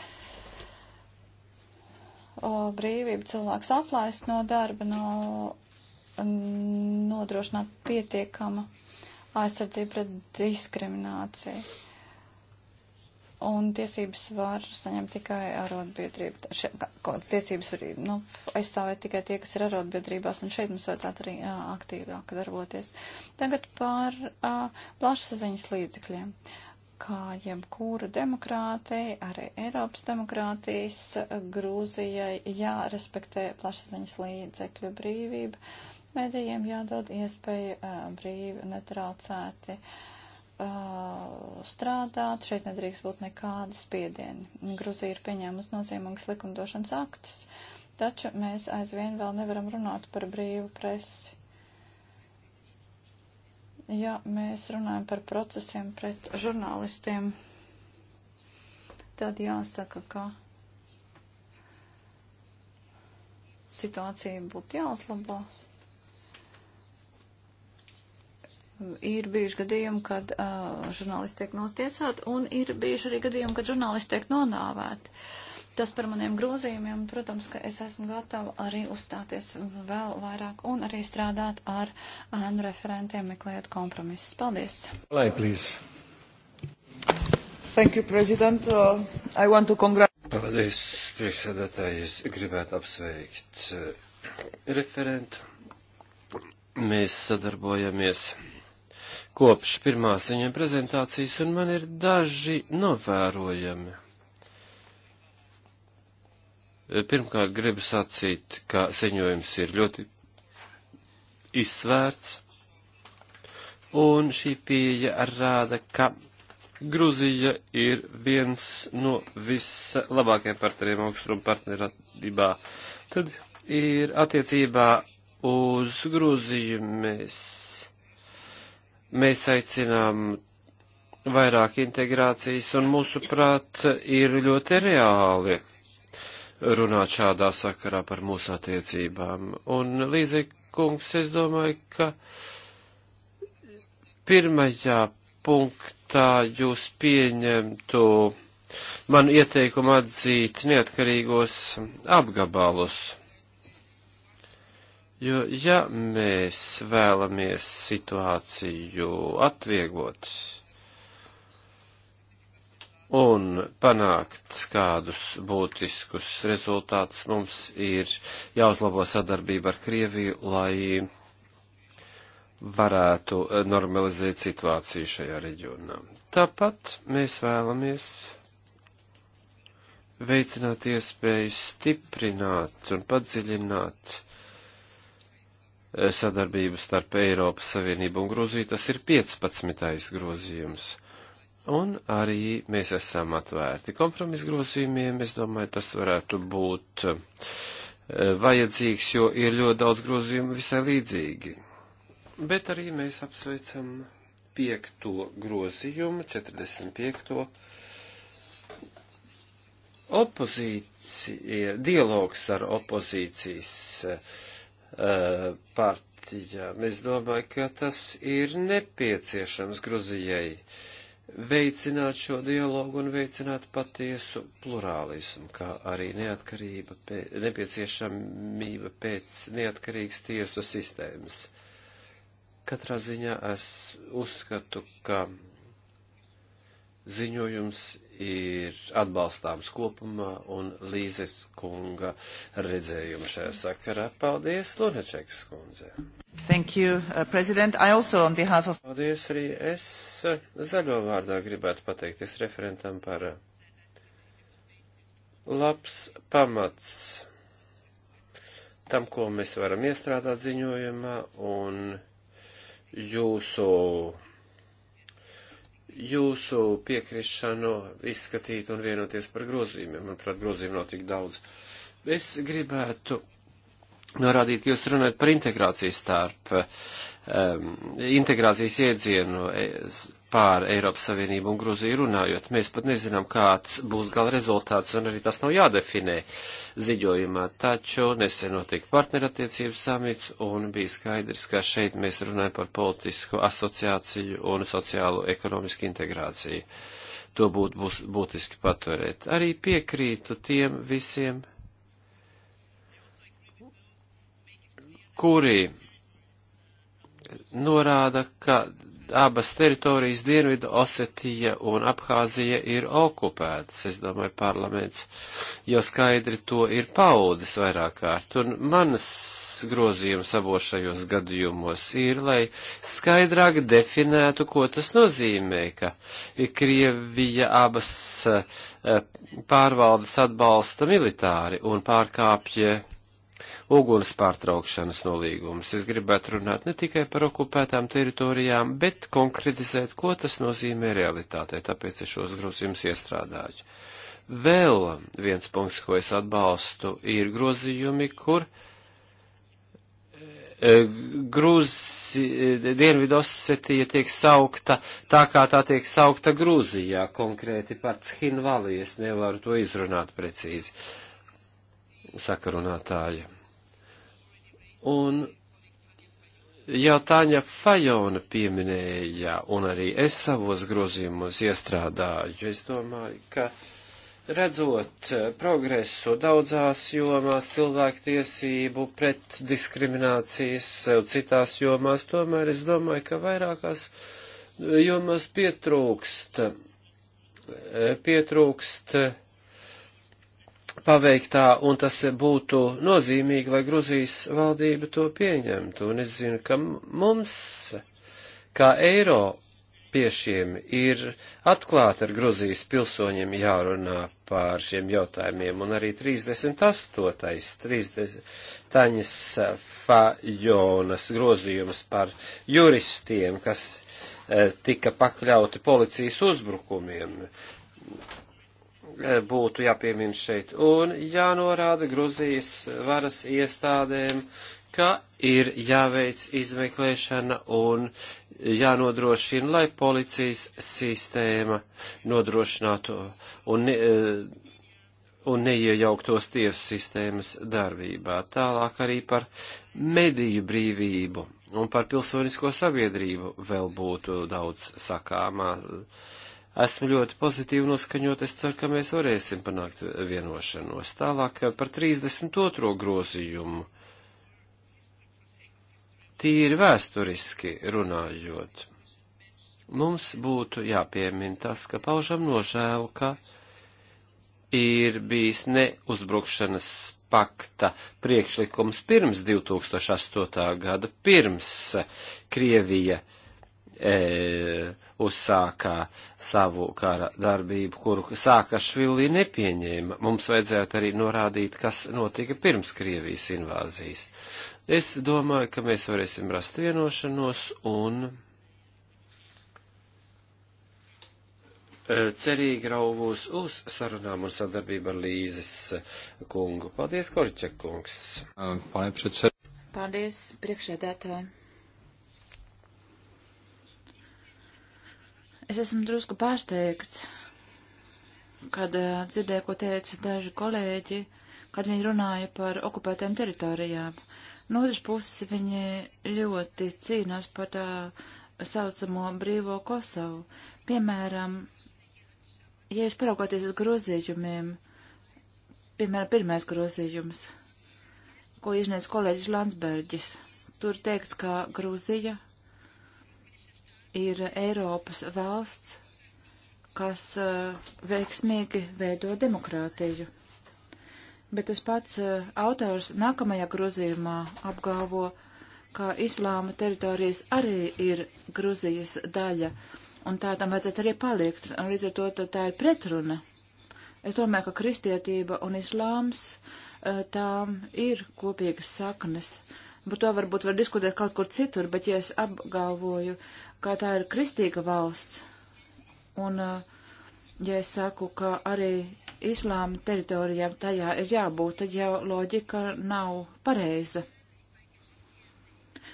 brīvība cilvēks atlaist no darba, no nodrošināt pietiekama aizsardzība pret diskrimināciju un tiesības var saņemt tikai arotbiedrība. Kādas tiesības var nu, aizstāvēt tikai tie, kas ir arotbiedrībās, un šeit mums vajadzētu arī jā, aktīvāk darboties. Tagad par uh, plašsaziņas līdzekļiem. Kā jebkura demokrātija, arī Eiropas demokrātijas, Grūzijai jārespektē plašsaziņas līdzekļu brīvība, medijiem jādod iespēja uh, brīvi, netraucēti. Uh, uh, strādāt, šeit nedrīkst būt nekādi spiedieni. Gruzija ir pieņēmusi nozīmīgas likumdošanas aktus, taču mēs aizvien vēl nevaram runāt par brīvu presi. Ja mēs runājam par procesiem pret žurnālistiem, tad jāsaka, ka situācija būtu jāuzlabo. Ir bijuši gadījumi, kad uh, žurnālisti tiek nostiesāti, un ir bijuši arī gadījumi, kad žurnālisti tiek nonāvēti. Tas par maniem grozījumiem, protams, ka es esmu gatava arī uzstāties vēl vairāk un arī strādāt ar ēnu referentiem, meklējot kompromisus. Paldies! Lai, please! Thank you, President. Uh, I want to congratulate. Paldies, priekšsēdētājs. Gribētu apsveikt referentu. Mēs sadarbojamies kopš pirmās viņa prezentācijas, un man ir daži novērojami. Pirmkārt, gribu sacīt, ka ziņojums ir ļoti izsvērts, un šī pieeja rāda, ka Gruzija ir viens no vislabākajiem partneriem austrumu partnerībā. Tad ir attiecībā uz Gruziju mēs Mēs aicinām vairāk integrācijas, un mūsuprāt, ir ļoti reāli runāt šādā sakarā par mūsu attiecībām. Un, Līze, kungs, es domāju, ka pirmajā punktā jūs pieņemtu man ieteikumu atzīt neatkarīgos apgabalus. Jo, ja mēs vēlamies situāciju atvieglot un panākt kādus būtiskus rezultātus, mums ir jāuzlabo sadarbība ar Krieviju, lai varētu eh, normalizēt situāciju šajā reģionā. Tāpat mēs vēlamies veicināt iespējas stiprināt un padziļināt sadarbību starp Eiropas Savienību un Gruziju, tas ir 15. grozījums. Un arī mēs esam atvērti kompromisu grozījumiem, es domāju, tas varētu būt eh, vajadzīgs, jo ir ļoti daudz grozījumu visai līdzīgi. Bet arī mēs apsveicam piekto grozījumu, 45. Opozīcija, dialogs ar opozīcijas eh, Uh, partijām. Es domāju, ka tas ir nepieciešams Gruzijai veicināt šo dialogu un veicināt patiesu plurālismu, kā arī neatkarība, pē, nepieciešamība pēc neatkarīgas tiesu sistēmas. Katrā ziņā es uzskatu, ka ziņojums ir atbalstāms kopumā un Līzes kunga redzējumu šajā sakarā. Paldies, Lunačeks kundze. Thank you, uh, President. I also on behalf of. Paldies arī es uh, zaļo vārdā gribētu pateikties referentam par uh, labs pamats tam, ko mēs varam iestrādāt ziņojumā un jūsu jūsu piekrišanu izskatīt un vienoties par grozījumiem. Manuprāt, grozījumu nav tik daudz. Es gribētu norādīt, ka jūs runājat par integrāciju starp um, integrācijas iedzienu. Es, pār Eiropas Savienību un Gruziju runājot. Mēs pat nezinām, kāds būs gala rezultāts, un arī tas nav jādefinē ziņojumā. Taču nesen notika partnerattiecību samits, un bija skaidrs, ka šeit mēs runājam par politisku asociāciju un sociālo ekonomisku integrāciju. To būtu būs būtiski paturēt. Arī piekrītu tiem visiem, kuri norāda, ka abas teritorijas Dienvidu Osetija un Abhāzija ir okupētas. Es domāju, parlaments jau skaidri to ir paudis vairāk kārt. Un manas grozījums abos šajos gadījumos ir, lai skaidrāk definētu, ko tas nozīmē, ka Krievija abas eh, pārvaldes atbalsta militāri un pārkāpja uguns pārtraukšanas nolīgums. Es gribētu runāt ne tikai par okupētām teritorijām, bet konkretizēt, ko tas nozīmē realitātē, tāpēc es šos grozījumus iestrādāju. Vēl viens punkts, ko es atbalstu, ir grozījumi, kur e, Grūzi, e, Dienvidosetija tiek saukta tā, kā tā tiek saukta Grūzijā, konkrēti par Chinvali, es nevaru to izrunāt precīzi. Uh, sakarunātāja. Un jau Tāņa Fajona pieminēja, un arī es savos grozījumos iestrādāju, es domāju, ka redzot progresu daudzās jomās, cilvēktiesību, pret diskriminācijas sev citās jomās, tomēr es domāju, ka vairākās jomās pietrūkst, pietrūkst paveiktā, un tas būtu nozīmīgi, lai Gruzijas valdība to pieņemtu. Un es zinu, ka mums, kā eiro piešiem, ir atklāti ar Gruzijas pilsoņiem jārunā pār šiem jautājumiem, un arī 38. 30. Taņas Fajonas grozījums par juristiem, kas eh, tika pakļauti policijas uzbrukumiem. Eh, būtu jāpiemina šeit un jānorāda Gruzijas varas iestādēm, ka ir jāveic izmeklēšana un jānodrošina, lai policijas sistēma nodrošinātu un, ne, eh, un neiejauktos tiesu sistēmas darbībā. Tālāk arī par mediju brīvību un par pilsonisko sabiedrību vēl būtu daudz sakāmā. Uh, Esmu ļoti pozitīvi noskaņot, es ceru, ka mēs varēsim panākt vienošanos. Tālāk par 32. grozījumu. Tīri vēsturiski runājot, mums būtu jāpiemina tas, ka paužam nožēlu, ka ir bijis neuzbrukšanas pakta priekšlikums pirms 2008. gada, pirms Krievija uh, e, uzsākā savu kara darbību, kuru Sākašvili nepieņēma. Mums vajadzētu arī norādīt, kas notika pirms Krievijas invāzijas. Es domāju, ka mēs varēsim rast vienošanos un e, cerīgi rauvos uz sarunām un sadarbību ar Līzes kungu. Paldies, Korčakungs! Paldies, priekšsēdētāji! Es esmu drusku pārsteigts, kad eh, dzirdēju, ko teica daži kolēģi, kad viņi runāja par okupētām teritorijām. No otras puses, viņi ļoti cīnās par tā saucamo brīvo Kosovu. Piemēram, ja jūs paraugoties uz grozījumiem, piemēram, pirmais grozījums, ko izniedz kolēģis Landsbergis, tur teikts, ka Grūzija ir Eiropas valsts, kas uh, veiksmīgi veido demokrātiju. Bet tas pats uh, autors nākamajā grozījumā apgalvo, ka islāma teritorijas arī ir Gruzijas daļa, un tā tam vajadzētu arī palikt, un līdz ar to tā ir pretruna. Es domāju, ka kristietība un islāms uh, tām ir kopīgas saknes. Par to varbūt var diskutēt kaut kur citur, bet ja es apgalvoju, uh, kā tā ir kristīga valsts. Un, eh, ja es saku, ka arī islāma teritorijām tajā ir jābūt, tad jau loģika nav pareiza.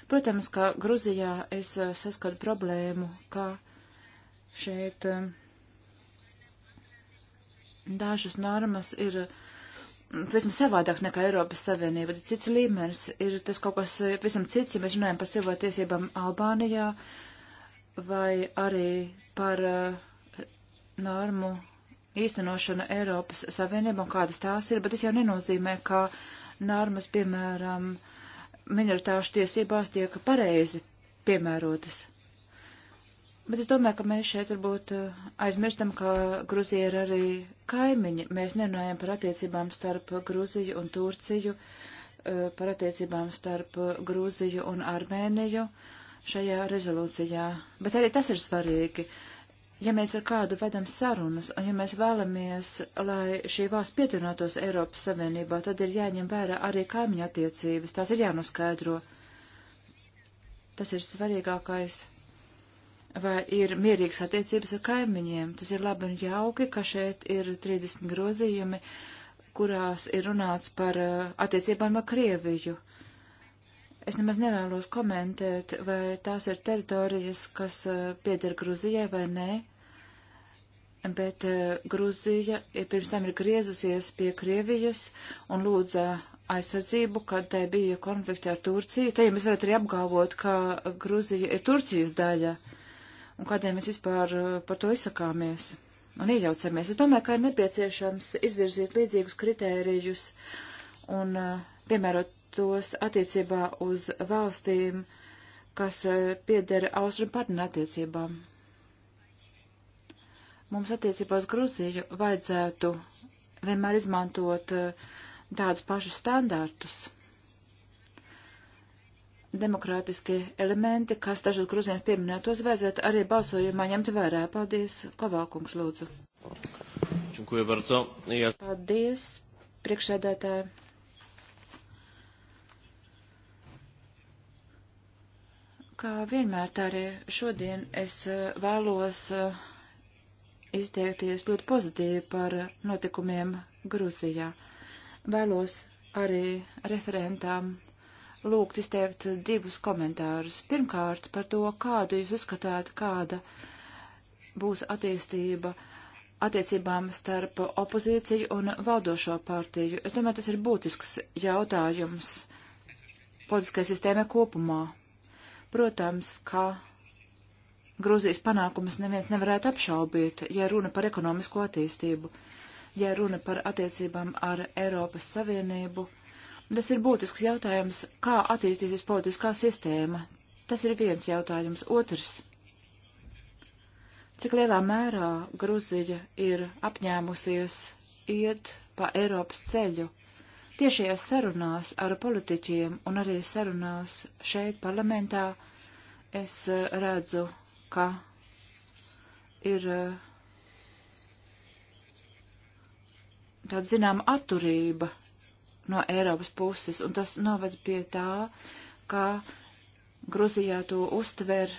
Protams, ka Gruzijā es eh, saskatu problēmu, ka šeit eh, dažas normas ir mm, visam savādāk nekā Eiropas Savienība, tad cits līmenis ir tas kaut kas visam cits, ja mēs runājam par cilvēktiesībām Albānijā, vai arī par uh, normu īstenošanu Eiropas Savienību un kādas tās ir, bet tas jau nenozīmē, ka normas, piemēram, minoritāšu tiesībās tiek pareizi piemērotas. Bet es domāju, ka mēs šeit varbūt eh, aizmirstam, ka Gruzija ir arī kaimiņi. Mēs nerunājam par attiecībām starp Gruziju un Turciju, eh, par attiecībām starp Gruziju un Armēniju. Uh, šajā rezolūcijā, bet arī tas ir svarīgi. Ja mēs ar kādu vedam sarunas, un ja mēs vēlamies, lai šī valsts pieturinātos Eiropas Savienībā, tad ir jāņem vērā arī kaimiņa attiecības, tās ir jānoskaidro. Tas ir svarīgākais. Vai ir mierīgas attiecības ar kaimiņiem? Tas ir labi un jauki, ka šeit ir 30 grozījumi, kurās ir runāts par uh, attiecībām ar Krieviju. Uh, Es nemaz nevēlos komentēt, vai tās ir teritorijas, kas eh, pieder Gruzijai vai nē, bet eh, Gruzija pirms tam ir griezusies pie Krievijas un lūdza aizsardzību, kad tai bija konflikti ar Turciju. Te jau mēs varētu arī apgalvot, ka Gruzija ir Turcijas daļa un kādēļ mēs vispār eh, par to izsakāmies un iejaucamies. Es domāju, ka ir nepieciešams izvirzīt līdzīgus kritērijus un piemērot tos attiecībā uz valstīm, kas eh, piedara austrumu partneru attiecībām. Mums attiecībā uz Gruziju vajadzētu vienmēr izmantot eh, tādus pašus standārtus. Demokrātiskie elementi, kas dažos grūzienos pieminētos, vajadzētu arī balsojumā ņemt vērā. Paldies, Kovākungs, lūdzu. Paldies, priekšsēdētāji. Kā vienmēr tā arī šodien es eh, vēlos eh, izteikties ļoti pozitīvi par notikumiem Gruzijā. Vēlos arī referentām lūgt izteikt divus komentārus. Pirmkārt, par to, kādu jūs uzskatāt, kāda būs attīstība attiecībām starp opozīciju un valdošo partiju. Es domāju, tas ir būtisks jautājums politiskai sistēmai kopumā. Protams, ka Grūzijas panākumus neviens nevarētu apšaubīt, ja runa par ekonomisko attīstību, ja runa par attiecībām ar Eiropas Savienību. Tas ir būtisks jautājums, kā attīstīsies politiskā sistēma. Tas ir viens jautājums. Otrs. Cik lielā mērā Gruzija ir apņēmusies iet pa Eiropas ceļu? Tiešajās sarunās ar politiķiem un arī sarunās šeit parlamentā es eh, redzu, ka ir eh, tāda zināma atturība no Eiropas puses, un tas noved pie tā, ka Gruzijā to uztver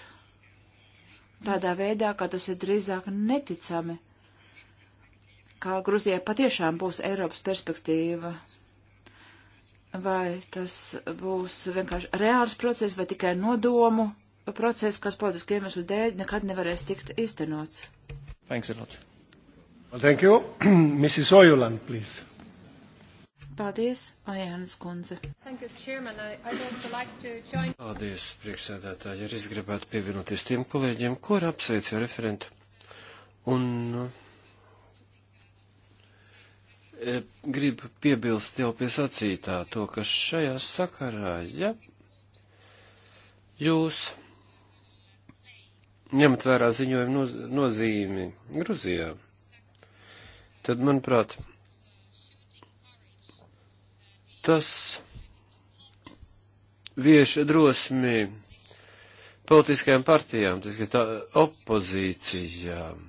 tādā veidā, ka tas ir drīzāk neticami, kā Gruzijai patiešām būs Eiropas perspektīva. Vai tas būs vienkārši reāls process vai tikai nodomu process, kas politisku iemeslu dēļ nekad nevarēs tikt īstenots. Thanks a lot. Well, thank you. Mrs. *clears throat* Ojuland, please. Paldies, Ajānas kundze. Paldies, priekšsēdētāji. Arī es gribētu pievienoties tiem kolēģiem, kur apsveicu referentu. Un e, gribu piebilst jau pie sacītā to, ka šajā sakarā, ja jūs ņemt vērā ziņojuma noz nozīmi Gruzijā, tad, manuprāt, tas vieš drosmi politiskajām partijām, tas ir tā opozīcijām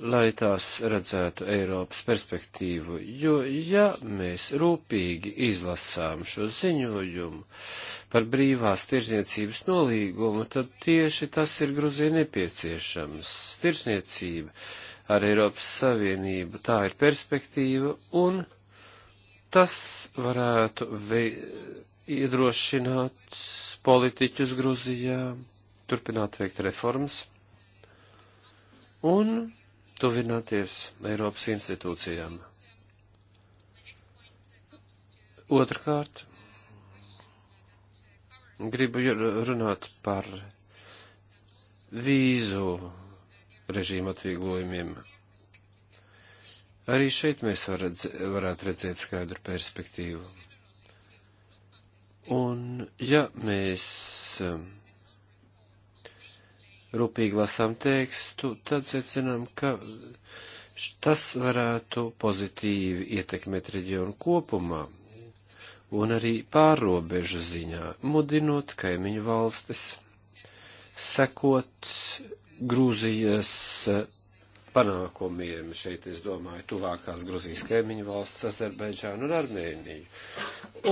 lai tās redzētu Eiropas perspektīvu, jo, ja mēs rūpīgi izlasām šo ziņojumu par brīvās tirzniecības nolīgumu, tad tieši tas ir Gruzija nepieciešams. Tirzniecība ar Eiropas Savienību tā ir perspektīva, un tas varētu iedrošināt politiķus Gruzijā, turpināt veikt reformas. Un tuvināties Eiropas institūcijām. Otrkārt, gribu runāt par vīzu režīmu atvieglojumiem. Arī šeit mēs varadz, varētu redzēt skaidru perspektīvu. Un ja mēs um, rūpīgi lasām tekstu, tad secinām, ka tas varētu pozitīvi ietekmēt reģionu kopumā un arī pārrobežu ziņā, mudinot kaimiņu valstis sekot Grūzijas panākumiem. Šeit es domāju tuvākās Gruzijas kaimiņu valsts, Azerbaidžānu un Armēniju.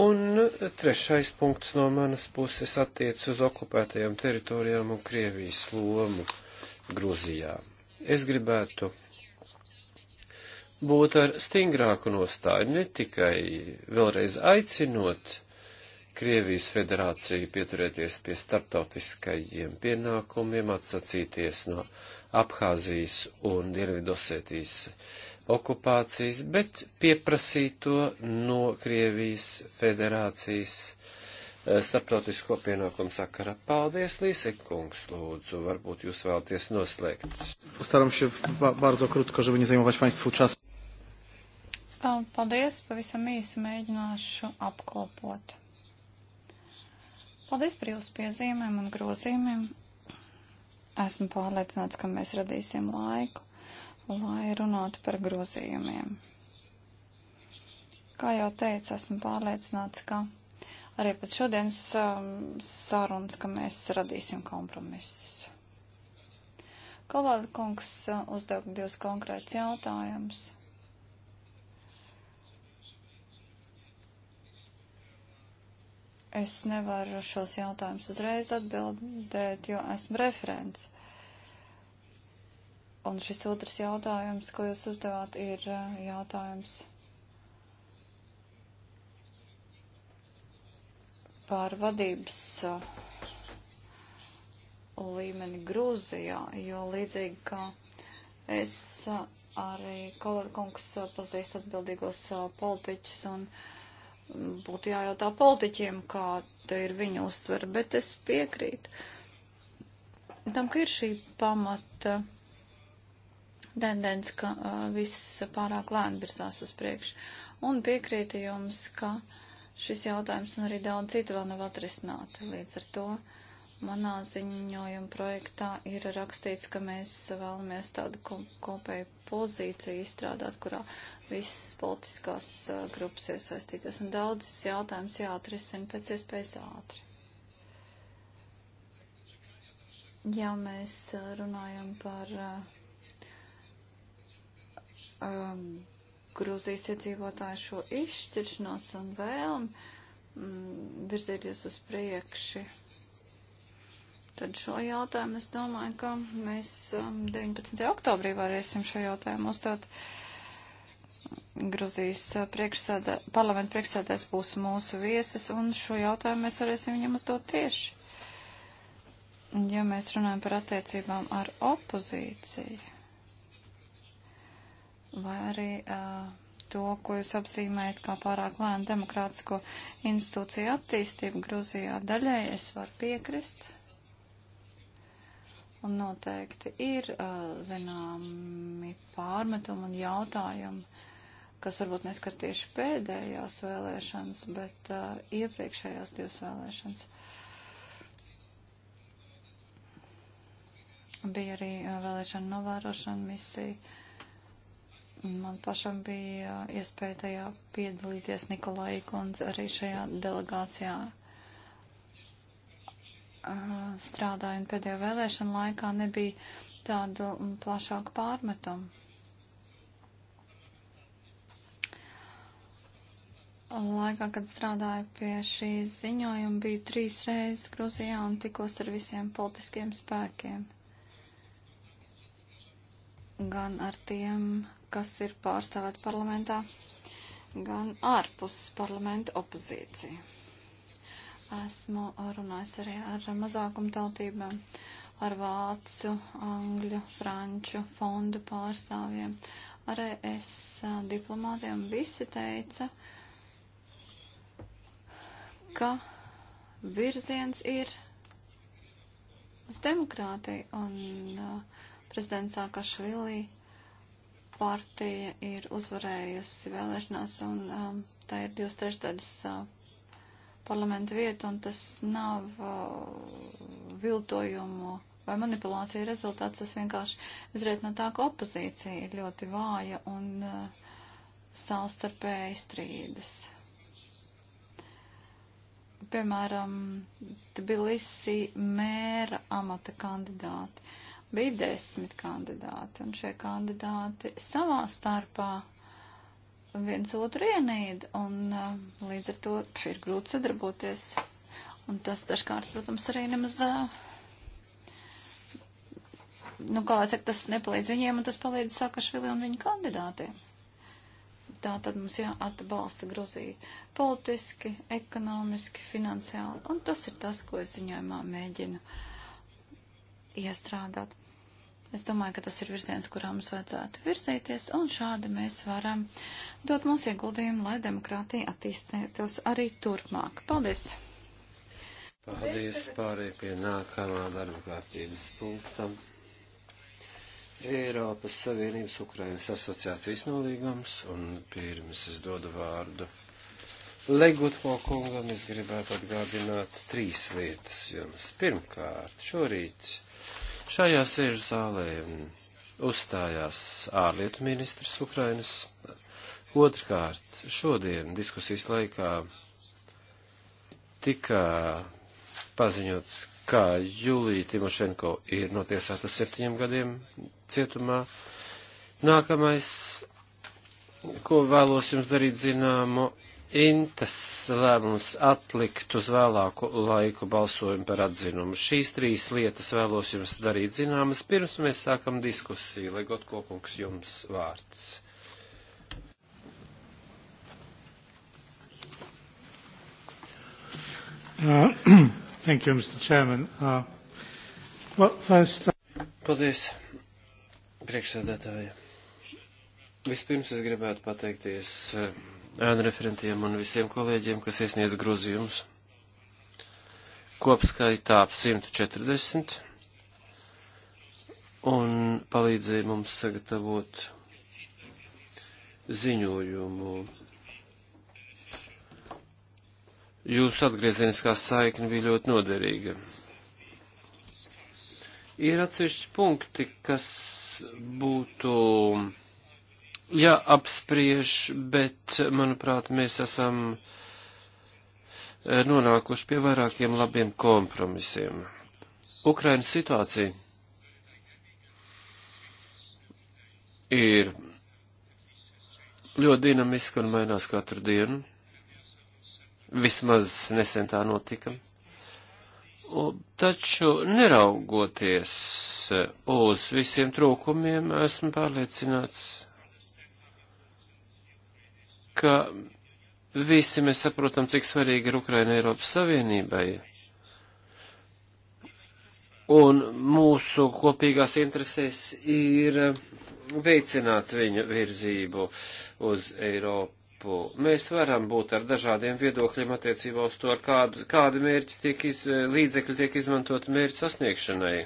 Un trešais punkts no manas puses attiec uz okupētajām teritorijām un Krievijas lomu Gruzijā. Es gribētu būt ar stingrāku nostāju, ne tikai vēlreiz aicinot Krievijas federāciju pieturēties pie starptautiskajiem pienākumiem, atsacīties no Abhāzijas un Dienvidosētijas okupācijas, bet pieprasīt to no Krievijas federācijas eh, starptautisko pienākumu sakarā. Paldies, Līsek kungs, lūdzu, varbūt jūs vēlaties noslēgt. Postaram się bardzo krótko, żeby nie zajmować Państwu czasu. Paldies, pavisam īsi mēģināšu apkopot. Paldies par jūsu piezīmēm un grozījumiem. Esmu pārliecināts, ka mēs radīsim laiku, lai runātu par grozījumiem. Kā jau teicu, esmu pārliecināts, ka arī pat šodienas um, sarunas, ka mēs radīsim kompromisus. Kovalda kungs uh, uzdev divus konkrētus jautājumus. Es nevaru šos jautājumus uzreiz atbildēt, jo esmu referents. Un šis otrs jautājums, ko jūs uzdevāt, ir eh, jautājums par vadības eh, līmeni Grūzijā, jo līdzīgi kā es eh, arī kolēģi kungs pazīst atbildīgos politiķus un uh, būtu jājautā politiķiem, kā te ir viņa uztvere, bet es piekrītu tam, ka ir šī pamata tendence, ka uh, viss pārāk lēni virzās uz priekšu. Un piekrītu jums, ka šis jautājums un arī daudz citu vēl nav atrisināti. Līdz ar to manā ziņojuma projektā ir rakstīts, ka mēs vēlamies tādu kopēju pozīciju izstrādāt, kurā visas politiskās uh, grupas iesaistītos, un daudzas jautājumas jāatrisina pēc iespējas ātri. Ja mēs uh, runājam par uh, um, Grūzijas iedzīvotāju šo izšķiršanos un vēlmi mm, virzīties uz priekšu, Tad šo jautājumu es domāju, ka mēs 19. oktobrī varēsim šo jautājumu uzdot. Uh, Gruzijas eh, priekšsēdē, parlamenta priekšsēdēs būs mūsu viesis, un šo jautājumu mēs varēsim viņam uzdot tieši. Ja mēs runājam par attiecībām ar opozīciju, vai arī uh, to, ko jūs apzīmējat kā pārāk lēnu demokrātisko institūciju attīstību Gruzijā, daļai es varu piekrist. Un noteikti ir uh, zināmi pārmetumi un jautājumi kas varbūt neskar tieši pēdējās vēlēšanas, bet uh, iepriekšējās divas vēlēšanas. Bija arī uh, vēlēšana novērošana misija. Man pašam bija uh, iespēja tajā piedalīties Nikolai Kundze arī šajā delegācijā uh, strādāju un pēdējo vēlēšanu laikā nebija tādu mm, plašāku pārmetumu. laikā, kad strādāju pie šī ziņojuma, biju trīs reizes Gruzijā un tikos ar visiem politiskiem spēkiem. Gan ar tiem, kas ir pārstāvēti parlamentā, gan ārpus parlamenta opozīciju. Esmu runājis arī ar mazākumtautībām, ar vācu, angļu, franču fondu pārstāvjiem. Arī es diplomātiem visi teica, ka virziens ir uz demokrātiju un uh, prezidents Sākašvili partija ir uzvarējusi vēlēšanās un um, tā ir divas trešdaļas uh, parlamentu vieta un tas nav uh, viltojumu vai manipulācija rezultāts, tas vienkārši izriet no tā, ka opozīcija ir ļoti vāja un uh, savstarpēji strīdas piemēram, Tbilisi mēra amata kandidāti. Bija desmit kandidāti, un šie kandidāti savā starpā viens otru ienīd, un uh, līdz ar to ir grūti sadarboties. Un tas dažkārt, protams, arī nemaz, uh, nu, kā lai saka, tas nepalīdz viņiem, un tas palīdz Sakašvili un viņa kandidātiem. Tā tad mums jāatbalsta Gruzija politiski, ekonomiski, finansiāli. Un tas ir tas, ko es ziņojumā mēģinu iestrādāt. Es domāju, ka tas ir virziens, kurā mums vajadzētu virzīties, un šādi mēs varam dot mums ieguldījumu, lai demokrātija attīstītos arī turpmāk. Paldies! Paldies! Pārējie pie nākamā darba kārtības punktam. Eiropas Savienības Ukrainas asociācijas nolīgums, un pirms es dodu vārdu Legutko kungam, es gribētu atgādināt trīs lietas jums. Pirmkārt, šorīt šajā sēžu zālē uzstājās ārlietu ministrs Ukrainas. Otrkārt, šodien diskusijas laikā tika paziņots, ka Julija Timošenko ir notiesāta uz septiņiem gadiem cietumā. Nākamais, ko vēlos jums darīt zināmu, Intas lēmums atlikt uz vēlāku laiku balsojumu par atzinumu. Šīs trīs lietas vēlos jums darīt zināmas. Pirms mēs sākam diskusiju, lai Gotko kungs jums vārds. Uh, *clears throat* thank you, Mr. Chairman. Uh, well, first, uh... Paldies. Priekšsēdētāji, vispirms es gribētu pateikties eh, ēnu referentiem un visiem kolēģiem, kas iesniedz grozījumus. Kopskaitā ap 140 un palīdzēja mums sagatavot ziņojumu. Jūsu atgriezeniskā saikne bija ļoti noderīga. Ir atsevišķi punkti, kas būtu jāapspriež, bet, manuprāt, mēs esam eh, nonākuši pie vairākiem labiem kompromisiem. Ukrainas situācija ir ļoti dinamiska un mainās katru dienu. Vismaz nesen tā notika. O, taču neraugoties uz visiem trūkumiem, esmu pārliecināts, ka visi mēs saprotam, cik svarīgi ir Ukraina Eiropas Savienībai. Un mūsu kopīgās interesēs ir veicināt viņu virzību uz Eiropu. Mēs varam būt ar dažādiem viedokļiem attiecībā uz to, kādu, kādi mērķi tiek iz, līdzekļi tiek izmantot mērķu sasniegšanai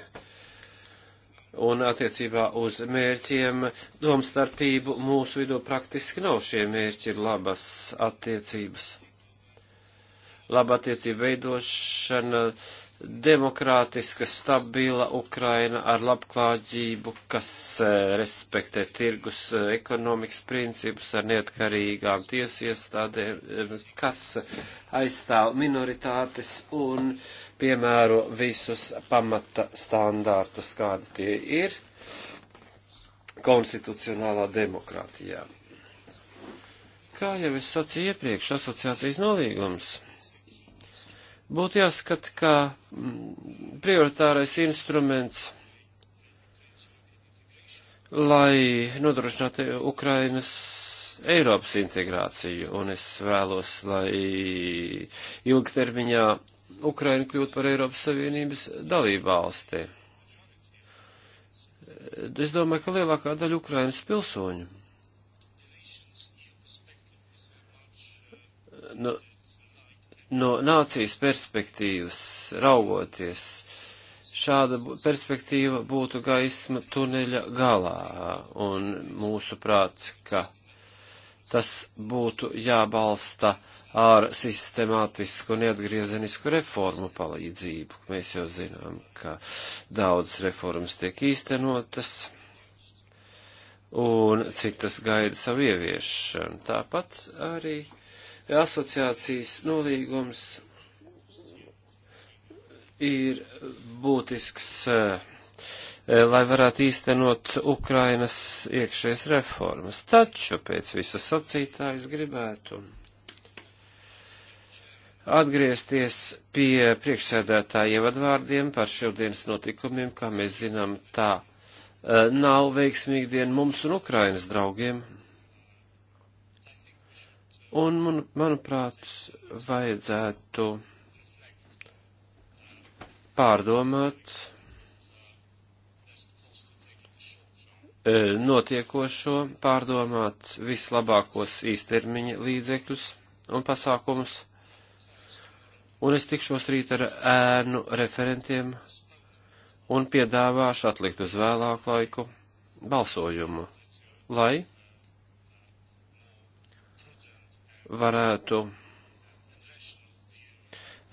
un attiecībā uz mērķiem domstarpību mūsu vidū praktiski nav. Šie mērķi ir labas attiecības. Laba attiecība veidošana demokrātiska, stabila Ukraina ar labklāģību, kas eh, respektē tirgus eh, ekonomikas principus ar neatkarīgām tiesu iestādēm, eh, kas aizstāv minoritātes un piemēro visus pamata standārtus, kādi tie ir konstitucionālā demokrātijā. Kā jau es sacīju iepriekš, asociācijas nolīgums būtu jāskata kā mm, prioritārais instruments, lai nodrošinātu Ukrainas Eiropas integrāciju, un es vēlos, lai ilgtermiņā Ukraina kļūtu par Eiropas Savienības dalību valsti. Es domāju, ka lielākā daļa Ukrainas pilsoņu. Nu, no, no nācijas perspektīvas raugoties, šāda perspektīva būtu gaisma tuneļa galā, un mūsu prāts, ka tas būtu jābalsta ar sistemātisku un atgriezenisku reformu palīdzību. Mēs jau zinām, ka daudzas reformas tiek īstenotas, un citas gaida savu ieviešanu. Tāpat arī asociācijas nolīgums ir būtisks, eh, eh, lai varētu īstenot Ukrainas iekšējas reformas. Taču pēc visas sacītājas gribētu atgriezties pie priekšsēdētāja ievadvārdiem par šodienas notikumiem, kā mēs zinām, tā eh, nav veiksmīgi diena mums un Ukrainas draugiem. Un, man, manuprāt, vajadzētu pārdomāt e, notiekošo, pārdomāt vislabākos īstermiņa līdzekļus un pasākumus. Un es tikšos rīt ar ēnu referentiem un piedāvāšu atlikt uz vēlāku laiku balsojumu, lai varētu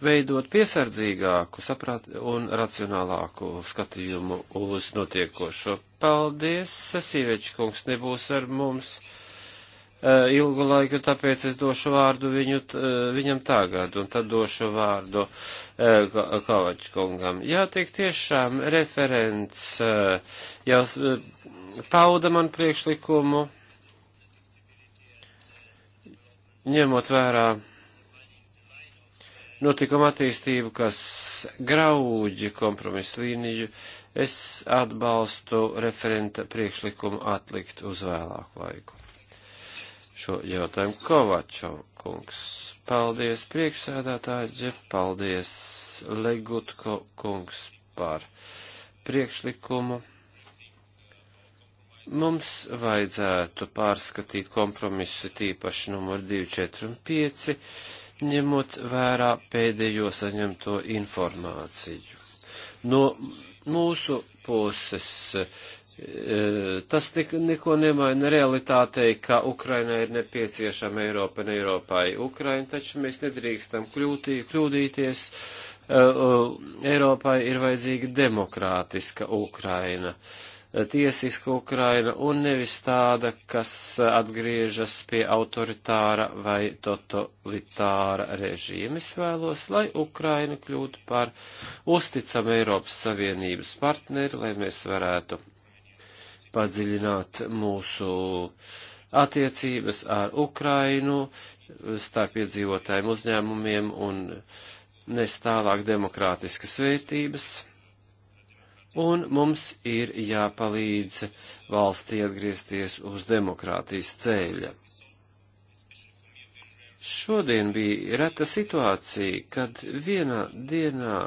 veidot piesardzīgāku, saprāt un racionālāku skatījumu uz notiekošo. Paldies, Sasīvečs kungs nebūs ar mums uh, ilgu laiku, tāpēc es došu vārdu viņu, uh, viņam tagad, un tad došu vārdu uh, eh, Kavačs kungam. Jā, tik tiešām referents uh, jau uh, pauda man priekšlikumu ņemot vērā notikuma attīstību, kas grauģi kompromisu līniju, es atbalstu referenta priekšlikumu atlikt uz vēlāku laiku. Šo jautājumu Kovačov kungs. Paldies priekšsēdētāji, paldies Legutko kungs par priekšlikumu. Mums vajadzētu pārskatīt kompromisu tīpaši numur 2, 4 un 5, ņemot vērā pēdējo saņemto informāciju. No mūsu puses eh, tas tik, neko nemaina realitātei, ka Ukrainai ir nepieciešama Eiropa un Eiropai Ukraina, taču mēs nedrīkstam kļūtī, kļūdīties. Eh, eh, Eiropai ir vajadzīga demokrātiska Ukraina. Uh, tiesiska Ukraina un nevis tāda, kas atgriežas pie autoritāra vai totalitāra režīma. Es vēlos, lai Ukraina kļūtu par uzticamu Eiropas Savienības partneri, lai mēs varētu padziļināt mūsu attiecības ar Ukrainu, starp iedzīvotājiem uzņēmumiem un nes tālāk demokrātiskas vērtības un mums ir jāpalīdz valstī atgriezties uz demokrātijas ceļa. Šodien bija reta situācija, kad vienā dienā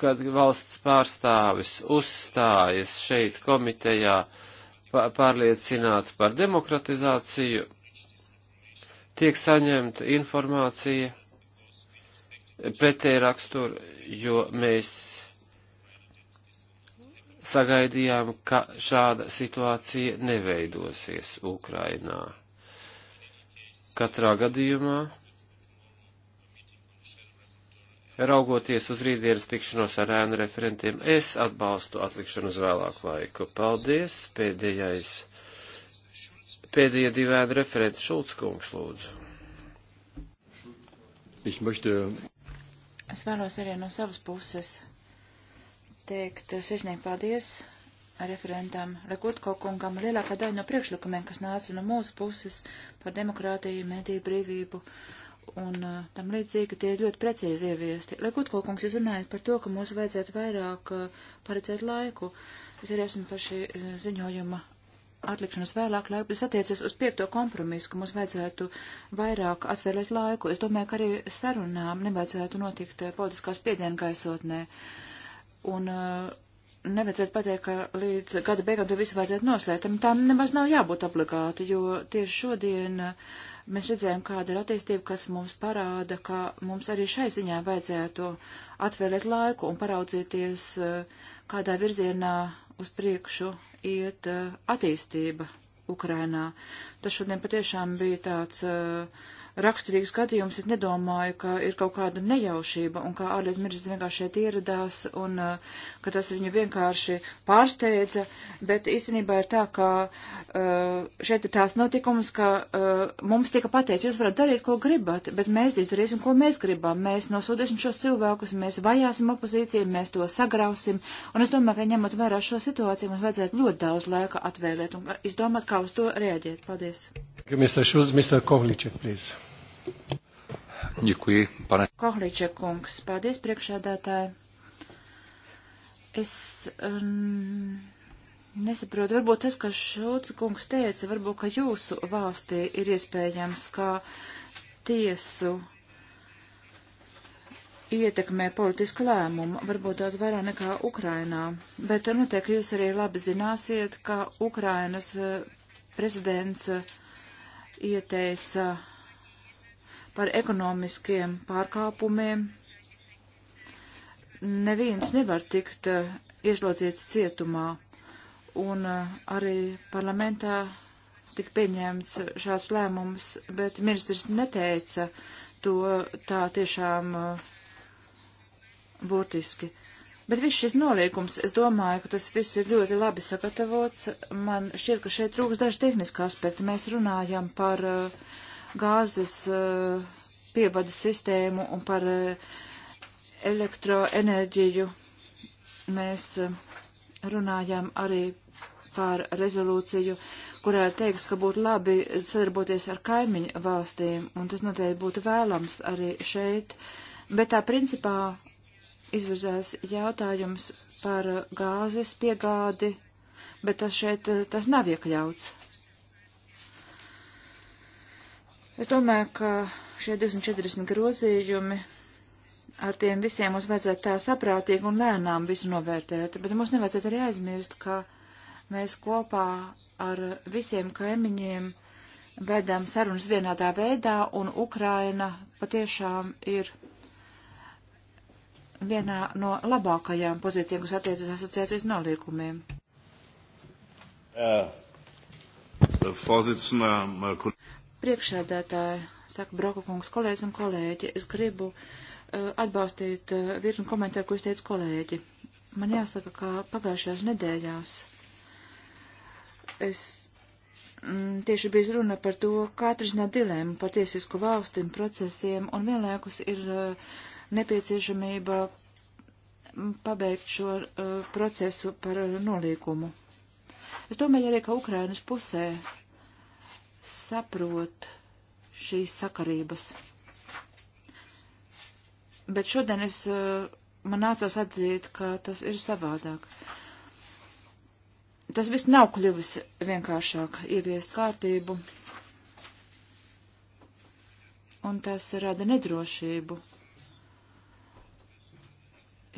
kad valsts pārstāvis uzstājas šeit komitejā pārliecināts par demokratizāciju, tiek saņemta informācija pretēji raksturu, jo mēs sagaidījām, ka šāda situācija neveidosies Ukrainā. Katrā gadījumā, raugoties uz rītdienas tikšanos ar ēnu referentiem, es atbalstu atlikšanu uz vēlāku laiku. Paldies! Pēdējais, pēdējie divi ēnu referenti Šulc kungs lūdzu. Ich möchte Es vēlos arī no savas puses teikt sižnieku paldies referentam Lekutko kungam. Lielākā daļa no priekšlikumiem, kas nāca no mūsu puses par demokrātiju, mediju brīvību un uh, tam līdzīgi, tie ir ļoti precīzi ieviesti. Lekutko kungs, jūs runājat par to, ka mums vajadzētu vairāk uh, paredzēt laiku. Es arī esmu par šī uh, ziņojuma atlikšanas vēlāk laika, bet es attiecies uz piekto kompromisu, ka mums vajadzētu vairāk atvēlēt laiku. Es domāju, ka arī sarunām nevajadzētu notikt eh, politiskās piedienu gaisotnē. Un uh, nevajadzētu pateikt, ka līdz gada beigām to visu vajadzētu noslēgt. Tā nemaz nav jābūt obligāti, jo tieši šodien eh, mēs redzējām, kāda ir attīstība, kas mums parāda, ka mums arī šai ziņā vajadzētu atvēlēt laiku un paraudzīties, kādā virzienā uz priekšu iet eh, attīstība Ukrainā. Tas šodien patiešām bija tāds uh, raksturīgs gadījums, es nedomāju, ka ir kaut kāda nejaušība un kā ārlietu ministrs vienkārši šeit ieradās un uh, ka tas viņu vienkārši pārsteidza, bet īstenībā ir tā, ka uh, šeit ir tāds notikums, ka uh, mums tika pateikts, jūs varat darīt, ko gribat, bet mēs izdarīsim, ko mēs gribam. Mēs nosūdīsim šos cilvēkus, mēs vajāsim opozīciju, mēs to sagrausim un es domāju, ka ņemot vērā šo situāciju, mums vajadzētu ļoti daudz laika atvēlēt un izdomāt, kā uz to reaģēt. Paldies. Mr. Schulz, Mr. Kovliček, please. Ņikuji, pane. Kohliča kungs, paldies priekšādātāji. Es um, nesaprotu, varbūt tas, kas Šulca kungs teica, varbūt, ka jūsu valstī ir iespējams, kā tiesu ietekmē politisku lēmumu, varbūt daudz vairāk nekā Ukrainā. Bet noteikti nu, jūs arī labi zināsiet, ka Ukrainas eh, prezidents eh, ieteica par ekonomiskiem pārkāpumiem. Neviens nevar tikt eh, ieslodzīts cietumā, un eh, arī parlamentā tika pieņemts šāds lēmums, bet ministrs neteica to tā tiešām eh, burtiski. Bet viss šis noliekums, es domāju, ka tas viss ir ļoti labi sagatavots. Man šķiet, ka šeit trūks daži tehniski aspekti. Mēs runājam par uh, gāzes eh, pievada sistēmu un par eh, elektroenerģiju. Mēs eh, runājam arī par rezolūciju, kurā teiks, ka būtu labi sadarboties ar kaimiņu valstīm, un tas noteikti būtu vēlams arī šeit. Bet tā principā izvirzēs jautājums par gāzes piegādi, bet tas šeit tas nav iekļauts. Es domāju, ka šie 240 grozījumi ar tiem visiem mums vajadzētu tā saprātīgi un lēnām visu novērtēt, bet mums nevajadzētu arī aizmirst, ka mēs kopā ar visiem kaimiņiem vedām sarunas vienādā veidā, un Ukraina patiešām ir vienā no labākajām pozīcijām, kas attiecas asociācijas nolīkumiem. Uh, priekšsēdētāji, saka Brokakungs, kolēģis un kolēģi, es gribu uh, atbalstīt uh, virkni komentāru, ko izteica kolēģi. Man jāsaka, ka pagājušajās nedēļās es mm, tieši bija runa par to, kā atrisināt dilēmu par tiesisku valstīm, procesiem, un vienlaikus ir uh, nepieciešamība mm, pabeigt šo uh, procesu par uh, nolīgumu. Es domāju arī, ka Ukrainas pusē saprot šīs sakarības. Bet šodien es, eh, man nācās atzīt, ka tas ir savādāk. Tas viss nav kļuvis vienkāršāk ieviest kārtību, un tas rada nedrošību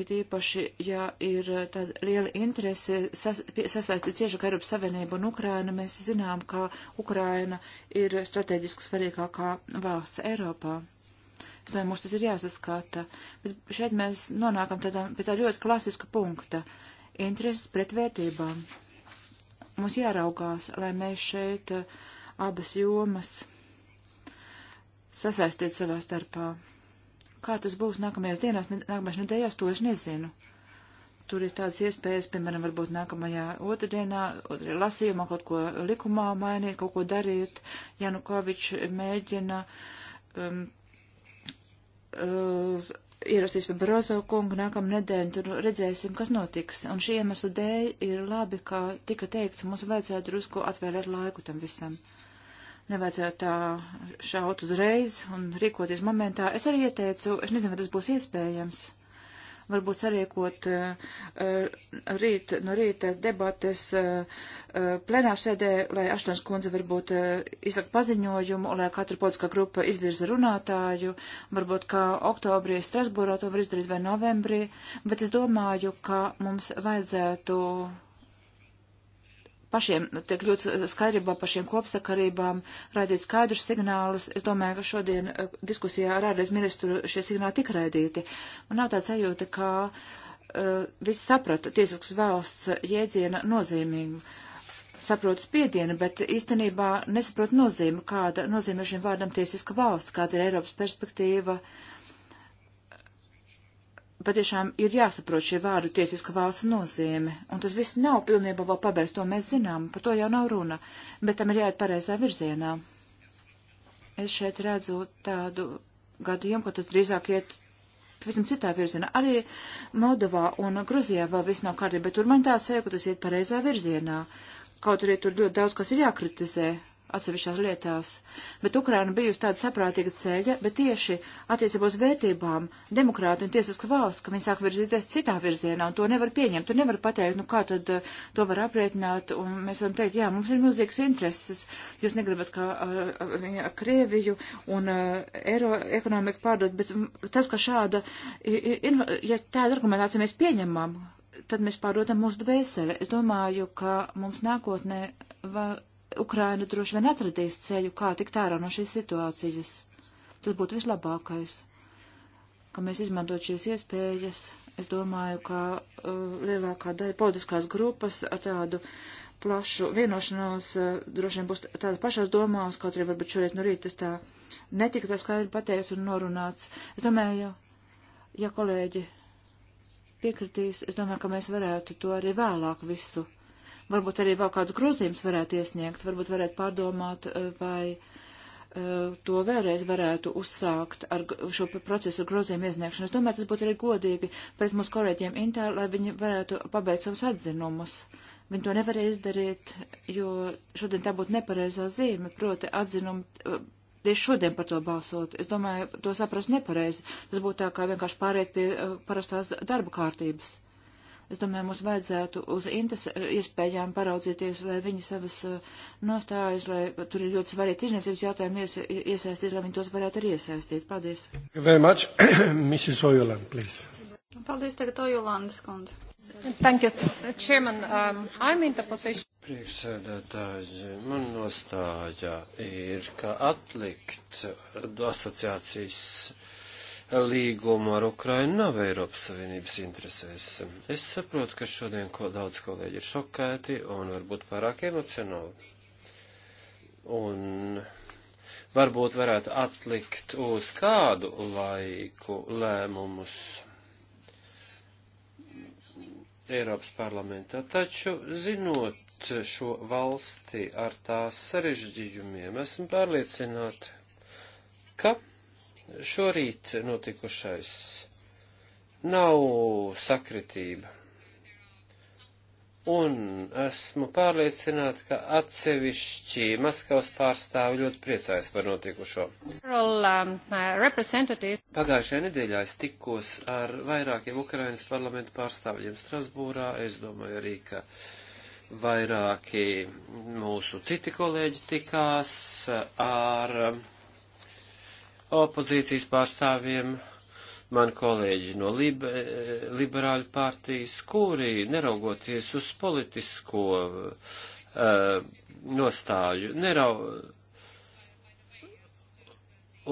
It īpaši, ja ir eh, tāda liela interese sas, sasaistīt ciešāk Eiropas Savienību un Ukraina, mēs zinām, ka Ukraina ir strateģiski svarīgākā valsts Eiropā. Es domāju, mums tas ir jāsaskata. Bet šeit mēs nonākam tādā, pie tā ļoti klasiska punkta - intereses pret vērtībām. Mums jāraugās, lai mēs šeit eh, abas jomas sasaistītu savā starpā. Kā tas būs nākamajās dienās, nākamajās nedēļās, to es nezinu. Tur ir tādas iespējas, piemēram, varbūt nākamajā otrdienā, otrajā lasījumā kaut ko likumā mainīt, kaut ko darīt. Janukovičs mēģina um, uh, ierasties pie Barozo kungu nākamā nedēļa, tur redzēsim, kas notiks. Un šī iemesla dēļ ir labi, ka tika teikts, mums vajadzētu drusku atvērēt laiku tam visam nevajadzētu tā šaut uzreiz un rīkoties momentā. Es arī ieteicu, es nezinu, vai tas būs iespējams. Varbūt sarīkot uh, eh, rīt, no rīta debates uh, plenārsēdē, lai Aštons kundze varbūt uh, izsaka paziņojumu, lai katra politiskā grupa izvirza runātāju, varbūt kā oktobrī Strasbūrā to var izdarīt vai novembrī, bet es domāju, ka mums vajadzētu uh, pašiem tiek ļoti skaidrībā par šiem kopsakarībām, raidīt skaidrus signālus. Es domāju, ka šodien eh, diskusijā ar ārlietu ministru šie signāli tika raidīti. Man nav tāds sajūta, ka uh, viss saprata tiesisks valsts jēdziena nozīmību. Saprot spiedienu, bet īstenībā nesaprot nozīmi, kāda nozīme šim vārdam tiesiska valsts, kāda ir Eiropas perspektīva. Uh, patiešām ir jāsaprot šie vārdu tiesiska valsts nozīme, un tas viss nav pilnībā vēl pabeigts, to mēs zinām, par to jau nav runa, bet tam ir jāiet pareizā virzienā. Es šeit redzu tādu gadījumu, ka tas drīzāk iet pavisam citā virzienā. Arī Moldovā un Gruzijā vēl viss nav kārtībā, bet tur man tā sēja, ka tas iet pareizā virzienā. Kaut arī tur ļoti daudz kas ir jākritizē, atsevišķās lietās, bet Ukraina bijusi tāda saprātīga ceļa, bet tieši attiecībos vērtībām, demokrāti un tiesiska valsts, ka viņi sāk virzīties citā virzienā, un to nevar pieņemt, tu nevar pateikt, nu kā tad eh, to var aprēķināt, un mēs varam teikt, jā, mums ir milzīgas intereses, jūs negribat, ka uh, Krieviju un uh, eiro ekonomiku pārdot, bet mm, tas, ka šāda, ja tāda argumentācija mēs pieņemam, tad mēs pārdodam mūsu dvēseli. Es domāju, ka mums nākotnē. Va, Ukraina droši vien atradīs ceļu, kā tikt ārā no šīs situācijas. Tas būtu vislabākais, ka mēs izmantot šīs iespējas. Es domāju, ka uh, lielākā daļa politiskās grupas ar tādu plašu vienošanos uh, droši vien būs tāda pašās domās, kaut arī varbūt šorīt no rīta tas tā netika tā skaidri pateicis un norunāts. Es domāju, ja kolēģi piekritīs, es domāju, ka mēs varētu to arī vēlāk visu uh, Varbūt arī vēl kādus grozījumus varētu iesniegt, varbūt varētu pārdomāt, eh, vai eh, to vēlreiz varētu uzsākt ar šo procesu grozījumu iesniegšanu. Es domāju, tas būtu arī godīgi pret mūsu kolēģiem Intā, lai viņi varētu pabeigt savus atzinumus. Viņi to nevarēja izdarīt, jo šodien tā būtu nepareizā zīme, proti atzinumi eh, tieši šodien par to balsot. Es domāju, to saprast nepareizi. Tas būtu tā kā vienkārši pāriet pie uh, parastās darba kārtības. Es domāju, mums vajadzētu uz intas iespējām paraudzīties, lai viņi savas eh, nostājas, lai tur ir ļoti svarīgi tirniecības jautājumi ies, iesaistīt, lai viņi tos varētu arī iesaistīt. Paldies. Very much. *coughs* Mrs. Ojoland, please. Paldies, tagad Ojolandas kundze. Thank you, Chairman. Um, I'm in the position. Priekšsēdētāji, man nostājā ir, ka atlikt asociācijas līgumu ar Ukrainu nav Eiropas Savienības interesēs. Es saprotu, ka šodien ko daudz kolēģi ir šokēti un varbūt pārāk emocionāli. Un varbūt varētu atlikt uz kādu laiku lēmumus Eiropas parlamentā. Taču, zinot šo valsti ar tās sarežģījumiem, esmu pārliecināta, ka Šorīt notikušais nav sakritība. Un esmu pārliecināta, ka atsevišķi Maskavas pārstāvi ļoti priecājas par notikušo. Um, uh, Pagājušajā nedēļā es tikos ar vairākiem Ukrainas parlamentu pārstāvjiem Strasbūrā. Es domāju arī, ka vairāki mūsu citi kolēģi tikās ar um, opozīcijas pārstāvjiem, man kolēģi no libe, liberāļu partijas, kuri, neraugoties uz politisko uh, nostāju, nerau,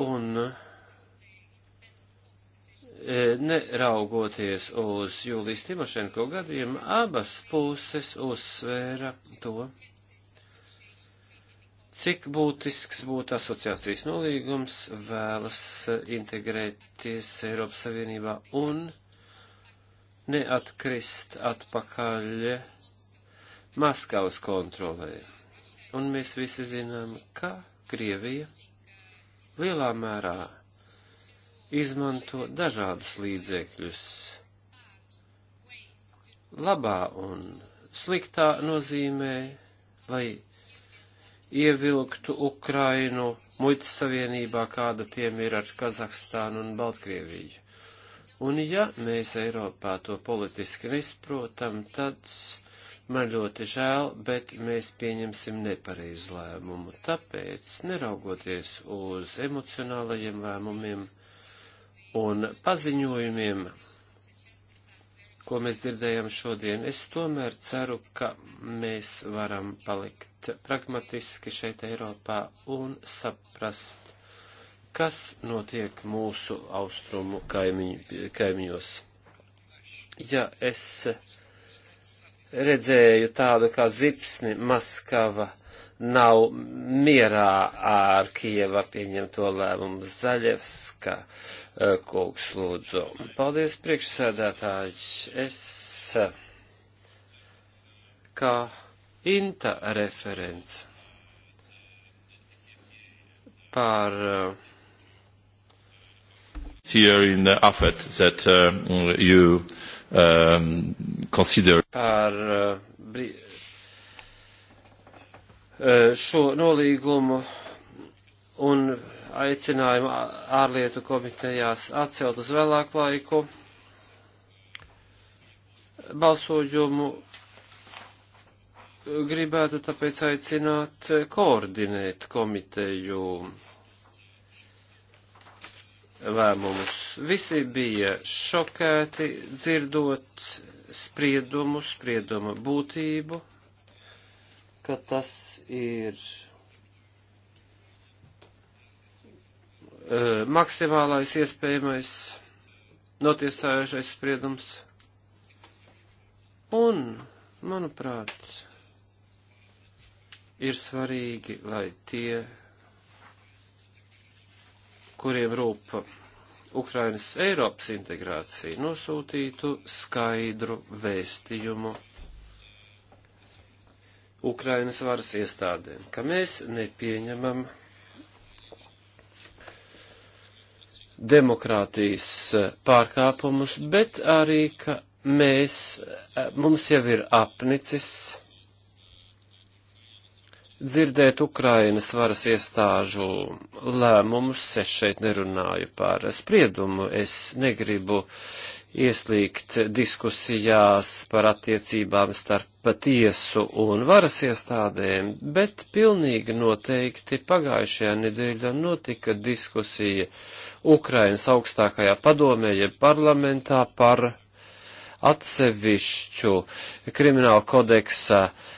un uh, neraugoties uz Jūlijas Timošenko gadījumu, abas puses uzsvēra to, uh, Cik būtisks būtu asociācijas nolīgums vēlas integrēties Eiropas Savienībā un neatkrist atpakaļ Maskavas kontrolē. Un mēs visi zinām, ka Krievija lielā mērā izmanto dažādus līdzekļus labā un sliktā nozīmē, lai ievilktu Ukrainu muitas savienībā, kāda tiem ir ar Kazahstānu un Baltkrieviju. Un ja mēs Eiropā to politiski nesprotam, tad man ļoti žēl, bet mēs pieņemsim nepareizu lēmumu. Tāpēc, neraugoties uz emocionālajiem lēmumiem un paziņojumiem, ko mēs dzirdējam šodien. Es tomēr ceru, ka mēs varam palikt pragmatiski šeit Eiropā un saprast, kas notiek mūsu austrumu kaimiņu, kaimiņos. Ja es redzēju tādu kā zipsni Maskava, nav mierā ar Kieva pieņemto lēmumu Zaļevska eh, kungs lūdzu. Paldies, priekšsēdētāji. Es eh, kā inta referents par eh, Here in the effort that uh, you um, consider. Par, uh, Eh, šo nolīgumu un aicinājumu ārlietu komitejās atcelt uz vēlāku laiku balsojumu gribētu tāpēc aicināt koordinēt komiteju lēmumus. Visi bija šokēti dzirdot spriedumu, sprieduma būtību ka tas ir uh, maksimālais iespējamais notiesājušais spriedums. Un, manuprāt, ir svarīgi, lai tie, kuriem rūp Ukrainas Eiropas integrācija, nosūtītu skaidru vēstījumu Ukrainas varas iestādēm, ka mēs nepieņemam demokrātijas eh, pārkāpumus, bet arī, ka mēs, eh, mums jau ir apnicis dzirdēt Ukrainas varas iestāžu lēmumus, es šeit nerunāju par spriedumu, es negribu ieslīgt diskusijās par attiecībām starp patiesu un varas iestādēm, bet pilnīgi noteikti pagājušajā nedēļā notika diskusija Ukrainas augstākajā padomē, jeb parlamentā par atsevišķu krimināla kodeksa uh,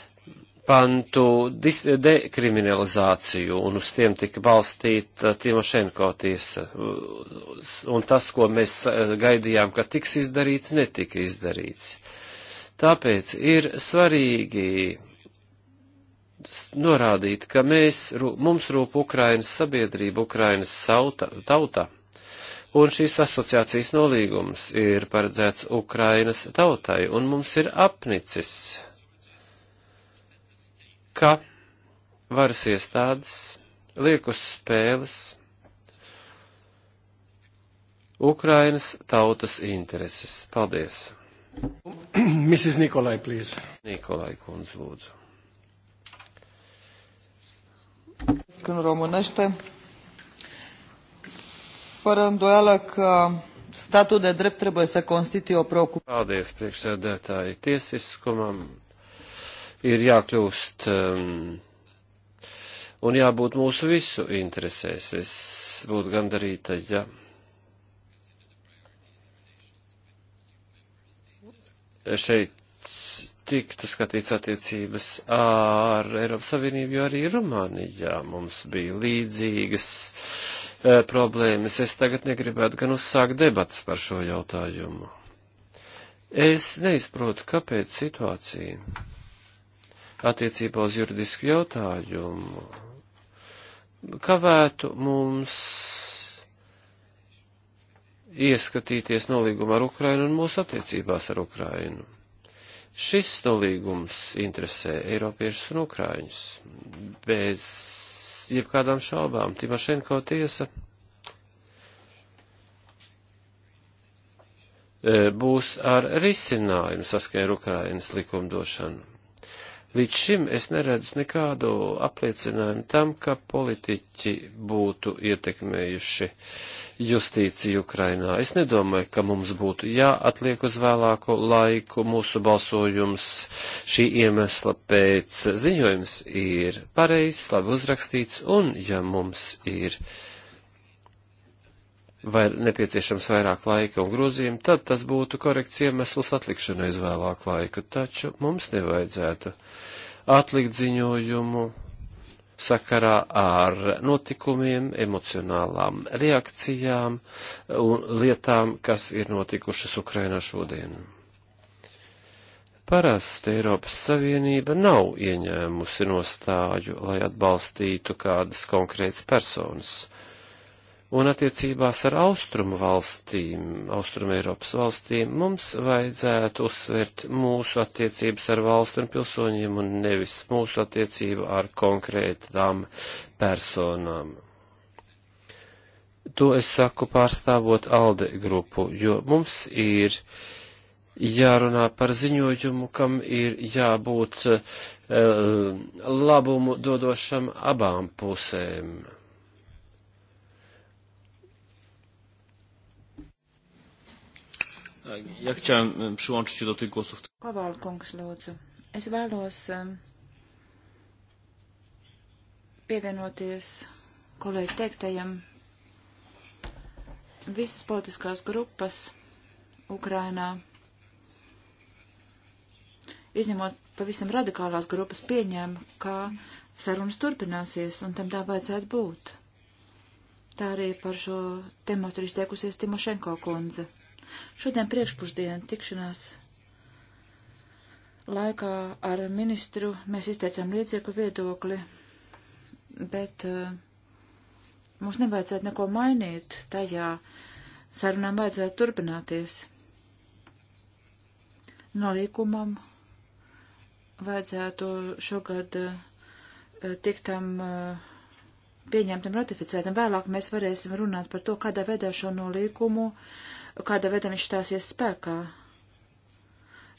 pantu dekriminalizāciju, un uz tiem tika balstīta Timošenko tiesa. Un tas, ko mēs gaidījām, ka tiks izdarīts, netika izdarīts. Tāpēc ir svarīgi norādīt, ka mēs, mums rūp Ukrainas sabiedrība, Ukrainas sauta, tauta, un šīs asociācijas nolīgums ir paredzēts Ukrainas tautai, un mums ir apnicis ka varas iestādes liek uz spēles Ukrainas tautas intereses. Paldies! Mrs. *clears throat* Nikolai, please. Nikolai, kundze, lūdzu. În românește, fără îndoială că statul de drept trebuie să constituie o preocupare. Paldies, priekšsēdētāji, tiesiskumam ir jākļūst um, un jābūt mūsu visu interesēs. Es būtu gandarīta, ja. Šeit tiktu skatīts attiecības ar Eiropas Savienību, jo arī Rumānijā mums bija līdzīgas e, problēmas. Es tagad negribētu gan uzsākt debats par šo jautājumu. Es neizprotu, kāpēc situācija attiecībā uz juridisku jautājumu kavētu mums ieskatīties nolīgumā ar Ukrainu un mūsu attiecībās ar Ukrainu. Šis nolīgums interesē Eiropiešus un Ukraiņus. Bez jebkādām šaubām Timošenko tiesa e, būs ar risinājumu saskaņā ar Ukrainas likumdošanu. Līdz šim es neredzu nekādu apliecinājumu tam, ka politiķi būtu ietekmējuši justīciju Ukrainā. Es nedomāju, ka mums būtu jāatliek uz vēlāko laiku mūsu balsojums šī iemesla pēc. Ziņojums ir pareizs, labi uzrakstīts, un ja mums ir. Uh, vai nepieciešams vairāk laika un grozījumi, tad tas būtu korekts iemesls atlikšanai uz vēlāku laiku. Taču mums nevajadzētu atlikt ziņojumu sakarā ar notikumiem, emocionālām reakcijām un lietām, kas ir notikušas Ukrainā šodien. Parasti Eiropas Savienība nav ieņēmusi nostāju, lai atbalstītu kādas konkrētas personas Un attiecībās ar austrumu valstīm, austrumu Eiropas valstīm, mums vajadzētu uzsvērt mūsu attiecības ar valstu un pilsoņiem un nevis mūsu attiecību ar konkrētām personām. To es saku pārstāvot ALDE grupu, jo mums ir jārunā par ziņojumu, kam ir jābūt uh, labumu dodošam abām pusēm. Ja chciałem przyłączyć się do tych głosów. Kowal, kungs, lūdzu. Es vēlos pievienoties kolēģi teiktajam. Visas politiskās grupas Ukrainā, izņemot pavisam radikālās grupas, pieņēma, ka sarunas turpināsies, un tam tā vajadzētu būt. Tā arī par šo tematu ir izteikusies Timošenko kundze. Šodien priekšpusdienu tikšanās laikā ar ministru mēs izteicām līdzīgu viedokli, bet uh, mums nevajadzētu neko mainīt tajā. Sarunām vajadzētu turpināties. Nolīkumam vajadzētu šogad uh, eh, tiktam uh, eh, pieņemtam, ratificētam. Vēlāk mēs varēsim runāt par to, kādā veidā šo nolīkumu uh, kādā veidā viņš stāsies spēkā.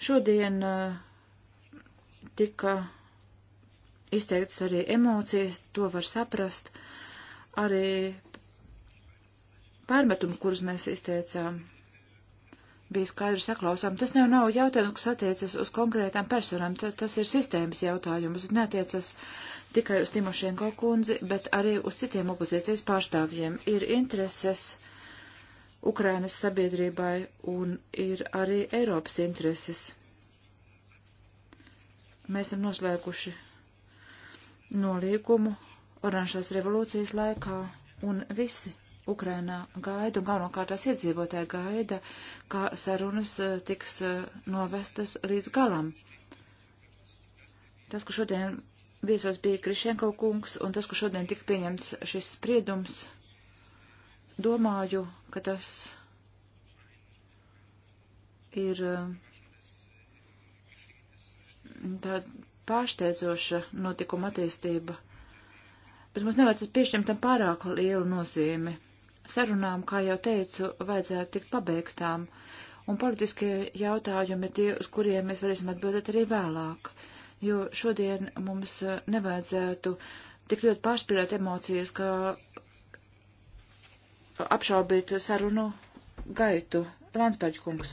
Šodien eh, tika izteikts arī emocijas, to var saprast, arī pārmetumi, kurus mēs izteicām, bija skaidri saklausām. Tas nav, nav jautājums, kas attiecas uz konkrētām personām, T tas ir sistēmas jautājums, neatiecas tikai uz Timošienko kundzi, bet arī uz citiem opozīcijas pārstāvjiem. Ir intereses Ukrainas sabiedrībai un ir arī Eiropas intereses. Mēs esam noslēguši nolīgumu oranžās revolūcijas laikā un visi Ukrainā gaida, un galvenokārt tās iedzīvotāji gaida, ka sarunas eh, tiks eh, novestas līdz galam. Tas, ka šodien viesos bija Krišenko kungs, un tas, ka šodien tika pieņemts šis spriedums, domāju, ka tas ir mm, tāda pārsteidzoša notikuma attīstība, bet mums nevajadzētu piešķirt tam pārāk lielu nozīmi. Sarunām, kā jau teicu, vajadzētu tikt pabeigtām, un politiskie jautājumi ir tie, uz kuriem mēs varēsim atbildēt arī vēlāk, jo šodien mums nevajadzētu tik ļoti pārspīlēt emocijas, ka apšaubīt sarunu gaitu. Landsbergi kungs.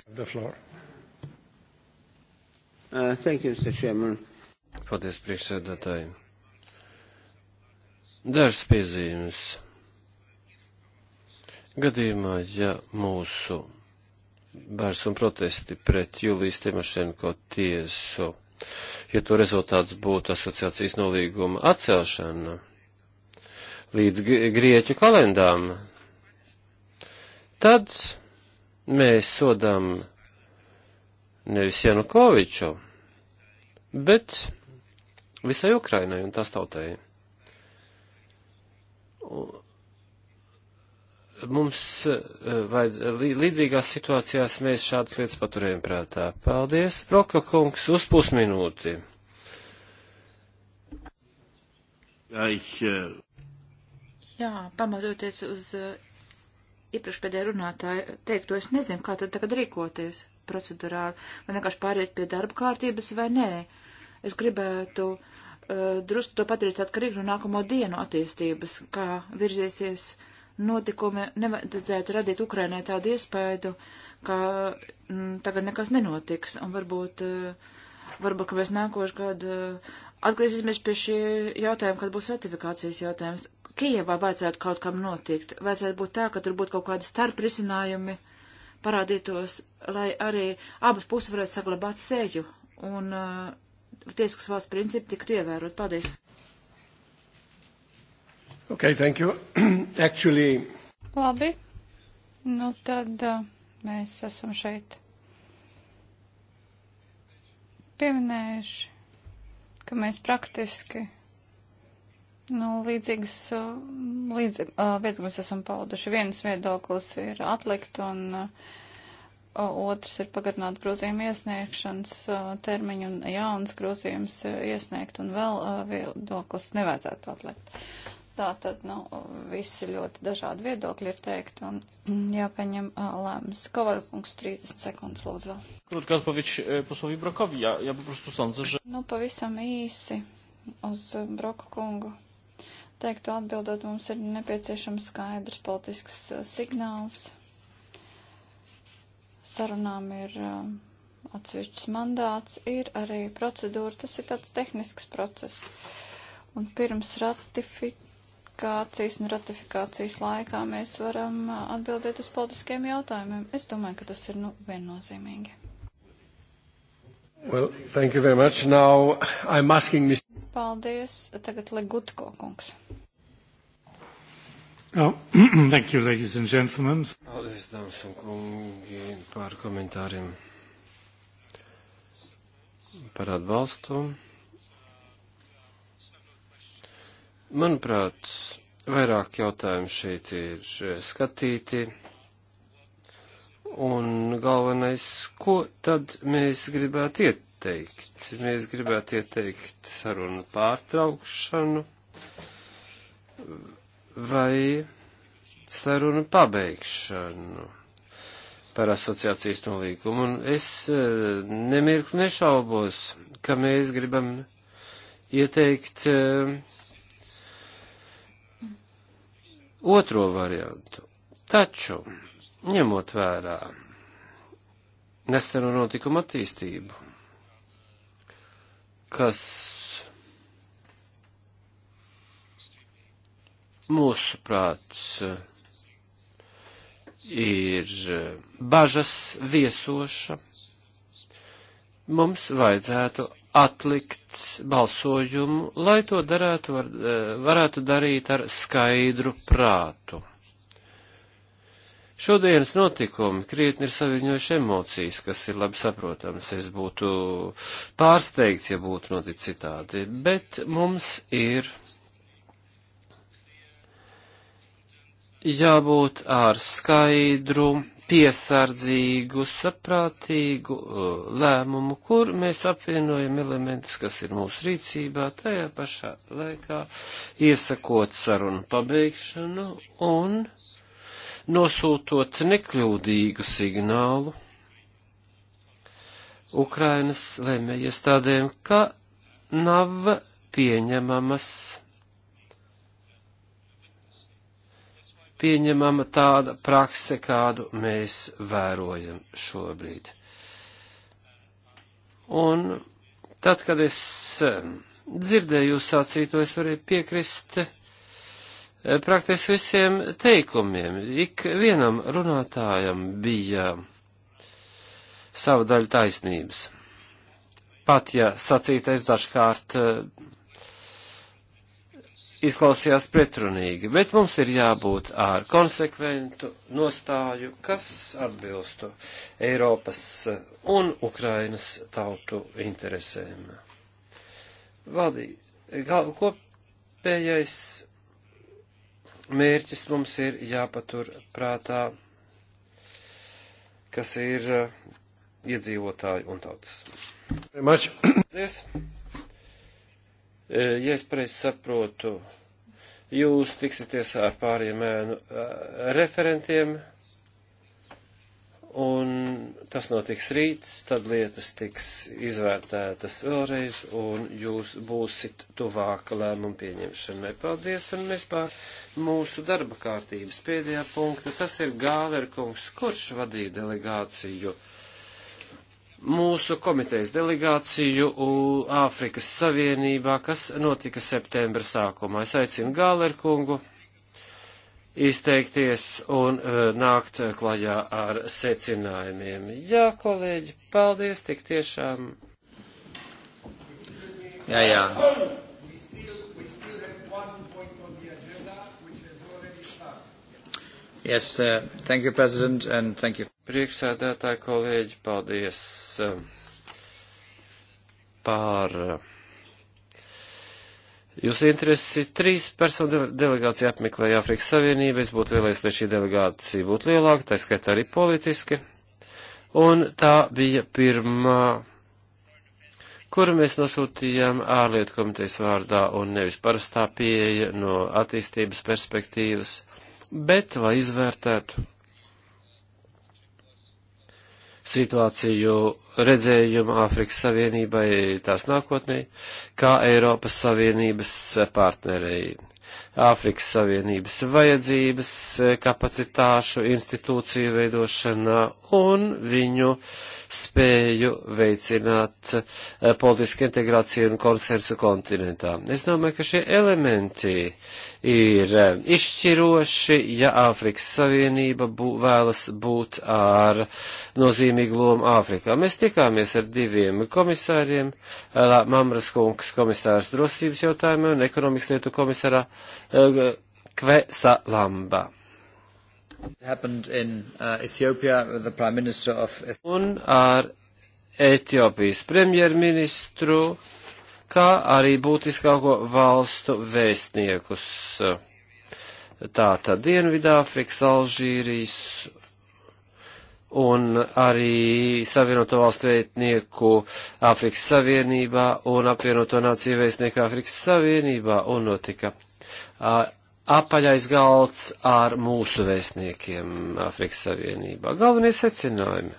Uh, thank you, Mr. Chairman. Paldies, priekšsēdētāji. Dažas piezīmes. Gadījumā, ja mūsu bārs un protesti pret Julijas Timošenko tiesu, ja to rezultāts būtu asociācijas nolīguma atcelšana līdz grieķu kalendām, Tad mēs sodām nevis Janukoviču, bet visai Ukrainai un tās tautai. Mums e, vajadz, līdzīgās situācijās mēs šādas lietas paturējam prātā. Paldies, Broka kungs, uz pusminūti. E, Jā, pamatoties uz e, iepriekšpēdējā runātāja teikto, es nezinu, kā tad tagad rīkoties procedurāli, vai vienkārši pāriet pie darba kārtības vai nē. Es gribētu uh, drusku to padarīt atkarīgu no nākamo dienu attīstības, kā virzīsies notikumi, nevajadzētu radīt Ukrainai tādu iespēju, ka mm, tagad nekas nenotiks, un varbūt, uh, varbūt, ka mēs nākošu gadu uh, atgriezīsimies pie šī jautājuma, kad būs ratifikācijas jautājums. Kievā vajadzētu kaut kam notikt. Vajadzētu būt tā, ka tur būtu kaut kādi starprisinājumi parādītos, lai arī abas puses varētu saglabāt seju un uh, tiesiskas valsts principi tiktu ievērot. Paldies. Ok, thank you. *clears throat* Actually. Labi. Nu tad uh, mēs esam šeit pieminējuši, ka mēs praktiski Nu, līdzīgas uh, līdz, uh, viedokļus esam pauduši. Viens viedoklis ir atlikt un uh, otrs ir pagarināt grozījuma iesniegšanas uh, termiņu un jauns grozījums iesniegt un vēl viedoklis nevajadzētu atlikt. Tā tad, nu, visi ļoti dažādi viedokļi ir teikt un *clears throat* jāpieņem lēmums. Kovaļkungs 30 sekundes lūdzu vēl. Krótka odpowiedź e, posłowi Brokowi. Ja, ja po prostu sądzę, że... Nu, pavisam īsi uz Broku kungu teiktu atbildot, mums ir nepieciešams skaidrs politisks eh, signāls. Sarunām ir eh, atsevišķs mandāts, ir arī procedūra, tas ir tāds tehnisks process. Un pirms ratifikācijas un ratifikācijas laikā mēs varam eh, atbildēt uz politiskiem jautājumiem. Es domāju, ka tas ir nu, viennozīmīgi. Well, thank you very much. Now I'm asking Mr. Paldies. Tagad Legutko kungs. Oh, *clears throat* thank you, ladies and gentlemen. Paldies, dāmas un kungi, par komentāriem par atbalstu. Manuprāt, vairāk jautājumu šeit ir skatīti. Un galvenais, ko tad mēs gribētu iet ieteikt? Mēs gribētu ieteikt sarunu pārtraukšanu vai sarunu pabeigšanu par asociācijas nolīgumu. Un es e, nemirku nešaubos, ka mēs gribam ieteikt e, otro variantu. Taču, ņemot vērā nesenu notikumu attīstību, kas mūsu prāts eh, ir eh, bažas viesoša, mums vajadzētu atlikt balsojumu, lai to darētu, var, eh, varētu darīt ar skaidru prātu. Šodienas notikumi krietni ir saviņojuši emocijas, kas ir labi saprotams. Es būtu pārsteigts, ja būtu noticis citādi, bet mums ir jābūt ar skaidru, piesardzīgu, saprātīgu uh, lēmumu, kur mēs apvienojam elementus, kas ir mūsu rīcībā, tajā pašā laikā iesakot sarunu pabeigšanu un nosūtot nekļūdīgu signālu Ukrainas lēmējiestādēm, ka nav pieņemamas pieņemama tāda prakse, kādu mēs vērojam šobrīd. Un tad, kad es eh, dzirdēju jūs sacīto, es varēju piekrist Eh, praktiski visiem teikumiem. Ik vienam runātājam bija sava daļa taisnības. Pat ja sacītais dažkārt eh, izklausījās pretrunīgi, bet mums ir jābūt ar konsekventu nostāju, kas atbilstu Eiropas un Ukrainas tautu interesēm. Valdī, kopējais mērķis mums ir jāpatur prātā, kas ir eh, iedzīvotāji un tautas. Paldies! Eh, ja es pareizi saprotu, jūs tiksieties ar pāriem ēnu eh, referentiem un tas notiks rīts, tad lietas tiks izvērtētas vēlreiz, un jūs būsit tuvāk lēmumu pieņemšanai. Paldies, un mēs pār mūsu darba kārtības pēdējā punkta. Tas ir Gālerkungs, kurš vadīja delegāciju, mūsu komitejas delegāciju Āfrikas Savienībā, kas notika septembra sākumā. Es aicinu Gālerkungu izteikties un uh, nākt klajā ar secinājumiem. Jā, kolēģi, paldies tik tiešām. Jā, jā. Yes, uh, thank you, President, and thank you. Priekšsēdētāji kolēģi, paldies uh, par. Uh, Jūs interesi trīs personu delegācija apmeklēja Afrikas Savienību, es būtu vēlējis, lai šī delegācija būtu lielāka, tā skaitā arī politiski. Un tā bija pirmā, kuru mēs nosūtījām ārlietu komitejas vārdā un nevis parastā pieeja no attīstības perspektīvas, bet lai izvērtētu situāciju redzējumu Āfrikas Savienībai tās nākotnē, kā Eiropas Savienības partnerei. Āfrikas Savienības vajadzības, e, kapacitāšu institūciju veidošanā un viņu spēju veicināt e, politisku integrāciju un konsensu kontinentā. Es domāju, ka šie elementi ir e, izšķiroši, ja Āfrikas Savienība bū, vēlas būt ar nozīmīgu lomu Āfrikā. Mēs tikāmies ar diviem komisāriem, Mamras kungs komisārs drošības jautājumiem un ekonomikas lietu komisārā Uh, Kvesalamba. In, uh, Ethiopia, of... Un ar Etiopijas premjerministru, kā arī būtiskāko valstu vēstniekus. Tātad Dienvidāfrikas, Alžīrijas un arī Savienoto valstu vēstnieku Āfrikas Savienībā un apvienoto nāciju vēstnieku Āfrikas Savienībā un notika Uh, apaļais galds ar mūsu vēstniekiem Āfrikas Savienībā. Galvenie secinājumi.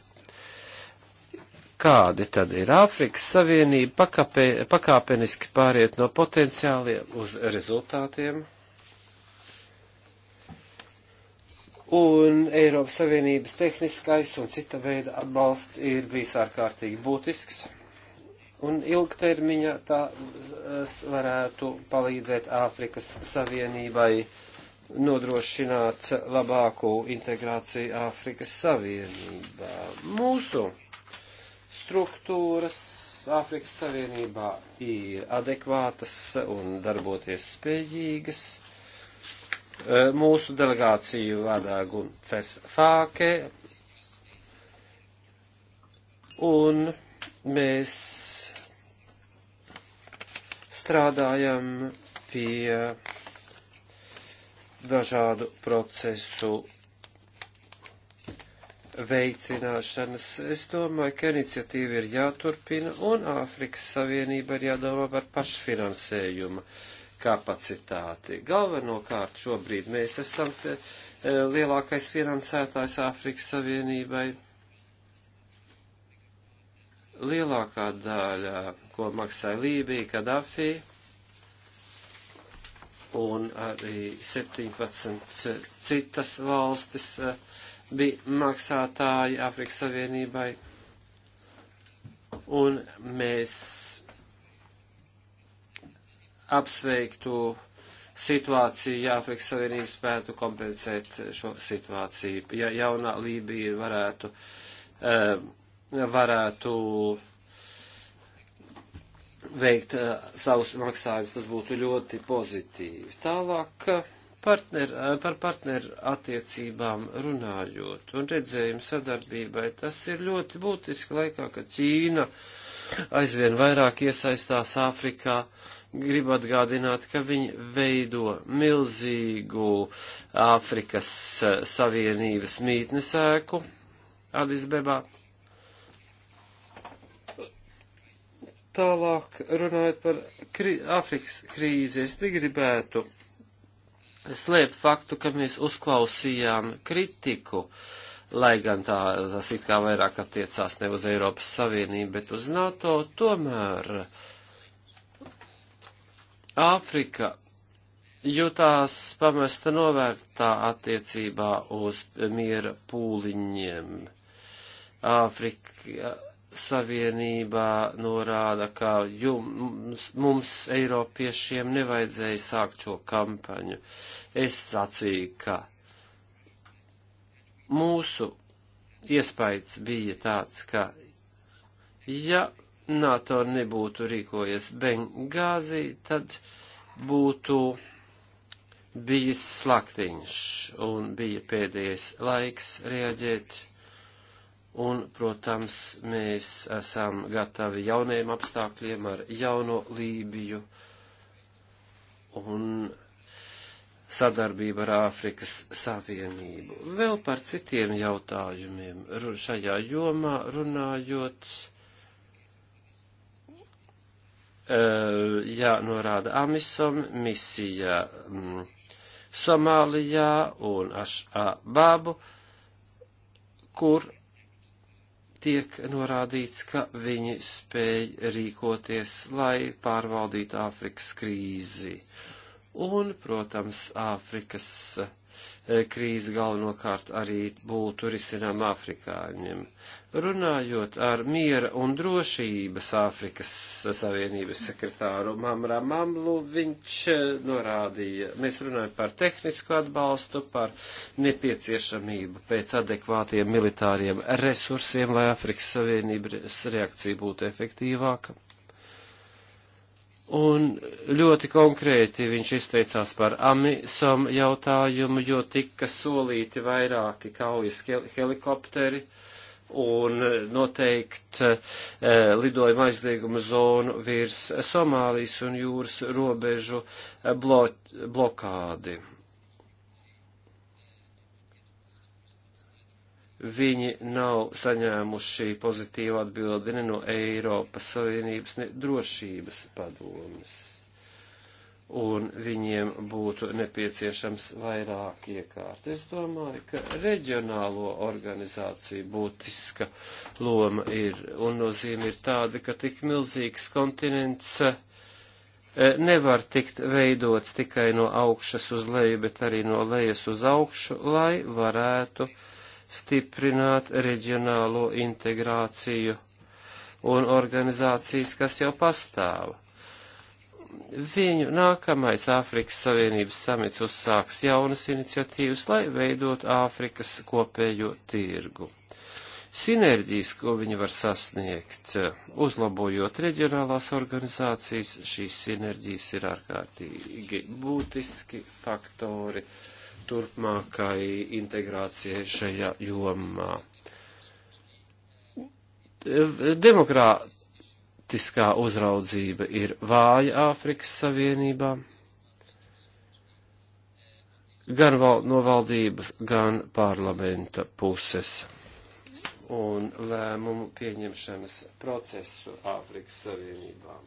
Kādi tad ir Āfrikas Savienība pakapē, pakāpeniski pāriet no potenciāliem uz rezultātiem? Un Eiropas Savienības tehniskais un cita veida atbalsts ir bijis ārkārtīgi būtisks. Un ilgtermiņā tas varētu palīdzēt Āfrikas Savienībai nodrošināt labāku integrāciju Āfrikas Savienībā. Mūsu struktūras Āfrikas Savienībā ir adekvātas un darboties spējīgas. Mūsu delegāciju vadā Gunfers Fāke, un mēs strādājam pie dažādu procesu veicināšanas. Es domāju, ka iniciatīva ir jāturpina un Āfrikas Savienība ir jādomā par pašfinansējuma kapacitāti. Galvenokārt šobrīd mēs esam eh, lielākais finansētājs Āfrikas Savienībai lielākā daļa, ko maksāja Lībija, Kadafī, un arī 17 citas valstis eh, bija maksātāji Afrikas Savienībai. Un mēs apsveiktu situāciju, ja Afrikas Savienība spētu kompensēt šo situāciju, ja jaunā Lībija varētu um, varētu veikt eh, savus maksājumus, tas būtu ļoti pozitīvi. Tālāk eh, partner, eh, par partneru attiecībām runājot un redzējumu sadarbībai, tas ir ļoti būtiski laikā, kad Ķīna aizvien vairāk iesaistās Āfrikā. Gribu atgādināt, ka viņi veido milzīgu Āfrikas Savienības mītnes ēku Adisbebā. Tālāk runājot par krī, Afrikas krīzi, es negribētu slēpt faktu, ka mēs uzklausījām kritiku, lai gan tā, tas it kā vairāk attiecās ne uz Eiropas Savienību, bet uz NATO, tomēr Āfrika jutās pamesta novērtā attiecībā uz miera pūliņiem. Āfrika Savienībā norāda, ka jums, mums, Eiropiešiem, nevajadzēja sākt šo kampaņu. Es sacīju, ka mūsu iespējas bija tāds, ka ja NATO nebūtu rīkojies Bengāzī, tad būtu bijis slaktiņš un bija pēdējais laiks reaģēt Un, protams, mēs esam gatavi jauniem apstākļiem ar jauno Lībiju un sadarbība ar Āfrikas Savienību. Vēl par citiem jautājumiem šajā jomā runājot, e, jānorāda Amisom misija Somālijā un Ašā Babu, kur tiek norādīts, ka viņi spēj rīkoties, lai pārvaldītu Āfrikas krīzi. Un, protams, Āfrikas uh, E, krīze galvenokārt arī būtu risinām afrikāņiem. Runājot ar miera un drošības Āfrikas Savienības sekretāru Mamra Mamlu, viņš e, norādīja, mēs runājam par tehnisku atbalstu, par nepieciešamību pēc adekvātiem militāriem resursiem, lai Āfrikas Savienības reakcija būtu efektīvāka Un ļoti konkrēti viņš izteicās par amisom jautājumu, jo tika solīti vairāki kaujas helikopteri un noteikt eh, lidojuma aizliegumu zonu virs Somālijas un jūras robežu eh, blo blokādi. viņi nav saņēmuši pozitīvu atbildi ne no Eiropas Savienības, ne drošības padomas. Un viņiem būtu nepieciešams vairāk iekārt. Es domāju, ka reģionālo organizāciju būtiska loma ir un nozīme ir tāda, ka tik milzīgs kontinents eh, nevar tikt veidots tikai no augšas uz leju, bet arī no lejas uz augšu, lai varētu uh, stiprināt reģionālo integrāciju un organizācijas, kas jau pastāv. Viņu nākamais Āfrikas Savienības samits uzsāks jaunas iniciatīvas, lai veidot Āfrikas kopējo tirgu. Sinerģijas, ko viņi var sasniegt, uzlabojot reģionālās organizācijas, šīs sinerģijas ir ārkārtīgi būtiski faktori. Uh, turpmākai integrācijai šajā jomā. Demokrātiskā uzraudzība ir vāja Āfrikas Savienībā, gan val, no valdības, gan parlamenta puses un lēmumu pieņemšanas procesu Āfrikas Savienībā.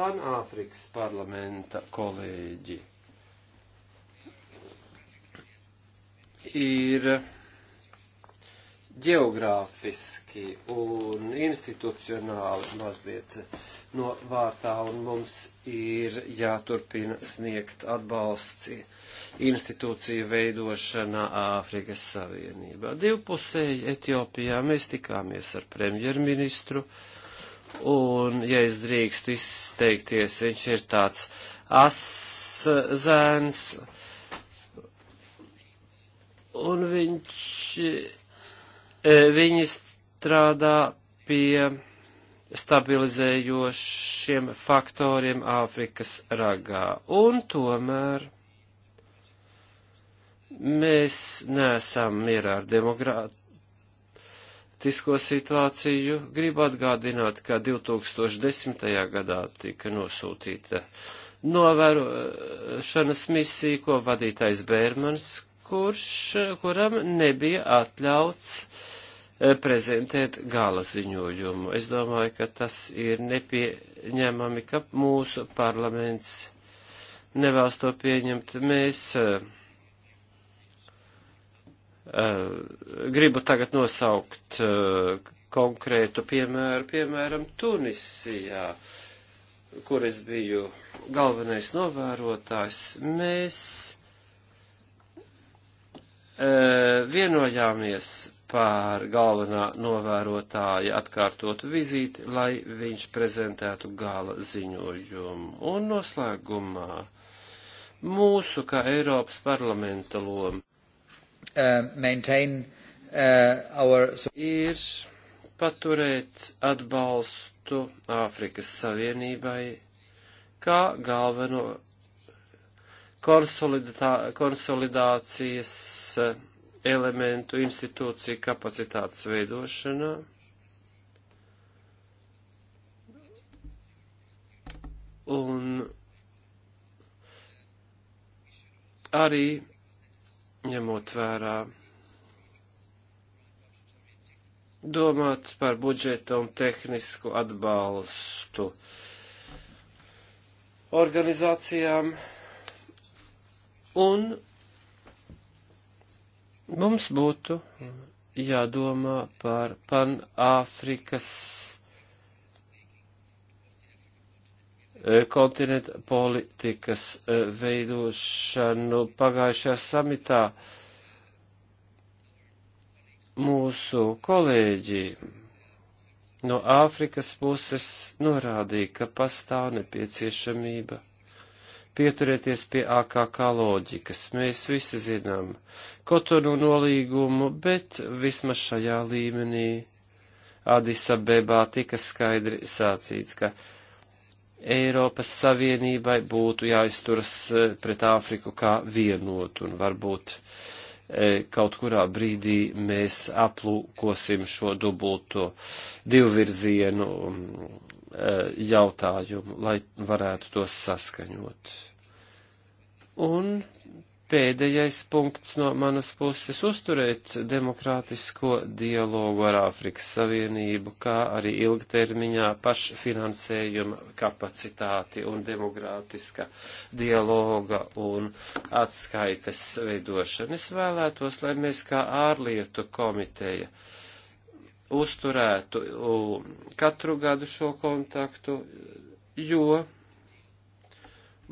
Panāfrikas parlamenta kolēģi ir geogrāfiski un institucionāli mazliet no vārtā, un mums ir jāturpina sniegt atbalsts institūciju veidošanā Āfrikas Savienībā. Divpusēji Etiopijā mēs tikāmies ar premjerministru, un, ja es drīkstu izteikties, viņš ir tāds aszēns. Uh, un viņš, e, viņi strādā pie stabilizējošiem faktoriem Āfrikas ragā. Un tomēr mēs nesam mierā ar demokrātisko situāciju. Gribu atgādināt, ka 2010. gadā tika nosūtīta novērošanas misija, ko vadītais Bērmans, kurš, kuram nebija atļauts e, prezentēt gala ziņojumu. Es domāju, ka tas ir nepieņemami, ka mūsu parlaments nevēlas to pieņemt. Mēs uh, gribu tagad nosaukt uh, konkrētu piemēru, piemēram, Tunisijā, kur es biju galvenais novērotājs. Mēs vienojāmies pār galvenā novērotāja atkārtotu vizīti, lai viņš prezentētu gala ziņojumu. Un noslēgumā mūsu kā Eiropas parlamenta loma uh, maintain, uh, our... ir paturēt atbalstu Āfrikas Savienībai kā galveno konsolidācijas eh, elementu institūciju kapacitātes veidošanā. Un arī ņemot vērā domāt par budžeta un tehnisku atbalstu organizācijām, Un mums būtu jādomā par Pan-Āfrikas e, kontinenta politikas e, veidošanu pagājušajā samitā. Mūsu kolēģi no Āfrikas puses norādīja, ka pastāv nepieciešamība pieturieties pie AKK loģikas. Mēs visi zinām Kotonu nolīgumu, bet vismaz šajā līmenī Adisabebā tika skaidri sācīts, ka Eiropas Savienībai būtu jāizturas eh, pret Āfriku kā vienot, un varbūt eh, kaut kurā brīdī mēs aplūkosim šo dubulto divvirzienu Eh, jautājumu, lai varētu tos saskaņot. Un pēdējais punkts no manas puses - uzturēt demokrātisko dialogu ar Āfrikas Savienību, kā arī ilgtermiņā pašfinansējuma kapacitāti un demokrātiska dialoga un atskaites veidošana. Es vēlētos, lai mēs kā ārlietu komiteja uh, uzturētu katru gadu šo kontaktu, jo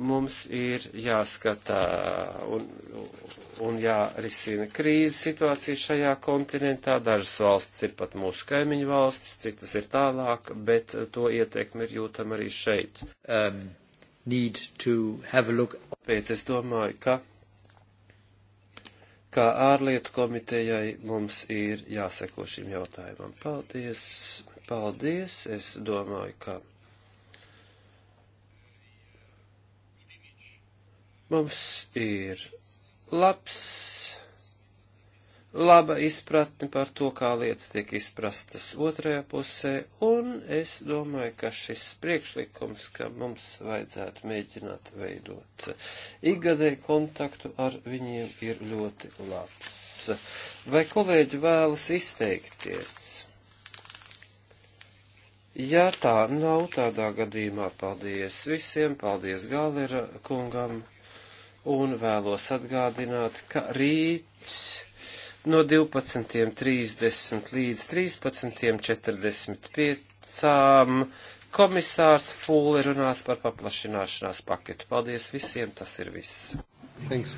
mums ir jāskatā un, un jārisina krīzes situācija šajā kontinentā. Dažas valstis ir pat mūsu kaimiņu valstis, citas ir tālāk, bet to ietekmi ir jūtama arī šeit. Um, Tāpēc es domāju, ka kā ārlietu komitejai mums ir jāseko šim jautājumam. Paldies, paldies, es domāju, ka mums ir labs laba izpratne par to, kā lietas tiek izprastas otrajā pusē, un es domāju, ka šis priekšlikums, ka mums vajadzētu mēģināt veidot ikgadēju kontaktu ar viņiem, ir ļoti labs. Vai kolēģi vēlas izteikties? Ja tā nav, tādā gadījumā paldies visiem, paldies Galera kungam, un vēlos atgādināt, ka rīts no 12.30 līdz 13.45. Komisārs Fūle runās par paplašināšanās paketu. Paldies visiem, tas ir viss. Thanks.